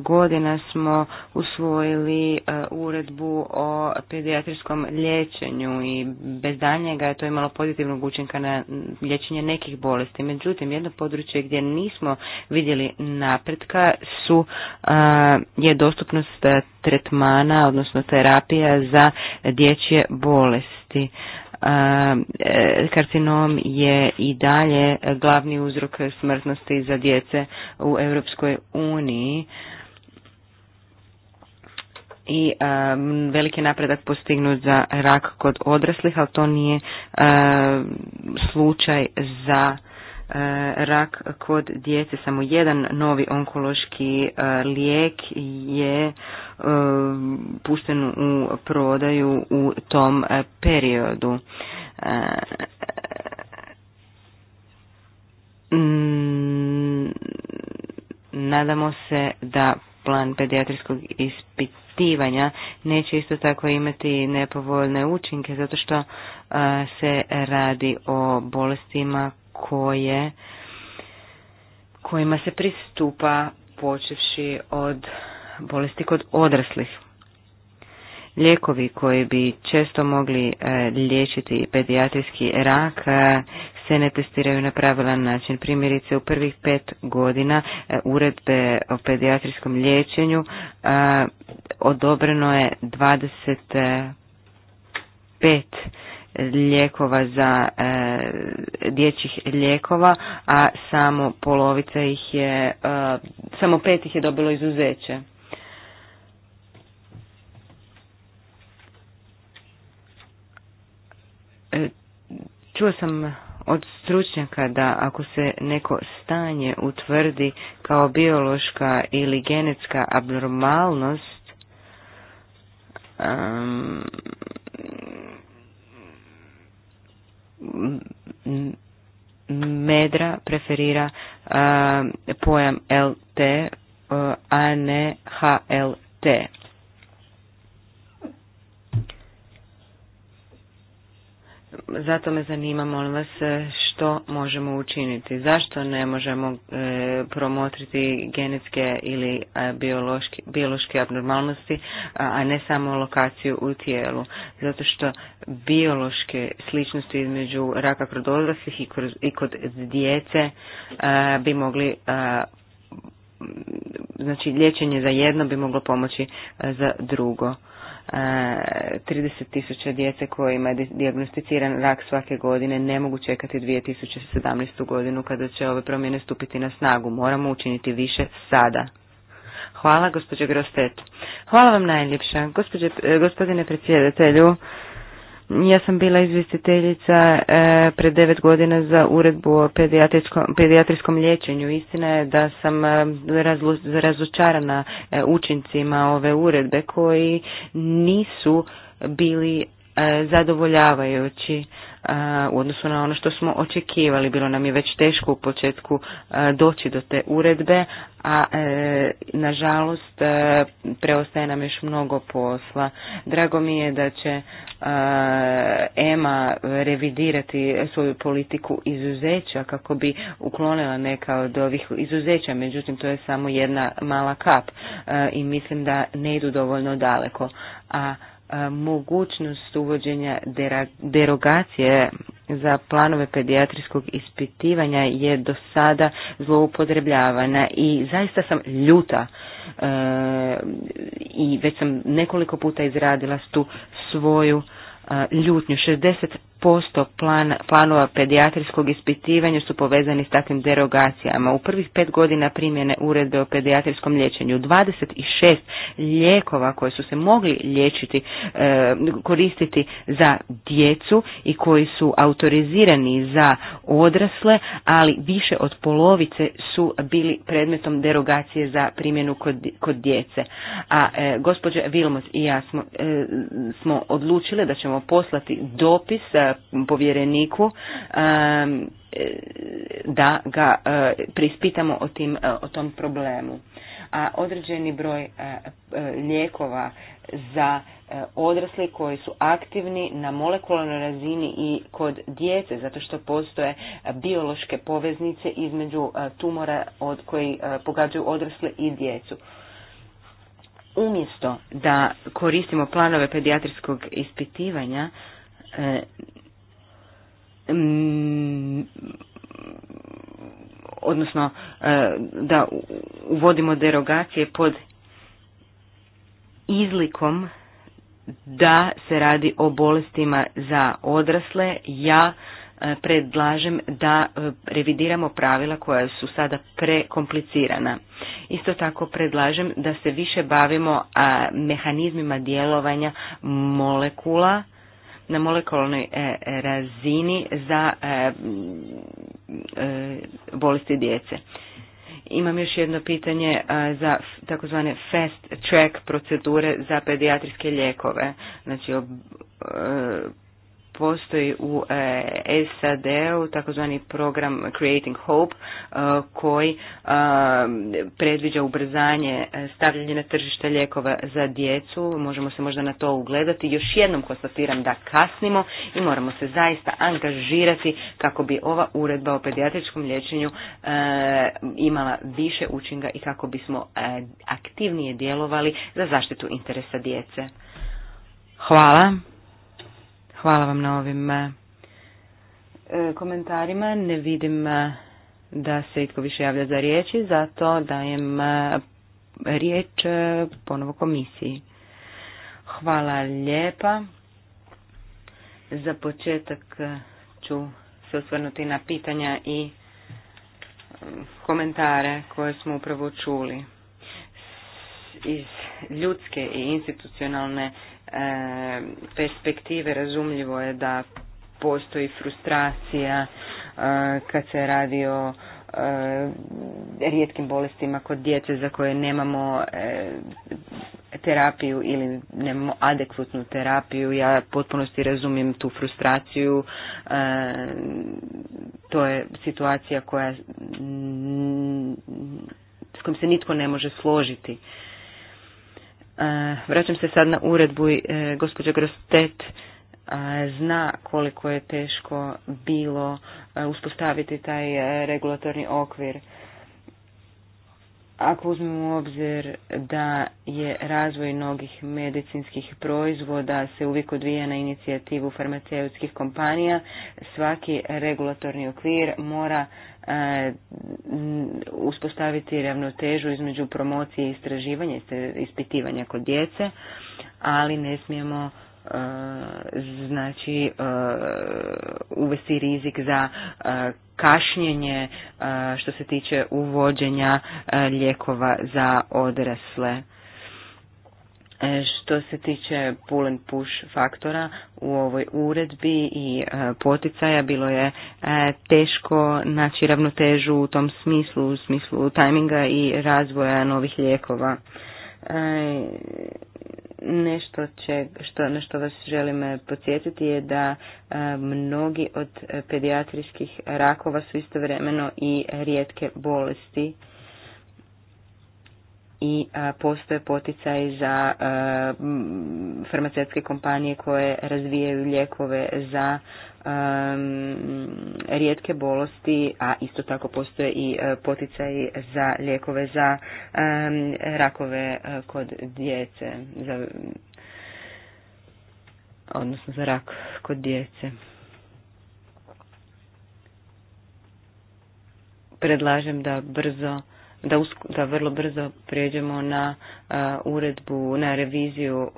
godina smo usvojili e, uredbu o pedijatrijskom liječenju i bez danjega je to imalo pozitivnog učinka na liječenje nekih bolesti. Međutim, jedno područje gdje nismo vidjeli napretka su, e, je dostupnost tretmana, odnosno terapija za dječje bolesti. E, karcinom je i dalje glavni uzrok smrtnosti za djece u Europskoj uniji i veliki napredak postignut za rak kod odraslih, ali to nije slučaj za E, rak kod djece. Samo jedan novi onkološki e, lijek je e, pušten u prodaju u tom periodu. Nadamo se da plan pedijatrijskog ispitivanja neće isto tako imati nepovoljne učinke zato što se radi o bolestima koje kojima se pristupa počevši od bolesti kod odraslih. Lijekovi koji bi često mogli e, liječiti pedijatrijski rak e, se ne testiraju na pravilan način. Primjerice u prvih pet godina e, uredbe o pedijatrijskom liječenju odobreno je 25 lijekova za e, dječjih lijekova, a samo polovica ih je, e, samo pet ih je dobilo izuzeće. E, čuo sam od stručnjaka da ako se neko stanje utvrdi kao biološka ili genetska abnormalnost, Medra preferira eh, pojam LT, eh, a ne HLT. Zato me zanima, molim vas, e, što možemo učiniti. Zašto ne možemo e, promotriti genetske ili e, biološke abnormalnosti, a ne samo lokaciju u tijelu? Zato što biološke sličnosti između raka kod odraslih i, kod djece bi mogli znači liječenje za jedno bi moglo pomoći za drugo. 30 tisuća djece kojima je diagnosticiran rak svake godine ne mogu čekati 2017. godinu kada će ove promjene stupiti na snagu. Moramo učiniti više sada. Hvala, gospođo Grostet. Hvala vam najljepša. Eh, gospodine predsjedatelju, ja sam bila izvjestiteljica e, pred devet godina za uredbu o pedijatrijskom, pedijatrijskom liječenju. Istina je da sam e, razlu, razočarana e, učincima ove uredbe koji nisu bili zadovoljavajući u odnosu na ono što smo očekivali. Bilo nam je već teško u početku doći do te uredbe, a e, nažalost e, preostaje nam još mnogo posla. Drago mi je da će EMA revidirati svoju politiku izuzeća kako bi uklonila neka od ovih izuzeća, međutim to je samo jedna mala kap i mislim da ne idu dovoljno daleko. A E, mogućnost uvođenja derogacije za planove pedijatrijskog ispitivanja je do sada zloupotrebljavana i zaista sam ljuta e, i već sam nekoliko puta izradila tu svoju e, ljutnju posto plan, planova pedijatrijskog ispitivanja su povezani s takvim derogacijama. U prvih pet godina primjene uredbe o pedijatrijskom liječenju 26 lijekova koje su se mogli liječiti, e, koristiti za djecu i koji su autorizirani za odrasle, ali više od polovice su bili predmetom derogacije za primjenu kod, kod djece. A e, gospođa Vilmos i ja smo, e, smo odlučile da ćemo poslati dopis e, povjereniku da ga e, prispitamo o, tim, e, o tom problemu. A određeni broj e, lijekova za odrasli koji su aktivni na molekularnoj razini i kod djece, zato što postoje biološke poveznice između tumora od koji pogađaju odrasle i djecu. Umjesto da koristimo planove pedijatrijskog ispitivanja, Mm, odnosno e, da uvodimo derogacije pod izlikom da se radi o bolestima za odrasle, ja e, predlažem da e, revidiramo pravila koja su sada prekomplicirana. Isto tako predlažem da se više bavimo mehanizmima djelovanja molekula na molekularnoj e, razini za e, e, bolesti djece. Imam još jedno pitanje za takozvane fast track procedure za pedijatrijske lijekove, znači postoji u eh, SAD-u takozvani program Creating Hope eh, koji eh, predviđa ubrzanje stavljanje na tržište lijekova za djecu. Možemo se možda na to ugledati. Još jednom konstatiram da kasnimo i moramo se zaista angažirati kako bi ova uredba o pedijatričkom liječenju imala više učinka i kako bismo aktivnije djelovali za zaštitu interesa djece. Hvala. Hvala vam na ovim eh, eh, komentarima. Ne vidim eh, da se itko više javlja za riječi, zato dajem riječ ponovo komisiji. Hvala lijepa. Za početak ću se osvrnuti na pitanja i komentare koje smo upravo čuli. Iz ljudske i institucionalne E, perspektive razumljivo je da postoji frustracija e, kad se radi o e, rijetkim bolestima kod djece za koje nemamo terapiju ili nemamo adekvatnu terapiju. Ja potpunosti razumijem tu frustraciju. To je situacija koja s kojom se nitko ne može složiti. E, vraćam se sad na uredbu i e, gospođa Grostet e, zna koliko je teško bilo uspostaviti taj regulatorni okvir. Ako uzmemo u obzir da je razvoj mnogih medicinskih proizvoda se uvijek odvija na inicijativu farmaceutskih kompanija, svaki regulatorni okvir mora e, uspostaviti ravnotežu između promocije i istraživanja i ispitivanja kod djece, ali ne smijemo Eh, znači eh, uvesti rizik za eh, kašnjenje što se tiče uvođenja lijekova za odrasle. Što se tiče pull and push faktora u ovoj uredbi i poticaja bilo je teško naći ravnotežu u tom smislu, u smislu tajminga i razvoja novih lijekova Nešto će, što, na što vas želim e, podsjetiti je da e, mnogi od pedijatrijskih rakova su istovremeno i rijetke bolesti i e, postoje poticaj za farmaceutske kompanije koje razvijaju lijekove za rijetke bolosti, a isto tako postoje i e, poticaji za lijekove za rakove e, kod djece, za, odnosno za rak kod djece. Predlažem da brzo da, da vrlo brzo prijeđemo na e, uredbu, na reviziju e,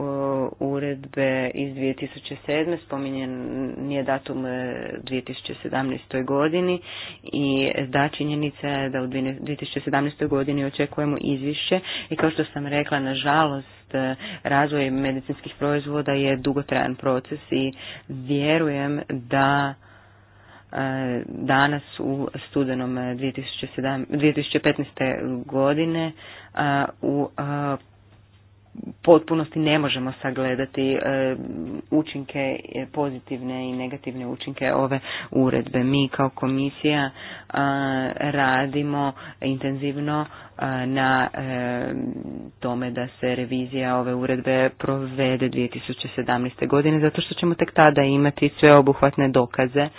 uredbe iz 2007. Spominjen nije datum 2017. E, godini i da činjenica je da u 2017. godini očekujemo izvješće i kao što sam rekla, nažalost, razvoj medicinskih proizvoda je dugotrajan proces i vjerujem da danas u studenom 2015. Eh, godine eh, u eh, potpunosti ne možemo sagledati učinke pozitivne i negativne učinke ove uredbe. Mi kao komisija radimo intenzivno na tome da se revizija ove uredbe provede 2017. godine zato što ćemo tek tada imati sve obuhvatne dokaze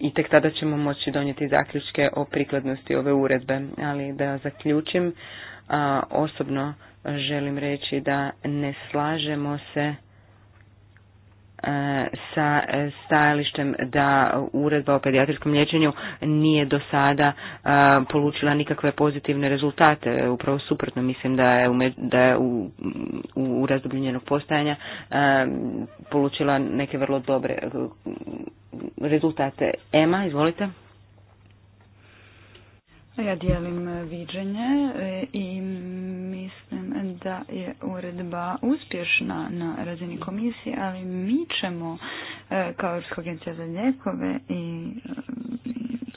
i tek tada ćemo moći donijeti zaključke o prikladnosti ove uredbe. Ali da zaključim, osobno želim reći da ne slažemo se E, sa stajalištem da uredba o pedijatrijskom liječenju nije do sada e, polučila nikakve pozitivne rezultate. Upravo suprotno mislim da je, da u, u razdoblju njenog postajanja e, polučila neke vrlo dobre rezultate. Ema, izvolite. Ja dijelim viđenje i Mislim da je uredba uspješna na razini komisije, ali mi ćemo e, kao Europska agencija za ljekove i e,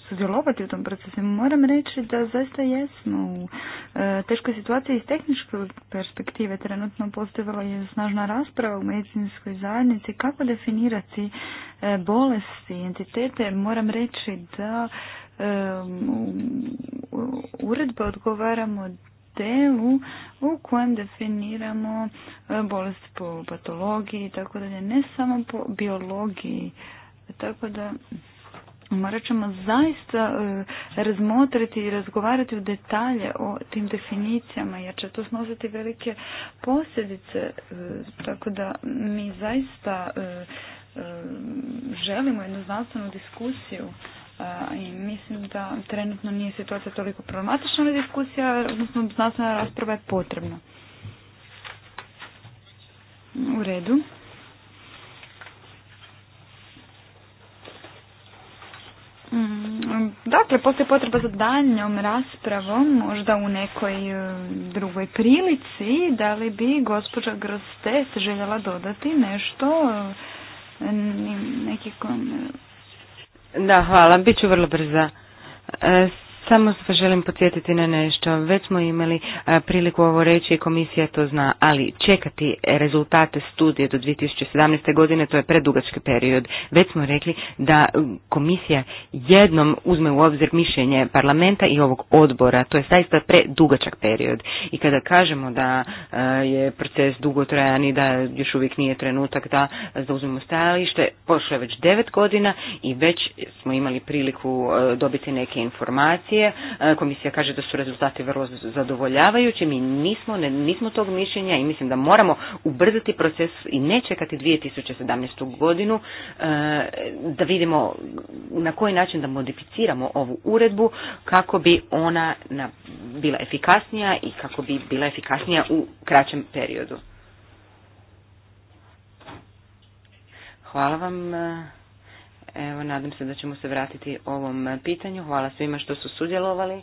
sudjelovati u tom procesu. Moram reći da zaista jesmo u e, teškoj situaciji iz tehničke perspektive. Trenutno postojevala je snažna rasprava u medicinskoj zajednici kako definirati bolesti, entitete. Moram reći da uredba odgovaramo modelu u kojem definiramo e, bolest po patologiji, tako da ne samo po biologiji. Tako da morat ćemo zaista e, razmotriti i razgovarati u detalje o tim definicijama jer će to snositi velike posljedice e, tako da mi zaista želimo jednu znanstvenu diskusiju i mislim da trenutno nije situacija toliko problematična, ali diskusija, odnosno znanstvena rasprava je potrebna. U redu. Mm, dakle, postoji potreba za daljnjom raspravom, možda u nekoj e, drugoj prilici, da li bi gospođa Grostes željela dodati nešto, e, neki da, hvala. Biću vrlo brza. E, samo se želim podsjetiti na nešto. Već smo imali priliku ovo reći i komisija to zna, ali čekati rezultate studije do 2017. godine to je predugački period. Već smo rekli da komisija jednom uzme u obzir mišljenje parlamenta i ovog odbora. To je zaista predugačak period. I kada kažemo da je proces dugotrajan i da još uvijek nije trenutak da zauzmemo stajalište, prošlo je već devet godina i već smo imali priliku dobiti neke informacije E, komisija kaže da su rezultati vrlo zadovoljavajući. Mi nismo, ne, nismo tog mišljenja i mislim da moramo ubrzati proces i ne čekati 2017. godinu e, da vidimo na koji način da modificiramo ovu uredbu kako bi ona bila efikasnija i kako bi bila efikasnija u kraćem periodu. Hvala vam e, Evo, nadam se da ćemo se vratiti ovom pitanju. Hvala svima što su sudjelovali.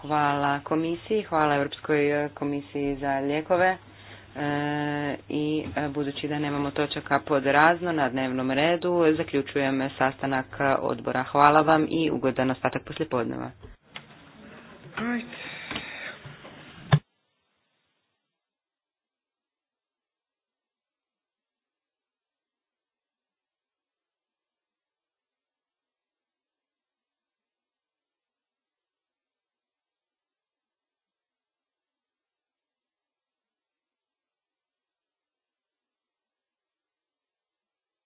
Hvala komisiji, hvala Europskoj komisiji za lijekove e, i e, budući da nemamo točaka pod razno na dnevnom redu, zaključujem sastanak odbora. Hvala vam i ugodan ostatak poslijepodneva.